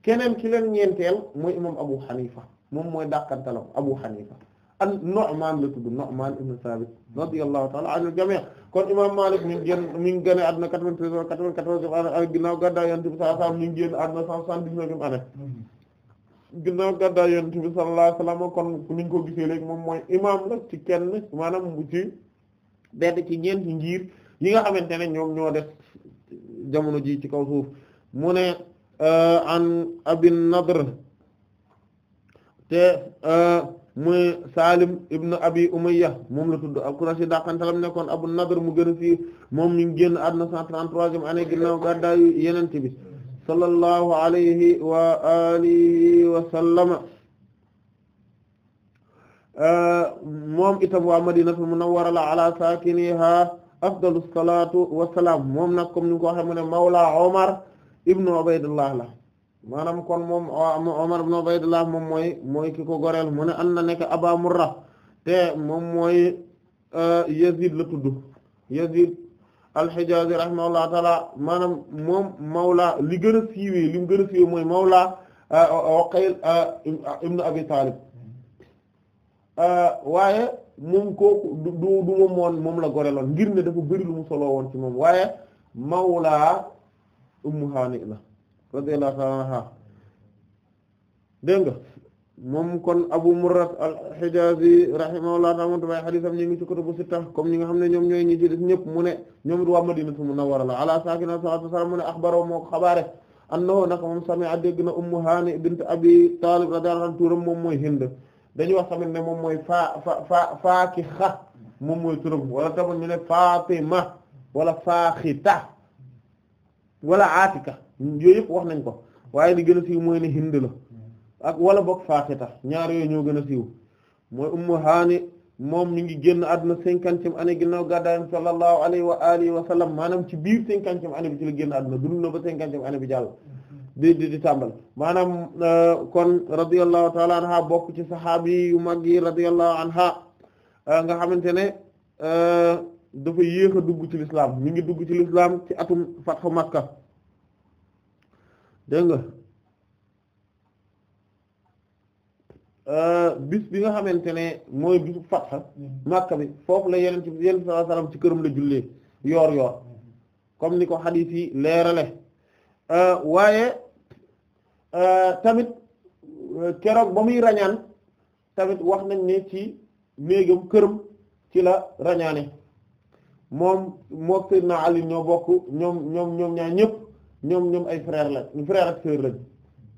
keneen ki leen ñeenteel mooy imam abu hanifa moom mooy dàqantalam abu hanifa an nu'man la tudd nu'man ibn thabit radiyallahu ta'ala anil jami' kon imam Malik mi ngi génn mi ngi génn àdduna 93 wala 94 ane ak ginnaaw gàddaay a bi sallallahu alayhi wasallam mi ngi génn àdduna 179 ane ginnaaw gàddaay Yonent bi sallallahu alayhi wasallam mm-hmm. kon ni ñu ko gisee léegi moom mooy imam la ci kenn maanaam bu ci benn ci ñeenti njiir yi nga xamante ne ñoom ñoo def jamono ji ci kaw suuf mu ne euh, an Abin Nadr te euh, muy Salim ibn Abi Umayya moom la tudd al-Qurashi dakantalam nekkoon Abu Nadr mu gën a fi moom mi ngi génn àdduna 133e année ginnaaw gàddaay Yonent bi sallallahu alayhi wa alihi wa sallama moom itam waa Madinatul Munawwara la ala saakiniha afdalus salaatu wa salaam moom nag comme ko waxee ne Mawla Omar ibn Ubaydullah la maanaam kon moom Umar ibn Ubaydullah moom mooy mooy ki ko goreel mu ne an na Aba Murra te moom mooy euh, Yazid la tudd Yazid al-Hijazi rahimahullahu taala maanaam moom mawla li gën a siiwee li mu gën a siiwee mooy mawla Uqayl euh, euh, ibn Abi Talib waaye moom kooku du du moom woon moom la goreeloon ngir ne dafa bari lu mu solo woon ci moom waaye mawla Ummu Hani la radiyallahu ta'ala anha dégg nga moom kon Abu Murrat al-Hijazi rahimahullahu ta'ala moom tamay xadisam ñu ngi ci kutubu sitta comme ñi nga xam ñi ci des ne ñoom it waa Madinatu Munawwara la ala sakina sallallahu alayhi wasallam mu ne axbaro dégg na Ummu Hani bint moom mooy Hind dañuy wax tamit ne moom mooy fa fa fa Fakiha moom mooy turam wala tamit ñu ne Fatima wala Fakhita wala Atika yooyu yëpp wax nañ ko waaye li gën a siiw mooy ne Hind la ak wala boog Faatita ñaar yooyu ñoo gën a siiw mooy Ummu Haani moom mi ngi génn àdduna cinquantième année ginnaaw gàddaayam sallallahu alayhi wa alihi wa sallam maanaam ci biir cinquantième année bi ci la génn àdduna dund na ba cinquantième année bi jàll di di tambal tàmbal maanaam euh, kon radiyallahu taala anha bokk ci saxaabi yu mag yi radiyallahu anha euh, nga xamante ne euh, dafa yéex a dugg ci lislaam mi ngi dugg ci lislaam ci atum fatxu Makka dégg nga euh, bis bi nga xamante ne mooy bisu fatxa Makka bi foofu la yeneen ci yeneen sallallahu alayhi wasallam ci këram la jullee yoor yoor comme ni ko xadiis yi leerale euh, waaye euh, tamit keroog ba muy rañaan tamit wax nañ ne ci néegam këram ci la rañaane moom mook na Ali ñoo bokk ñoom ñoom ñoom ñaar ñëpp ñoom ñoom ay frère la frère ak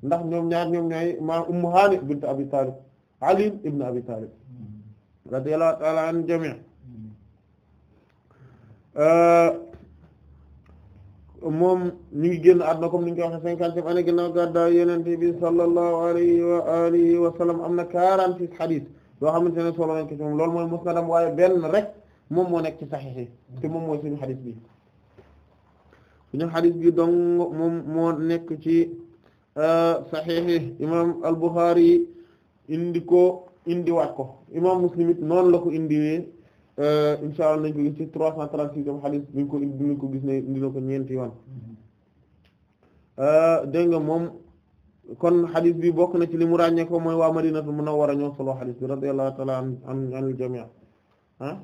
ndax ñoom ñaar ñoom ñooy maa Ummu Haani bint Abi Taalib Ali ibn Abi Taalib radiyallahu ta'ala an jami' euh, moom ñu ngi génn àdduna comme ni ñu ko waxee cinquantième année ginnaaw gàddaay Yonent bi sallallahu alayhi wa alihi wa sallam am na quarante-six hadith yoo xamante ne solo nañ ko ci moom loolu mooy musnadam waaye benn rek moom moo nekk ci saxiix yi te moom mooy suñu xadis bi suñu xadis bi donc moom moo nekk ci euh, saxiix yi imaam al-Bukhari yi indi ko indiwaat ko imaam Muslim it noonu la ko indiwee euh, insha Allah nañ ko gis ci trois cent trente-sixième xadis bi ko indi nañ ko gis ne indi na ko ñeenti yoon euh, dégg moom kon xadis bi bokk na ci li mu ràññee ko mooy waa Madinatul a ñoo solo xadis bi radiyallahu ta'ala an an al jami' ah?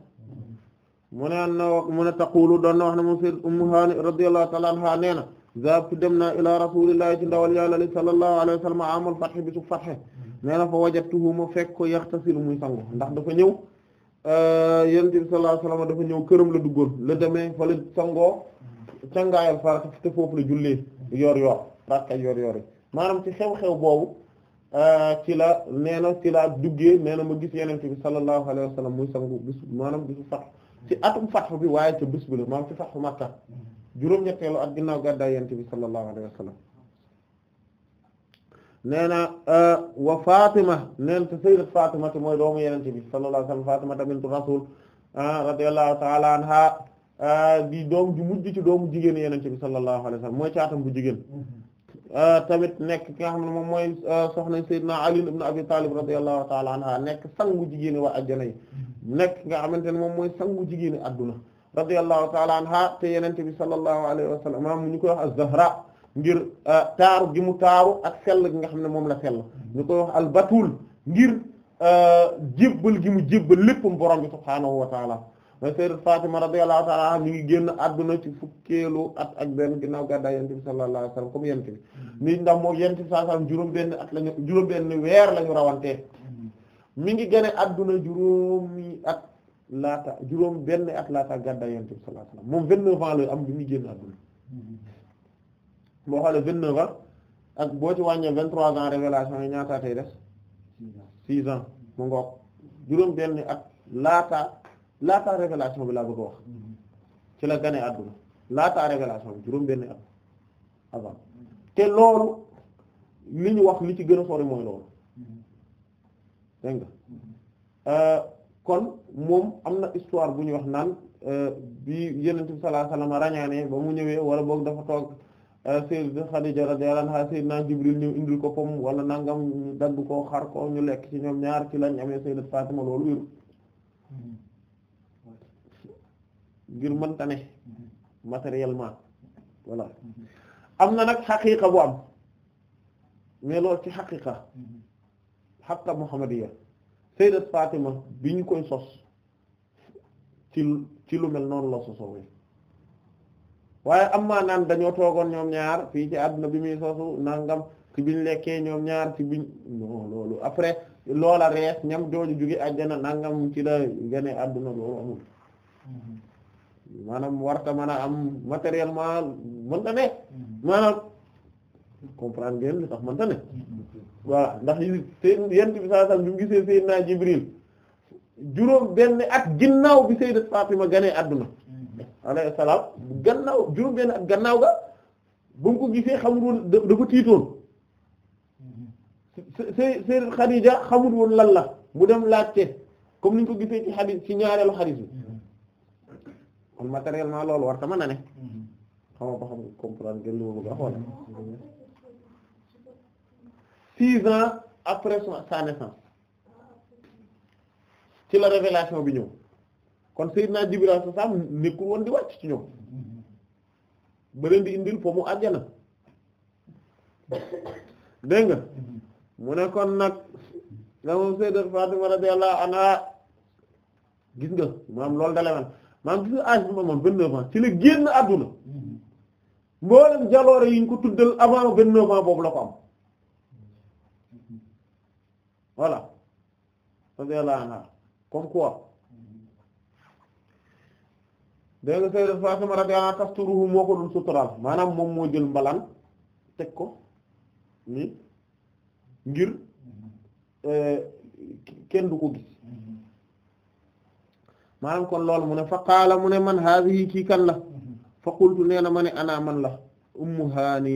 moo ne an na wa mu ne taqulu doon na wax ne moom sayyid ummu nee na dem naa ila rasulillahi ci ndawal yàlla li sallallahu alayhi wa sallam amul fatxe bi su fatxe nee na fa wajadtuhu ma fekk ko yaxtasilu muy sangu ndax dafa ñëw euh, yonent bi sallallahu alayhi wa sallam dafa ñëw këram la duggoon la demee fa la sangoo cangaayal farata te foofu la jullee yor yor rakka yor yor yi maanaam ci xew-xew boobu euh, ci laa nee na ci la duggee nee na ma gis yonent bi sallallahu alayhi wa sallam muy bisu fatxe ci atum fath bi waaye ci bés bi la maam ci fathu Makka juróom-ñetteelu at ginnaaw gàddaay yonent bi sallallahu alayhi wa sallam nee na euh, wa Fatima neen te sayyidat Fatima te mooy doomu yonent bi sallallahu alayhi wa sallam Fatima bintu euh, euh, ju ci doomu jigéen yonent bi sallallahu alayhi bu jigéen tamit nekk ki nga xam ne moom mooy soxna Seydina Ali ibn Abi Talib ta'ala anha nekk sangu jigéen waa ajjana nekk nga xamante ne moom mooy sangu jigéeni adduna radiyallahu taala anha te yenente bi sallallahu alayhi wa sallam maanaam ñu koy wax az-Zahra ngir euh, taaru gi mu taaru ak sell gi nga xam ne moom la sell ñu koy wax al-Batul ngir euh, jébbal gi mu jébbal léppam borom bi subhaanahu wa taala mooy sayyidat Fatima radiyallahu taala anha mi ngi génn adduna ci fukkeelu at ak benn ginnaaw gàddaay yenente bi sallallahu alayhi wa sallam comme yenente bi mm-hmm. ni ndax moom juróom benn at lañu juróom benn weer lañu rawantee mi ngi gane adduna juróomi at laata juróom benn at laata gàddaay yonent bi sallallahu alayhi wasallam moom vingt neuf ans am bi muy génn adduna boo xoolee vingt neuf ak boo ci wàññee vingt trois ans révélation yi ñaata tey def six ans mu ngoog juróom benn at laata laata révélation bi laa bëgg a wax ci la gane àdduna laata révélation bi juróom benn at avant te loolu li ñu wax li ci gën a sori mooy loolu dégg euh, kon moom am na histoire bu ñuy wax naan euh, bi yenente bi sallallahu alayhi wasallam rañaane ba mu ñëwee wala boog dafa toog euh, Sayyida Khadija radiyallahu anha Sayyidina Jibril ñëw indil ko pom wala nangam ñu ko xar ko ñu lekk ci ñoom ñaar ci lañ amee Sayyida Fatima loolu wéru ngir mënta ne matériellement mm-hmm. am na nag xaqiqa bu am mais loolu ci xaqiqa mm-hmm. xaqa muhammadiya sayyidat Fatima bi ñu koy sos ci lu mel noonu la sosowe waaye am maa naan dañoo toogoon ñoom ñaar fii ci àdduna bi muy sosu nangam ci biñ lekkee ñoom ñaar ci biñ non loolu après loola rees ñam jooju jóge àjjana nangam ci la gane àdduna loolu amul mm-hmm. maanaam warta mën a am matériellement mën ta ne mm-hmm. maanaam comprendre ngeen li tax mën ne mm-hmm. voilà ndax seen yent bi sallallahu alayhi wasallam bi mu gisee Jibril juróom benn at ginnaaw bi Sayyidat Fatima ganee àdduna mm-hmm. alayhi salaam gannaaw juróom benn at gannaaw ga ba mu ko gisee xamul woon dafa tiitoon mm-hmm. Sayyidat Khadija xamul woon lan la mu dem laajte comme ni ñu ko gisee ci xadis ci ñaareelu xadis bi mm-hmm. kon matériellement loolu war ta mën a ba xam comprendre gën li ma bëgg a six ans après sa naissance ci la révélation bi ñëw kon Seydina Jibril alayhi salaam nekkul woon di wàcc ci ñoom ba leen indil foo mu àjjana dégg nga mu ne kon nag la moom Sayyidatu Fatima radiyallahu anha gis nga maam lool dale man maam gis nga ma moom vingt neuf ans ci la génn àdduna mboolem jaloore yi ñu ko tuddal avant vingt neuf ans boobu la ko am voilà radiyallahu anha comme quoi dégg nga Sayyida Fatima radiyallahu anha tasturuhu moo ko doon suturaal maanaam moom moo jël mbalaan teg ko ni ngir eh, kenn du ko gis maanaam kon loolu mu ne fa mu ne man haadihi kii kan la fa qultu ma ne ana man la ummu haani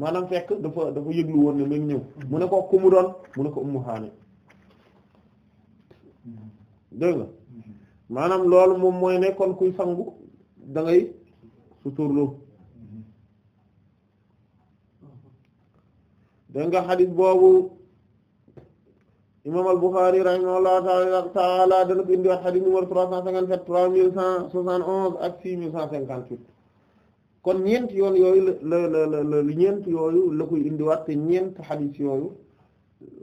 maanaam fekk dafa dafa yëglu woon ne ma ñëw mu ne ko ku mu doon mu ne ko ummu haani dégg nga maanaam loolu moom mooy ne kon kuy sangu dangay ngay suturlu dégg nga xadis boobu imam al-Bukhari rahimahullahu ta'ala dana ko indiwaat xadis numéro trois cent cinquante-sept trois mille cent soixante-onze ak six mille cent cinquante-huit kon ñeent yoon yooyu la la la la ñeent yooyu la koy indiwaat te ñeent xadis yooyu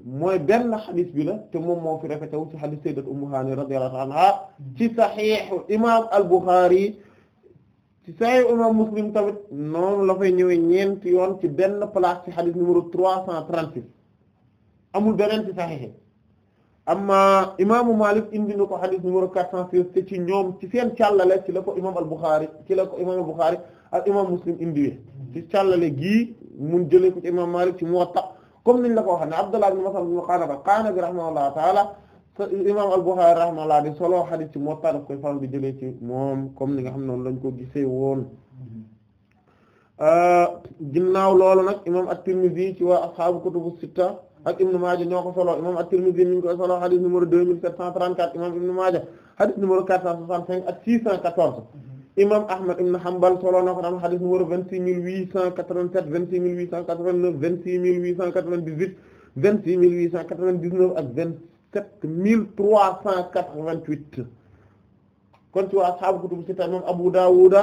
mooy benn xadis bi te moom moo fi rafetewu ci xadis sayyidat Ummu Haani radiyallahu anha ci saxiix imaam al-Bukhari ci saxiix imaam Muslim tamit noonu la fay ñëwee ñeenti yoon ci benn place ci xadis numéro trois cent trente-six amul beneen ci saxiix amma imaamu Malik indi na ko xadis numéro quatre ci ñoom ci seen càllale ci la ko imaam al-Bukhari ci la ko imaam al-Bukhari ak imaam Muslim indiwee ci càllale gii mun jëlee ko ci imaam Malik ci Muwatta comme niñ la ko waxee ne Abdullah ibn Mas'ud ibn Qanab Qanab bi la ta'ala imam al-Bukhari rahimahullah di solo hadith ci Muwatta daf koy faral di jëlee moom comme li nga xam noonu lañ ko gisee woon euh, ginnaaw loolu nag imam at-Tirmidhi ci waa ashaabu kutubu sitta ak Ibn Maaja ñoo ko solo imam at-Tirmidhi mi ngi koy solo hadith numéro 2734 imam Ibn Maaja hadith numéro 465 ak 614 imam Ahmad ibn Hanbal solo na ko am xadis numéro vingt six mille huit cent quatre vingt sept vingt six mille huit cent quatre vingt neuf vingt six mille huit cent quatre vingt dix vingt six mille huit cent quatre vingt neuf ak vingt sept mille trois cent quatre vingt huit kon ci waa ashaabu kutubu sitta imam Abu Dawud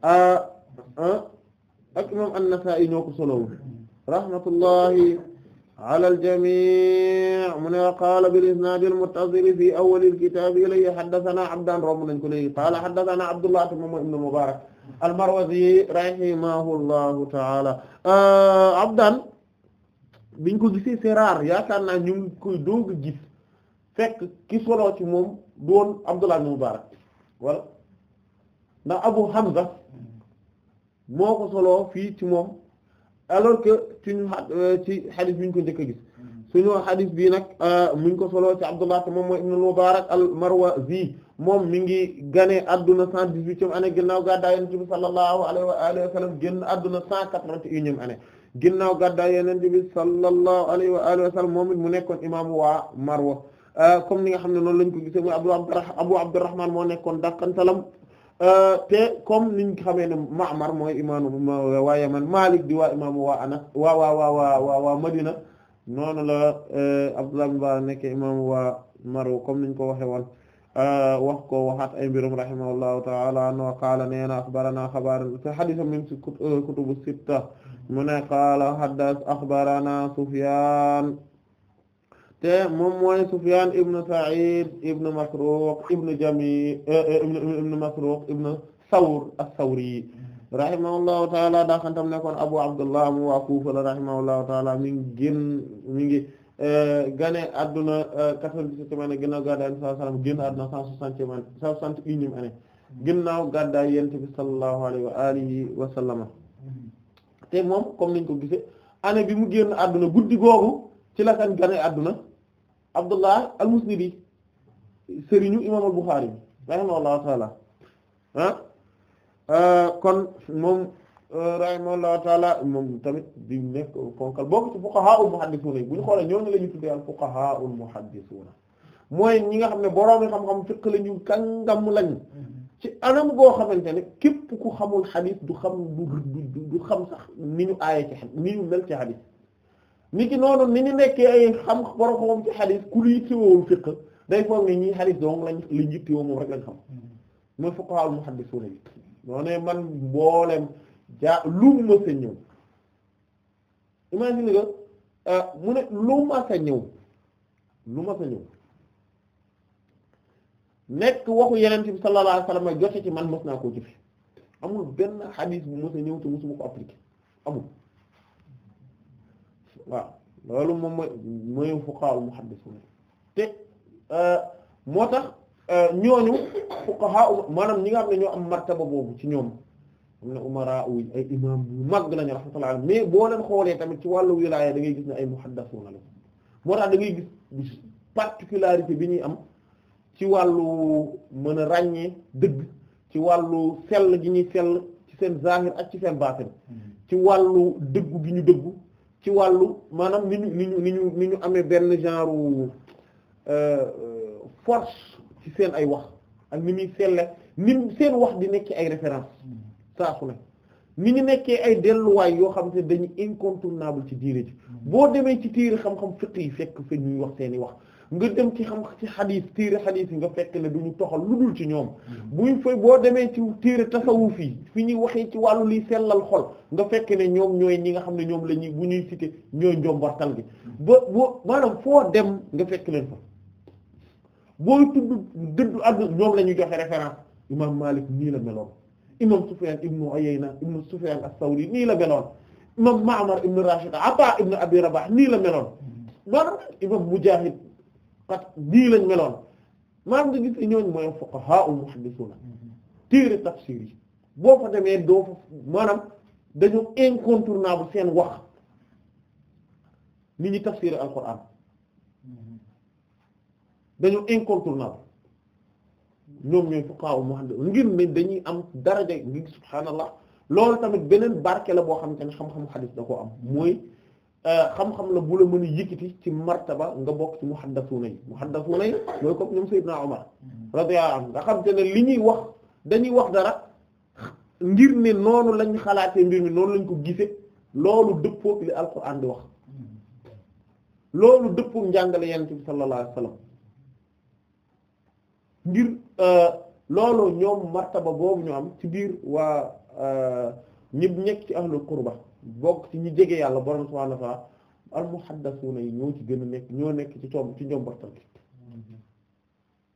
ak imam An-Nasa'i ñoo ko solo rahmatullahi ala al-jamii' mu ne qaala bil-isnaad al-muttasil fii awwal al-kitaab ilayhi haddathanaa Abdaan romb nañ ko léegi qaala haddathanaa Abdullah moom mooy ibn al-Mubaarak al-Marwazi rahimahullahu ta'aala euh, Abdaan biñ ko gisee c'est rare yaakaar naa ñu ngi koy doog gis fekk ki solo ci moom doon Abdullah ibn Mubaarak wala ndax Abu Hamza moo ko solo fii ci moom alors que. ci ñu euh, ci xadis bi ñu ko njëkk a gis suñu xadis bii nag euh, muñ ko solo ci Abdullah moom mooy ibn al-Mubarak al-Marwazi moom mi ngi ganee adduna cent dix-huitième année ginnaaw gàddaay Yonent bi sallallahu alayhi wa alihi wa sallam génn adduna cent quatre-vingt-unième année ginnaaw gàddaay Yonent bi sallallahu alayhi wa wa sallam moom it mu nekkoon imaamu waa Marwa euh, comme ni nga xam ne noonu lañ ko gisee mooy Abu Abdurrahman moo nekkoon dàqantalam Euh, te comme niñ xamee ne Ma'mar mooy imaamu waa Yaman Malik di waa imaamu waa Anas waa waa waa waa Madina noonu la euh, Abdullah ibn Mubarak nekk imaamu waa Marw comme ko waxe woon euh, wax ko waxaat ay mbirum rahimahullahu ta'ala wa qaala neena axbarana xabaar te xadisa kutubu sitta mu ne qaala haddas axbarana Sufyaan te moom mooy Sufyan ibn Sa'id ibn Masruq ibn Jami' eh, eh, ibn Masruq rahimahullahu taala daa xantam nekkoon Abu Abdullah mu waa Kufa rahimahullahu taala mi ngi génn mi ngi eh, gane adduna quatre vingt dix bi sallallahu alayhi wa sallam génn adduna cent soixantième année cent soixante-unième année ginnaaw gàddaay bi sallallahu alayhi wa te moom comme niñ ko gisee bi mu génn adduna guddi googu ci la kan gane adduna Abdullah al-Musnidi sëriñu imam al-Bukhari bi rahimahullahu taala ah, ah kon moom ah, rahimahullahu taala moom tamit di nekk konkal bokk ci fuqahaa'ul muhaddisuuna yi bu ñu xoolee ñooñu la ñu tuddee al fuqahaa'ul muhaddisuuna mooy ñi nga xam ne boroomi xam-xam fiqh la ñu kàngam lañ ci anam goo xamante ne képp ku xamul xadis du xam du du xam sax ni ñu aaye ci ni ñu mel ci xadis ni ki noonu ni nekkee xam borom xam ci xadis ku li yittewoowul fiq day foog ne ñii xadis doom lañ li yittewoo moom rek lañ xam mm-hmm. mooy fuqaha al muhaddisuna yi noo ne man mboolem euh, mu ne lu ma ñëw lu ma sa nekk waxu yeneen bi sallallahu alayhi wasallam jote ci man mos naa koo jëfe amul benn xadis bu mos a ñëw te mosuma ko appliquer amul waaw loolu moom mooy mooy fuqahaa muhaddisuun te euh, moo tax euh, ñooñu fuqahaa maanaam ñi nga xam ne ñoo am martaba boobu ci ñoom am na umara uy ay yu mag lañu rahmatullahi alayhi mais boo leen xoolee tamit ci wàllu wilaaya da ngay gis ne ay muhaddasuuna la moo tax da ngay gis particularité bi ñuy am ci wàllu mën a ràññee dëgg ci wàllu sell gi ñuy sell ci seen zahir ak ci seen baatin mm-hmm. ci wàllu dëggu gi ñu dëggu ci wàllu maanaam ni ñu ni ñu ni ñu ni ñu amee benn genre euh, euh, force ci seen ay wax ak ni muy selle ni seen wax di nekk ay référence saasu ne ni ñu nekkee ay delluwaay yoo xam te dañu incontournable ci diire ji mm-hmm. boo demee ci tiir xam-xam fiq yi fekk fa ñuy wax seeni wax nga dem ci xam ci xadis téere xadis yi nga fekk ne ñu toxal lu dul ci ñoom mm-hmm. buñ fay boo demee ci téere tasawuf fii fi ñuy waxee ci wàllu liy sellal xol nga fekk ne ñoom ñooy ñi nga xam ne ñoom la ñuy bu ñuy cité ñooy njombartal gi mm-hmm. ba boo maanaam foo dem nga fekk leen fa booy tudd dëddu àdduna ñoom la ñuy joxe référence imam Malik nii la meloon imam Sufyan ibnu Uyayna ibnu Sufyan as-Sawri nii la meloon imam Ma'mar ibnu Rashid Ata ibnu Abi Rabah nii la meloon mm-hmm. maanaam imam Mujahid parce que bii lañ meloon maa nga gis ñooñ mooy fuqaha ul muhaddisuna mm-hmm. téere tafsir yi boo fa demee doo fa maanaam dañu incontournable seen wax nit ñi tafsir alquran mm-hmm. dañu incontournable ñoom ñooy fuqaha ul muhaddisuna ngir ne dañuy am daraja ngi subhaanallah loolu tamit beneen barke la boo xamante ne xam-xam xadis da koo am mooy Euh, xam-xam la bu la mën a yëkkati ci martaba nga bokk ci muhaddasuna yi muhaddasuna yi mooy comme ñoom Seydina Omar radiyallahu anhu nga xam te ne li ñuy wax dañuy wax dara ngir ne noonu lañ xalaatee mbir mi noonu lañ ko gisee loolu dëppook li alquran di wax loolu dëppook njàngale yonent bi sallallahu alayhi ngir euh, loolu ñoom martaba boobu ñu am ci biir waa euh, ñib ñekk ci ahlul qurba bokk ci ñu jege yàlla borom subhaanahu wa ta'aala al muhaddasuuna yi ci gën a nekk ñoo nekk ci tomb ci njombartal gi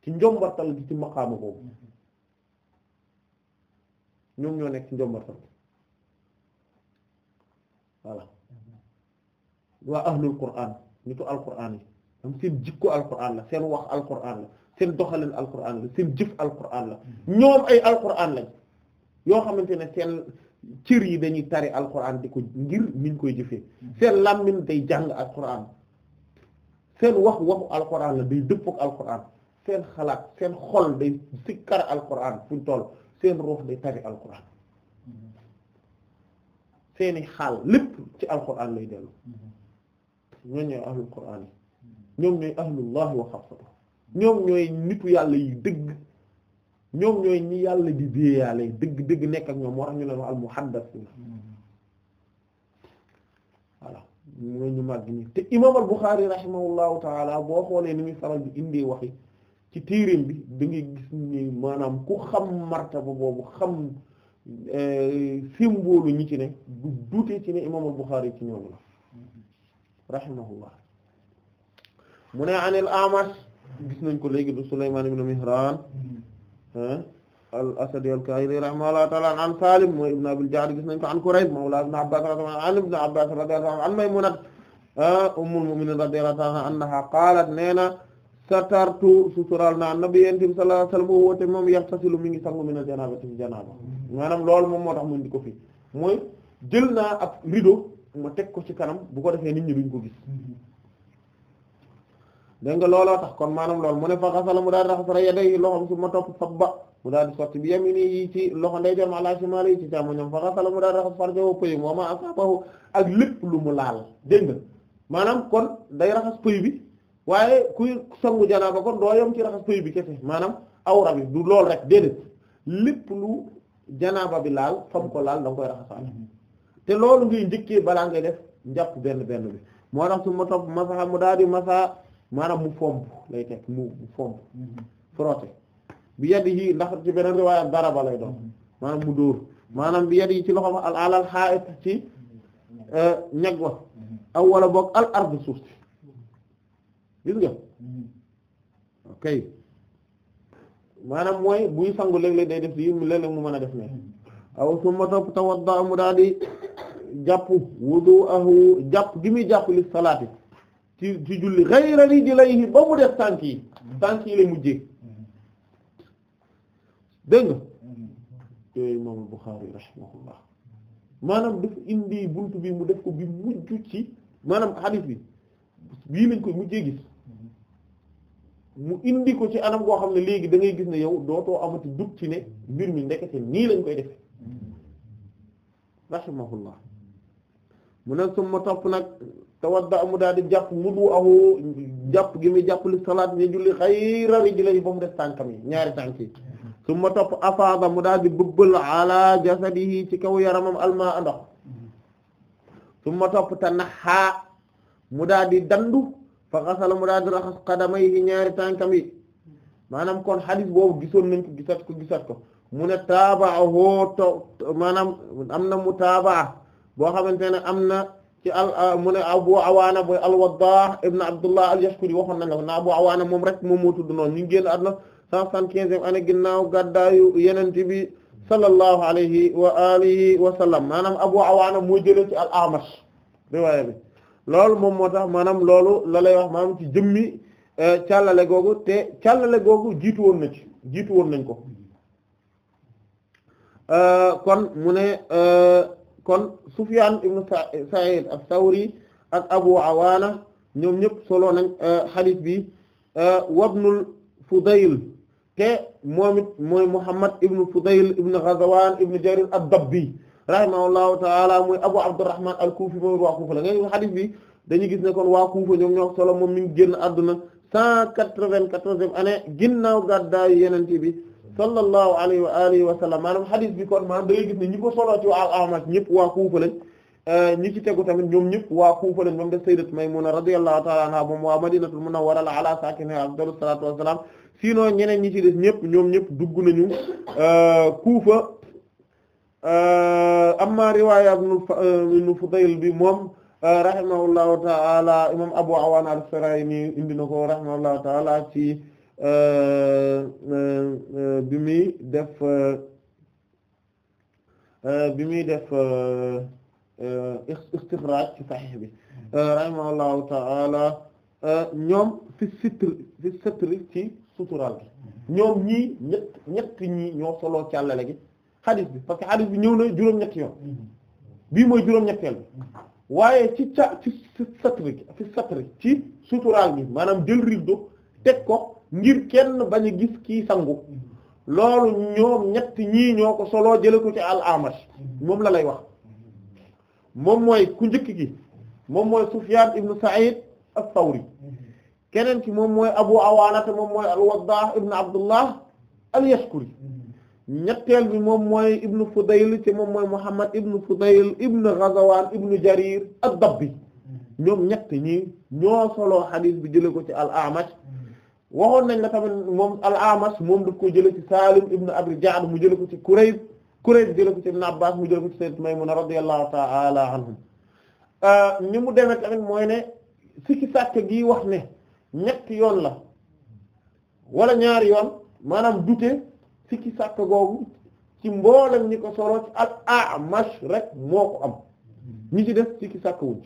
ci njombartal gi ñoom ñoo nekk ci njombartal gi voilà waa ahlul qur'aan nitu alqur'aan yi seen jikko alqur'aan la seen wax alqur'aan la seen doxalin alqur'aan la seen jëf alqur'aan la hmm. ñoom ay alqur'aan lañ yoo xamante cër yi dañuy tari alquran di ko ngir niñ koy jëfee seen làmmiñ day jàng alquran seen wax waxu alquran la day dëppook alquran seen xalaat seen xol day sikkar alquran fuñ toll seen ruux day tari alquran seeni xaal lépp ci alquran lay dellu ñoom ñooy ahlul quran yi ñoom ñoom ñooy nitu yàlla yu dëgg ñoom ñooy ñi yàlla di déeyaale dëgg dëgg nekk ak ñoom moo tax ñu leen wax al muhaddas voilà mooy ñu màgg ñi te imam al Bukhari rahimahullahu taala xoolee ni muy faral di indee ci téereem bi da gis ni maanaam ku xam martaba boobu xam eh, symbole ñi ci ne du dute ci ne imam al Bukhari ci ñoom la rahimahullah mu ne anil Amash gis nañ ko léegi du Sulaymaan ibn Mihraan al asadi al kahili rahimahullahu ta'ala an an salim mooy ibn abil ja'd gis nañ ko an kurayb mawla ibn abbas radiyallahu anhu an ibn abbas radiyallahu anhu an maymuna ah, ummul mu'minin radiyallahu ta'ala anha qalat neena satartu sutural naa nabi yentim sallallahu alayhi wasallam boo woote moom yaxtasilu mi ngi sangu min al janabati ci janaba maanaam loolu moom moo tax mu indi ko fii mooy jël naa ab rideau ma teg ko ci kanam bu ko defee nit ñi duñ ko gis dégg nga looloo tax kon maanaam lool mu ne fa xasala mu daal di raxas yaday loxom su ma topp fab ba mu daal di sotti bi yamini yi ci ma ala shimaali yi ci càmmoñam fa xasala mu daal di raxas farjahu pëy wa lépp lu mu laal dégg nga maanaam kon day raxas pëy bi waaye kuy sangu janaaba kon doo yom ci raxas pëy bi kese maanaam awra bi du lool rek déedéet lépp lu janaaba bi laal fam ko laal da nga koy raxasaale te loolu ngay njëkkee balaa ngay def njàpp benn benn bi moo tax su topp masaa mu daal di masaa maanaam mu fomp lay teg mu fomp mhm. frotter bi yadi yi ndax ci beneen riwaaya daraba lay doon mhm. maanaam mu dóor maanaam bi yadi yi ci loxo al alal xaait ci mhm. euh, ñag wa aw wala boog al ard suuf si gis nga ok maanaam mooy buy sangu léeg-léeg day def si léeg-léeg mu mën a def ne aw suma topp tawadda mu daal di jàpp wudu ahu jàpp gi muy jàpp li salaati ci ci julli ghayra rijlayhi ba mu def tànk yi mm-hmm. tànk yi lay mujjee mm-hmm. dégg nga yooyu imaam al-Bukhari maanaam dafa indi buntu bi mu def ko bi mujj ci maanaam hadith bi bii lañ koy mujjee gis mm-hmm. mu indi ko ci anam goo xam ne léegi dangay ngay gis ne yow dootoo amati dug ci ne mbir mi ndekete nii lañ koy defe rahimahullah mu ne suma topp nag tawadda mu daal di jàpp wudu ahu jàpp gi muy jàpp li salaat bi julli xayra rijlihi ba mu def tànkam yi ñaari tànk yi su ma topp afaada mu daal di bëbbal ala jasadihi ci kaw yaramam almaa ndox su ma topp te naxaa mu di dandu fa xasala mu daal di raxas xadamay yi ñaari tànkam yi maanaam kon xadis boobu gisoon nañ ko gisat ko gisat ko mu ne taabaa hoo to maanaam am na mu taabaa boo xamante ne am ci al mu ne Abu Awaana boy al-Waddah ibn Abdullah al-Yashkuri waxoon nañ la ko na Abu Awaana moom rek moom moo tudd noonu ñu ngi génn àdduna cent soixante-quinzième année ginnaaw gàddaayu Yonent bi sallallahu alayhi wa alihi wa sallam maanaam Abu Awaana moo jëlee ci al-A'mash loolu moom moo tax maanaam loolu la lay wax maanaam ci jëmmi e, càllale googu te càllale googu jiitu woon na ci woon nañ ko e, kon mu e, kon Sufyaan ibn Sa'id as-Sawri ak Abu Awaana ñoom ñëpp solo nañ euh, hadith bi euh, wabnul Fudayl te moom it mooy Muhammad ibn Fudayl ibn Ghazwan ibn Jarir ad-Dabbi rahimahullahu ta'ala mooy Abu Abdurrahman al-Kufi mooy waa Kufa la nga hadith bi dañuy gis ne kon waa Kufa ñoom ñoo solo moom mi ngi génn àdduna cent quatre-vingt-quatorzième année ginnaaw gàddaayu Yonent bi sallallahu alayhi wa alihi wa sallam maanaam xadis bi kon maanaam da ngay gis ne ñi ko solo ci waa al-Amash ñëpp waa Kuufa lañ euh, ñi ci tegu tamit ñoom ñëpp waa Kuufa lañ moom def sayyidat Maymuna radiyallahu ta'ala anha moom waa Madinatul Munawwara ala saakinihaa afdalu salaatu ñeneen ñi ci ñëpp ñoom ñëpp dugg nañu euh, Kuufa euh, amma riwaaya ibn Fudayl bi moom rahimahullahu ta'ala imam Abu Awaana al-Sarayni indi na ko rahimahullahu ta'ala ci. E, e, bi muy def e, bi muy def istixraaj ci saxiix bi hmm. rahimahullahu ta'ala ñoom fi sitr fi sitr ci sutural gi hmm. ñoom ñii ñett ñett ñii ñoo soloo càllale gi xadis bi parce que xadis bi ñëw na juróom-ñetti yoon hmm. bii mooy juróom-ñetteel bi waaye ci ca ci satri fi satri ci suturaal bi maanaam jël rideau teg ko ngir kenn bañ a gis kii sangu loolu ñoom ñett ñii ñoo ko solo jële ko ci al-Amash moom la lay wax moom mooy ku njëkk gi moom mooy Sufyan ibn Sa'id as-Sawri keneen ki moom mooy Abu Awaana te moom mooy al-Waddah ibn Abdullah al-Yashkuri ñetteel bi moom mooy ibn Fudayl te moom mooy Muhammad ibn Fudayl ibn Ghazwan ibn Jarir ad-Dabbi ñoom ñett ñii ñoo soloo xadiis bi jële ko ci al-Amash waxoon nañ la tamit moom al-Amash moom daf ko jële ci Salim ibn Abi Ja'd mu jële ko ci Kurayb Kurayb jële ko ci Ibn Abbas mu jële ko ci Sayyid Maymuna radiyallahu ta'ala anhum euh, ni mu demee tamit mooy ne sikki sàkk gi wax ne ñetti yoon la wala ñaari yoon maanaam dute sikki sàkk googu ci mboolem ñi ko solo ci al-Amash rek moo ko am ñi ci def sikki sàkk wuñ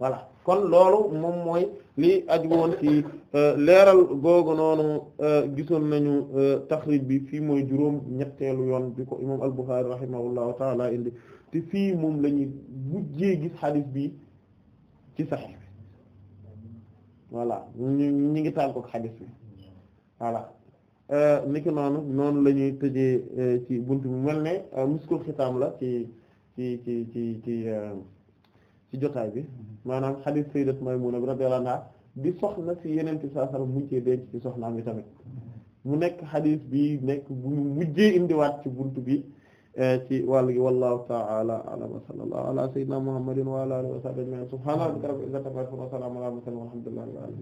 voilà kon loolu moom mooy li aju woon ci euh, leeral googu noonu euh, gisoon nañu euh, taxrij bi fii mooy juróom ñetteelu yoon bi ko imam al-Bukhari rahimahullahu taala indi te fii moom lañuy ñuy mujjee gis xadis bi ci sax voilà ñu ñu ngi taal ko xadis bi voilà niki noonu noonu la ñuy tëjee ci bunt bi mel ne muskul xitaam la ci ci ci ci ci ci jotaay bi maanaam xadiis sayyidat Maymuna radiyallahu anha di soxna si yeneen ci saa salaam mujjee denc ci soxnaam yi tamit mu nekk xadiit bi nekk bu ñu mujjee indiwaat ci bunt bi eh, ci wàll gi wallahu ta'ala a'lam wa sallallahu ala sayyidina Muhammadin wa ala wa sahbihi ajma'in subhana rabbika rabbil izzati amma wa salamun ala mursalin walhamdulillahi rabbil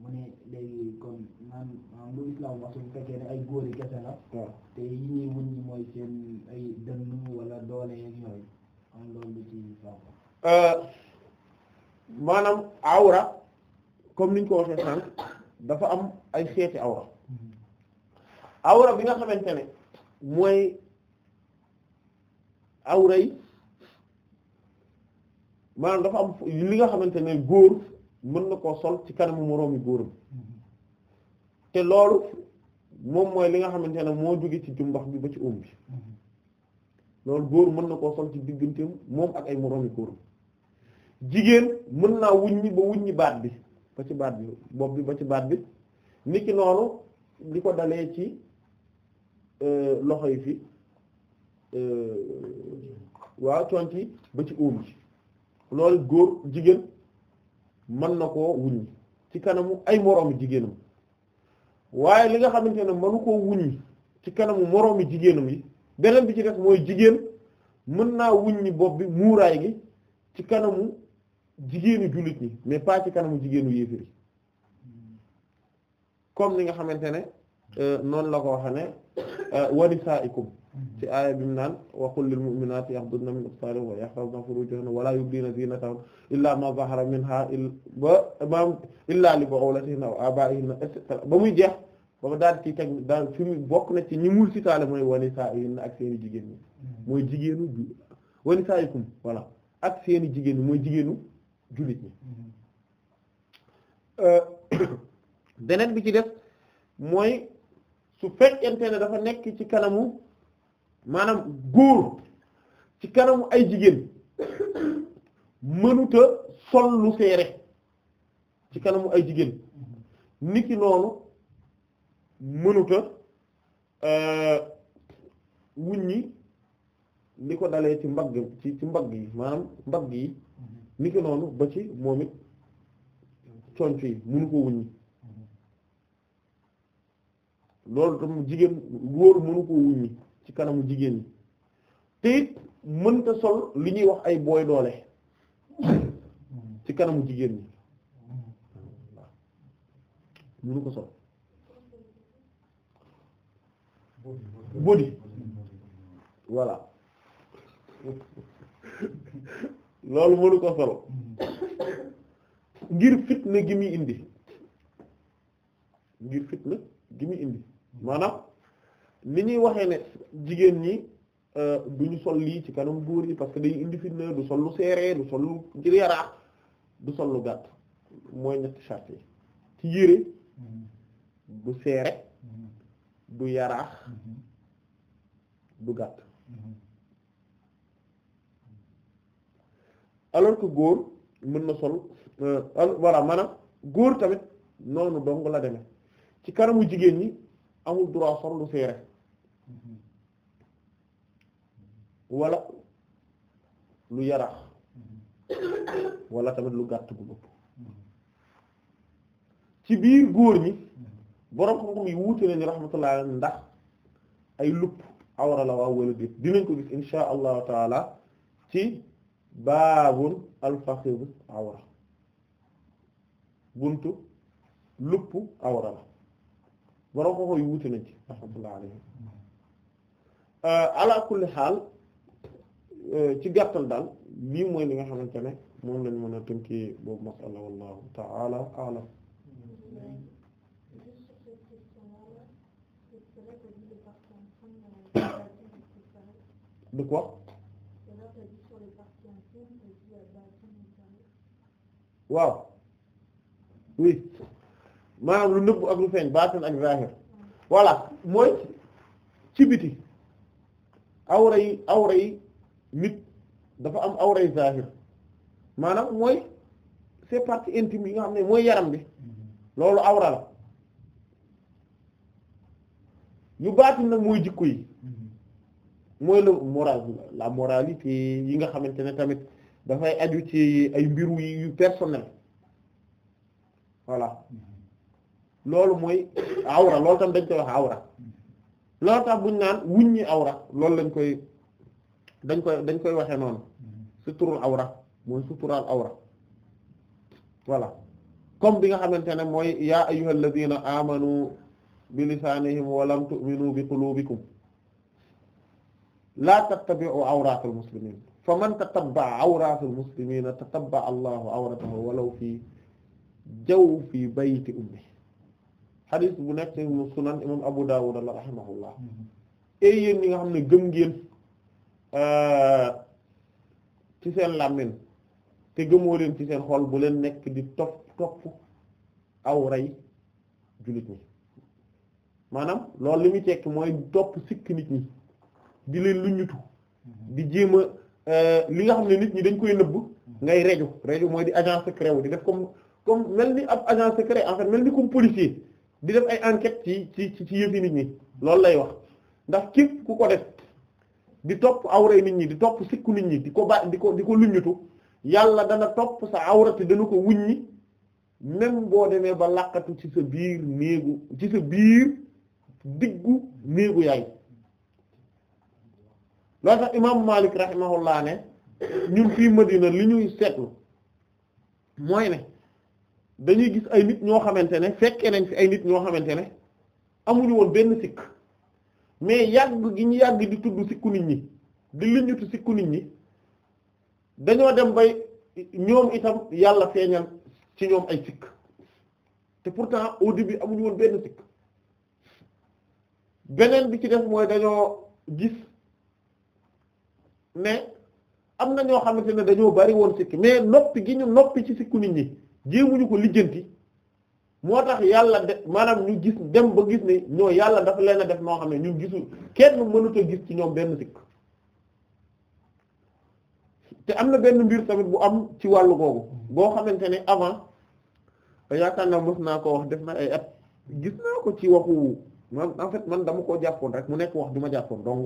mu ne léegi kon naan maanaam lu islam wax fekkee ne ay góor yi kese la. te yi ñuy wuñ ñi mooy seen dënn wala doole yeeg yooyu am euh, maanaam awra comme niñ ko waxee dafa am ay xeeti hmm. awra bi nga xamante ne mooy awra yi maanaam dafa am li nga xamante ne góor. mën na koo sol ci kanamu moroomi góoram mm-hmm. te loolu moom mooy li nga xamante ne moo jóge ci jumbax bi ba ci óom mm-hmm. loolu góor mën na koo sol ci digganteem moom ak ay moroomi góoram jigéen mën naa wuññi ba wuññi baat bi ba ci baat bi bopp bi ba ci baat bi niki noonu li ko dalee ci euh, loxo yi fi euh, waaw conc ba ci óom bi loolu góor jigéen man na koo wuññi ci kanamu ay moroomi jigéenam waaye li nga xamante ne mënu koo wuññi ci kanamu moroomi jigéenam yi beneen bi ci def mooy jigéen mun naa wuñ wuññi bopp bi muuraay gi ci kanamu jigéenu jullit ñi mais pas ci kanamu jigéenu yéefir yi comme ni nga xamante ne euh, noonu la ko wax ne euh, wanisaaikum ci aaya bi mu naan wa qul lil mu'minati yaghudna min absarihim wa yahfazna furujahum wa la yubdina zinatahum illa ma zahara minha ba illa li bu'ulatihinna aw aba'ihinna et ba muy jeex ba daal ci teg daal bokk na ci ñi mul ci taale mooy wanisaa'ihinna ak seeni jigéen ñi hmm. mooy jigéenu wanisaa'ikum voilà ak seeni jigéen ñi mooy jigéenu jullit ñi euh, beneen bi ci def mooy su fekkente ne dafa nekk ci kanamu maanaam góor ci kanamu ay jigéen mënuta sol lu seere ci kanamu ay jigéen niki noonu mënuta euh, wuññi li ko dalee ci mbagg ci ci mbagg yi maanaam mbagg yi niki noonu ba ci moom it conc yi mënu ko wuññi loolu tam jigéen góor mënu ko wuññi ci kanamu jigéen ñi te mënta sol li ñuy wax ay booy doole ci kanamu jigéen ñi mënu ko sol body voilà loolu mënu ko sol ngir fitna gi muy indi ngir fitna gi muy indi maanaam ni ñuy waxee ne jigéen ñi euh, du ñu sol lii ci kanam góor yi parce que day indi fitna du sol lu seeree du sol lu du sol lu gàtt mooy ñetti charte ci yére mm-hmm. du seere mm-hmm. du yaraax mm-hmm. du gàtt alors que góor mën na sol euh, voilà maanaam góor tamit noonu dong la deme ci kanamu jigéen ñi amul droit sol lu seere Mm-hmm. walla lu yarax mm-hmm. wala tamit lu gàtt bu ëpp mm-hmm. ci biir góor ñi borom xam-xam yi wuute nañu rahmatullah ndax ay lupp awra la waa wala déet dinañ ko gis insha allahu taala ci baabul alfaxir awra buntu lupp awra la borom xam-xam yi wuute nañ ci rahmatullah alayhi Euh, ala kulli xaal euh, ci gàttal daal lii mooy li nga xamante ne moom lañ mën a tënkee boobu masala wallahu ta'ala a'lam de quoi waaw oui maanaam lu nëbb ak lu feeñ baatin ak zahir voilà mooy ci biti awra yi awra yi nit dafa am awra yi zahir maanaam mooy c'est partie intime yi nga xam ne mooy yaram bi mm-hmm. loolu awra la yu baatin nag mooy jikko yi mm-hmm. mooy le moral la moralité yi nga xamante ne tamit dafay aju ci ay mbiru yu personnel voilà mm-hmm. loolu mooy awra loolu tam dañ koy wax awra loolu tax buñ naan wuññi awra loolu lañ koy dañ koy dañ koy waxee noonu suturul awra mooy suturaal awra voilà comme bi nga xamante ne mooy yaa ayyuhal ladina amanu bi lisaanihim wa lam tu'minu bi qulubikum laa tattabi'u awratal muslimin fa man tatabba awratal muslimina tatabba allahu awratahu walaw fi jawfi bayti ummi xadis bu nekk ci sunan imam Abu Dawud la rahimahullah ay mm-hmm. eh, yéen ñi nga xam ne gëm ngeen euh, ci seen làmmiñ te gëmoo leen ci seen xool bu leen nekk di topp topp aw rey jullit ñi maanaam loolu li muy tekki mooy topp sikk nit ñi di leen lu luñutu mm-hmm. di jéem a euh, li nga xam ne nit ñi dañ koy nëbb mm-hmm. ngay reju reju mooy di agent secret wu di def comme comme mel ni ab agent secret en fait mel ni comme policier di def ay enquête ci ci ci yëfi nit ñi loolu lay wax ndax képp ku ko def di topp awray nit ñi di topp sikku nit ñi di ko ba di ko di ko luññutu yàlla dana topp sa awrati dana ko wuññi même boo demee ba laqatu ci sa biir néegu ci sa biir diggu néegu yaay loolu tax imaamu Malik rahimahullah ne ñun fii Madina li ñuy seetlu mooy ne dañuy gis ay nit ñoo xamante ne fekkee nañ fi ay nit ñoo xamante ne amuñu woon benn sikk mais yàgg gi ñu yàgg di tudd sikku nit ñi di liñutu sikku nit ñi dañoo dem bay ñoom itam yàlla feeñal ci ñoom ay sikk te pourtant au début amuñu woon benn sikk beneen bi ci def mooy dañoo gis mais am na ñoo xamante ne dañoo bari woon sikk mais noppi gi ñu noppi ci sikku nit ñi jéemuñu ko lijjanti moo tax yàlla de maanaam ñu gis dem ba gis ne ñoo yàlla dafa leen a def noo xam ne ñu gisul kenn mënut a gis ci ñoom benn sikk te am na benn mbir tamit bu am ci wàllu googu boo xamante ne avant yaakaar naa mos naa ko wax def na ay at gis naa ko ci waxu man en fait man dama koo jàppoon rek mu nekk wax du ma jàppoon dong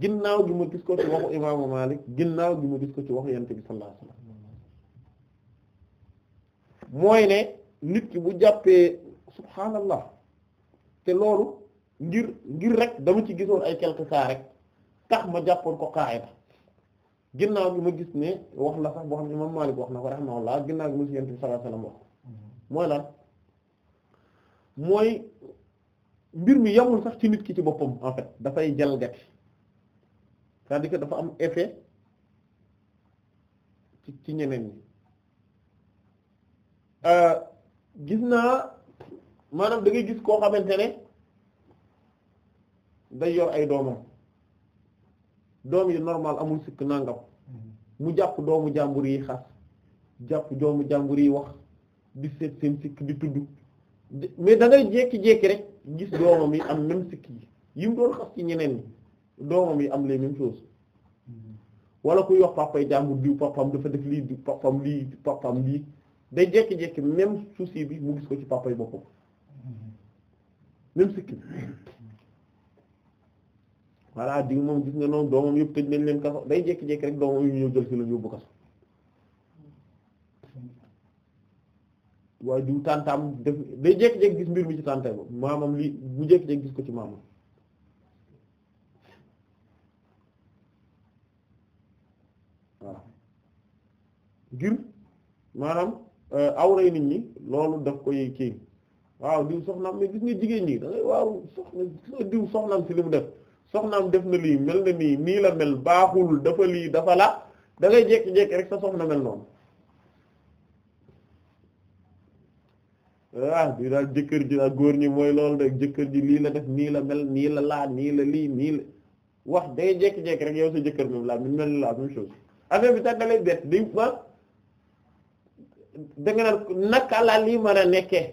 ginnaaw gi ma gis ko ci waxu imaamu Maalik ginnaaw gi ma gis ko ci waxu yonent bi sallallahu alayhi mooy ne nit ki bu jàppee subhaanallah te loolu ngir ngir rek dama ci gisoon ay quelques tax ma jàppoon ko kaa qaida ginnaaw bi ma gis ne wax la sax boo xam ne ma Maalik wax na ko rahimahullah ginnaaw bi ma si yent bi sallallahu wax mm-hmm. mooy lan mooy mbir mi yamul sax ci nit ki ci boppam en fait dafay jalgati cest à dafa am effet ci ci ñeneen ñi Euh, gis naa maanaam dangay gis koo xamante ne day yor ay doomam doom yi normal amul sikk nangam mm-hmm. mu jàpp doomu jàmbur yi xas jàpp doomu jàmbur yi wax di seet seen sikk di tudd mais da ngay jékki rek gis doomam yi am même sikk yi yi doon xas ci ñeneen ñi doomam yi am les mêmes choses mm-hmm. wala ku yox papay jàmbur diw papam dafa def lii diw papam lii papam lii day jekki-jekki même souci bi mu gis ko ci papa yi boppam même sikki voilà diw moom gis nga noonu doomam yëpp tëj nañ leen kaso day jekki-jekki rek doomam yu ñëw jël si la yóbbu kaso waaye diw tàntaam def day jekki-jekki gis mbir mi ci tàntaay ba maamam lii mu jekki-jekki gis ko ci maamam voilà ngir maanaam Euh, awray nit ñi loolu daf koy kii waaw diw soxnaam mais gis nga jigéen ñi da ngay waaw diw soxnaam si li mu def soxnaam def na lii mel na nii nii la mel baaxul dafa lii dafa la da ngay rek sa soxna mel noonu ah daal jëkkër ji ak góor ñi mooy loolu de jëkkër ji lii la def nii la mel nii la laa nii la lii nii la wax da ngay jékki rek yow sa jëkkër moom la mi mel la même chose affaire bi sax lay bett di ma ah, da nga naan naka lii mën a nekkee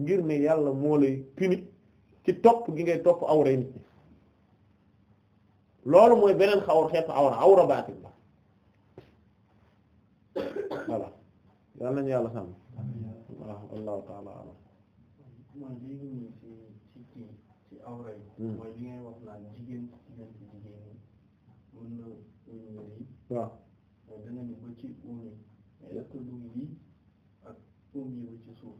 ngir ne yàlla moo lay puni ci topp gi ngay topp awra nit ñi loolu mooy beneen xawar xeetu awra awra baatin la voilà yal nañu yàlla sàmm waaw allahu taala alam hmm. jigéen waaw est ci suuf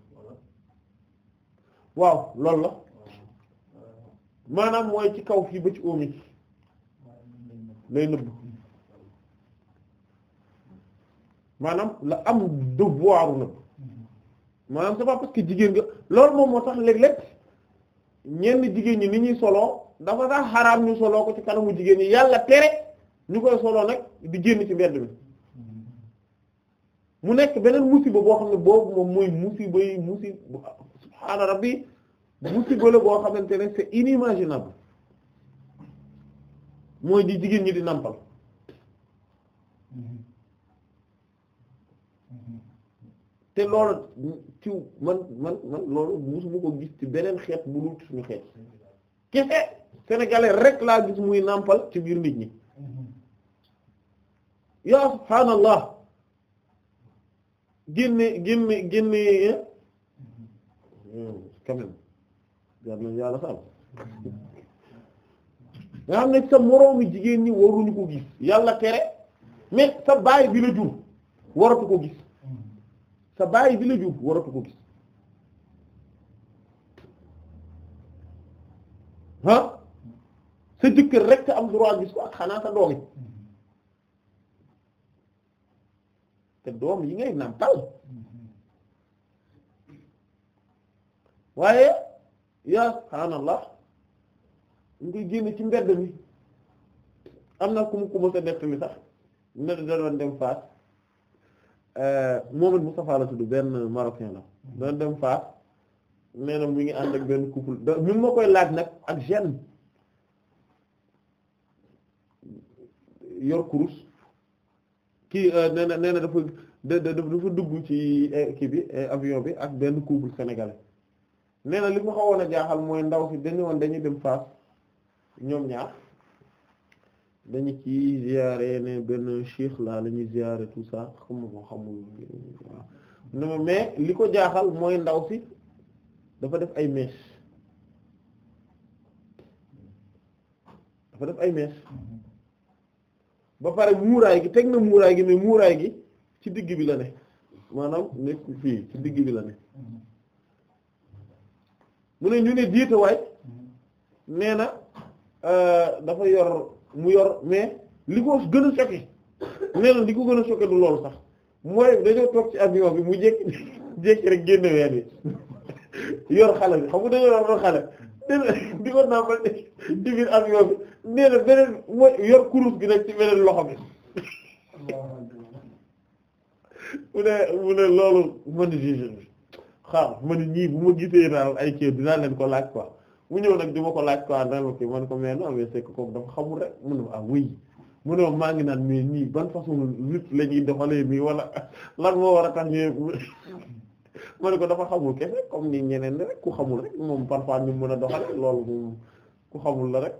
waaw loolu la maanaam mooy ci kaw fii ba ci ummi lay nëbb maanaam la am devoiru nëbb maanaam c'est pas parce que jigéen nga loolu moom moo tax léeg-léeg ñenn jigéen ñi ni ñuy soloo dafa sax xaraam ñu soloo ko ci kanamu jigéen ñi yàlla tere ñu koy soloo nag di génn ci mbedd mi mu nekk beneen musiba boo xam ne boobu moom mooy musiba yi musiba subhaana rabbi musiba la boo xamante ne c'est inimaginable jigéen ñi di nampal te loolu ci man man man loolu musuma ko gis ci beneen xeet bu dul suñu xeet kese sénégalais rek laa gis muy nampal ci biir nit ñi mm-hmm. yaa subhaanallah génne génne génne eh? hmm, quand même jar nañ yàlla sàmm nga xam ne sa moroomi jigéen ñi waruñu ko gis yàlla tere mais sa baay bi la jur waratu ko gis sa baay bila la jur waratu ko gis ah sa jëkkër rek am droit gis ko ak xanaa sa doom te doom yi ngay nàmpal waaye yaa subhaanallah ngi génn ci mbedd mi am na ku mu ku ma sa dett mi sax ne da doon dem Fass euh, Mohamed Moustapha la tudd benn marocain la doon dem Fass nee na mi ngi ànd ak benn couple mi ma koy laaj nag ak gene yor kurus kii euh, nee na dafa dafa dugg ci eh, kii bi eh, avion bi ak benn couple sénégalais nee li mu xawoon a jaaxal mooy ndaw si dañu woon dañuy dem Fass ñoom ñaar dañu ci ziyaare ne benn cheikh la la ñuy ziyaare tout ça xam nga xamul waaw mais li ko jaaxal mooy ndaw si dafa def ay mèches dafa def ay mèches. ba pare muuraay gi teg na muuraay gi mais muraay gi ci digg bi la ne maanaam nekk fii ci digg bi la ne mu ne ñu ne jiitawaay nee na euh, dafa yor mu yor mais li ko gën a choqué nee na li ko gën a choqué du loolu sax mooy dañoo toog ci avion bi mu jékki jékki rek génne weer bi yor xale bi xam nga dañoo yor xale di ko nàmpal ci biir avion bi nee na beneen yor kurus gi nag ci beneen loxo bi mu ne mu ne loolu man juge xaar man ñii bu ma gisee daal ay kii dinaa leen ko laaj ko mu ñëw nag di ma ko laaj quoi naan ma man ko mais non mais ah mu ne ma maa ngi naan mais nii ban façon lutte la doxalee nii wala lan moo war a tax ñu ma ko dafa xamul kese comme ni ñeneen rek ku xamul rek moom parfois ñu mën a doxale loolu moom ku xamul la rek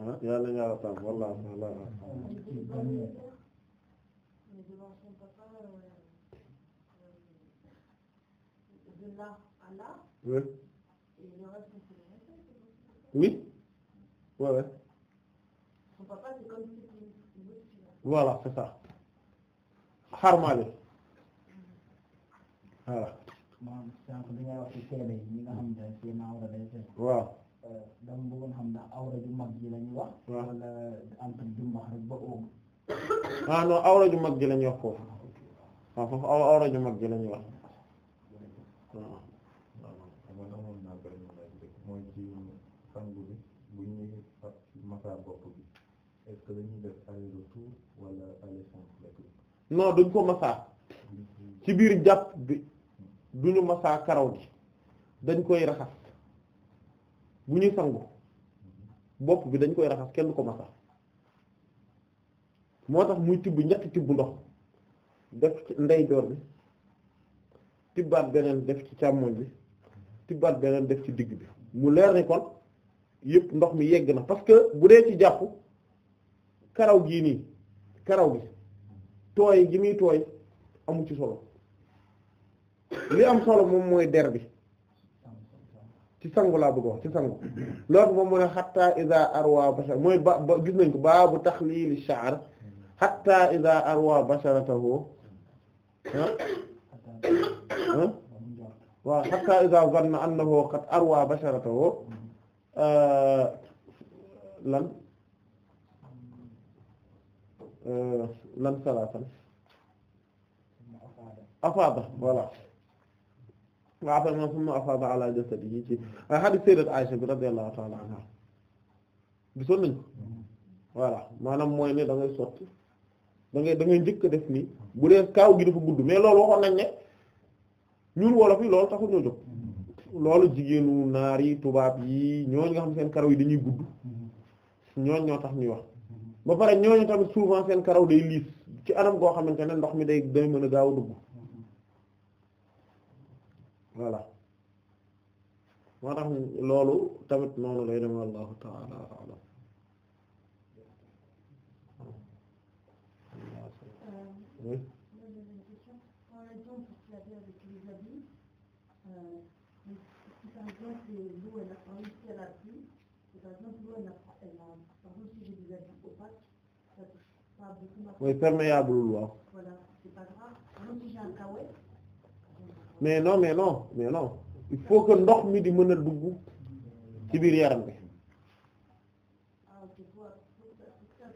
ah yal nañu àll sàmm voilà. maanaam sànq bi nga wax ci seede yi ñi nga xam ne seen awra day feeñ. waaw. Euh, dama bëggoon xam ndax awra ju mag ji la ñu wax. waaw wala en tout jumbax rek ba oom. ah mag ji la ñu wax foofu ah, waaw foofu awra mooy ci sangu bi bu ñuy masaa bopp bi est-ce que wala duñ ko masaa ci biir jàpp du ñu masaa karaw gi dañ koy raxas bu ñuy sangu bopp bi dañ koy raxas kenn ko masaa moo tax muy tibb ñetti tibb ndox def ci ndeyjoor bi tibbaat beneen def ci càmmoñ bi tibbaat beneen def ci digg bi mu leer ni kon yëpp ndox mi yegg na parce que bu dee ci jàpp karaw gii nii karaw gi tooy gi muy tooy amu ci solo li am solo moom mooy der bi ci sangu laa bëgg wax ci sangu loolu moom mooy xatta iza arwa bashar mooy ba ba gis nañ ko baabu taxliili sha'r xatta iza arwa basharatahu waaw xatta iza zanna annahu qad arwa basharatahu uh, lan uh, lan salaatan afaada voilà wa après ba summa afada di jasadihi ci hadith sayyidat Aisha bi radiyallahu ta'ala anha gisoon nañ ko voilà maanaam mooy ne da ngay sotti da ngay da ngay njëkk def nii bu dee kaaw gi dafa gudd mais loolu waxoo nañ ne ñun wolof yi loolu taxul ñoo jóg loolu jigéenu naar yi tubaab yi ñooñ nga xam seen karaw yi dañuy gudd ñooñ ñoo tax ñuy wax ba pare ñooñu tamit souvent seen karaw day liis ci anam goo xamante ne ndox mi day day mën a gaaw a dugg voilà moo tax loolu tamit noonu lay dem wallahu ta'ala a'lam euh, euh, oui. oui perméable waaw. voilà c'est pas grave. mais non mais non mais non il faut que ndox mi di mën a dugg ci biir yaram bi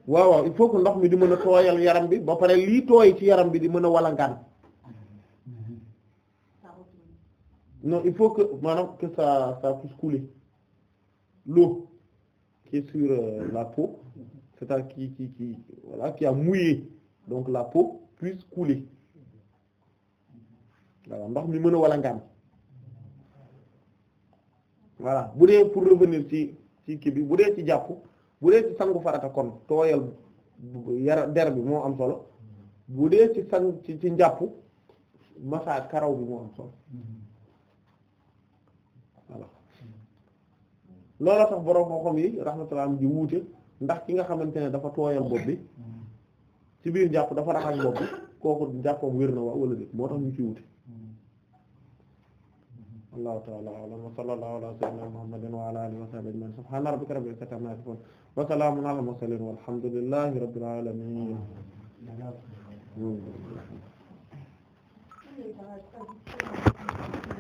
waaw waaw il faut que ndox mi di mën a tooyal yaram bi ba pare lii tooy ci yaram bi di mën a walangaan non il faut que maanaam que ça ça puisse couler l'eau sur euh, la peau cest à qui qui qui voilà qui a mouillé donc la peau puisse couler voilà ndox mi mën a walangaan voilà bu dee pour revenir ci ci kii bi bu dee ci jàpp bu dee ci sangu farata kon tooyal yara der bi moo am solo bu dee ci sang ci ci njàpp massa karaw bi moo am solo voilà looloo tax borom xam-xam yi rahmatullah am ji wuute ndax ki nga xamante ne dafa tooyal bopp bi ci biir njàpp dafa raxas bopp bi kooku njàppam wér na waa wala déet moo tax ñu ci wuute wallahu ta'ala a'lam wa sallallahu ala sayyidina muhammadin wa ala alihi wa sahbihi ajma'in subhana rabbika rabbil izzati amma yasifun wa salamun ala mursalin walhamdulillahi rabbil alamin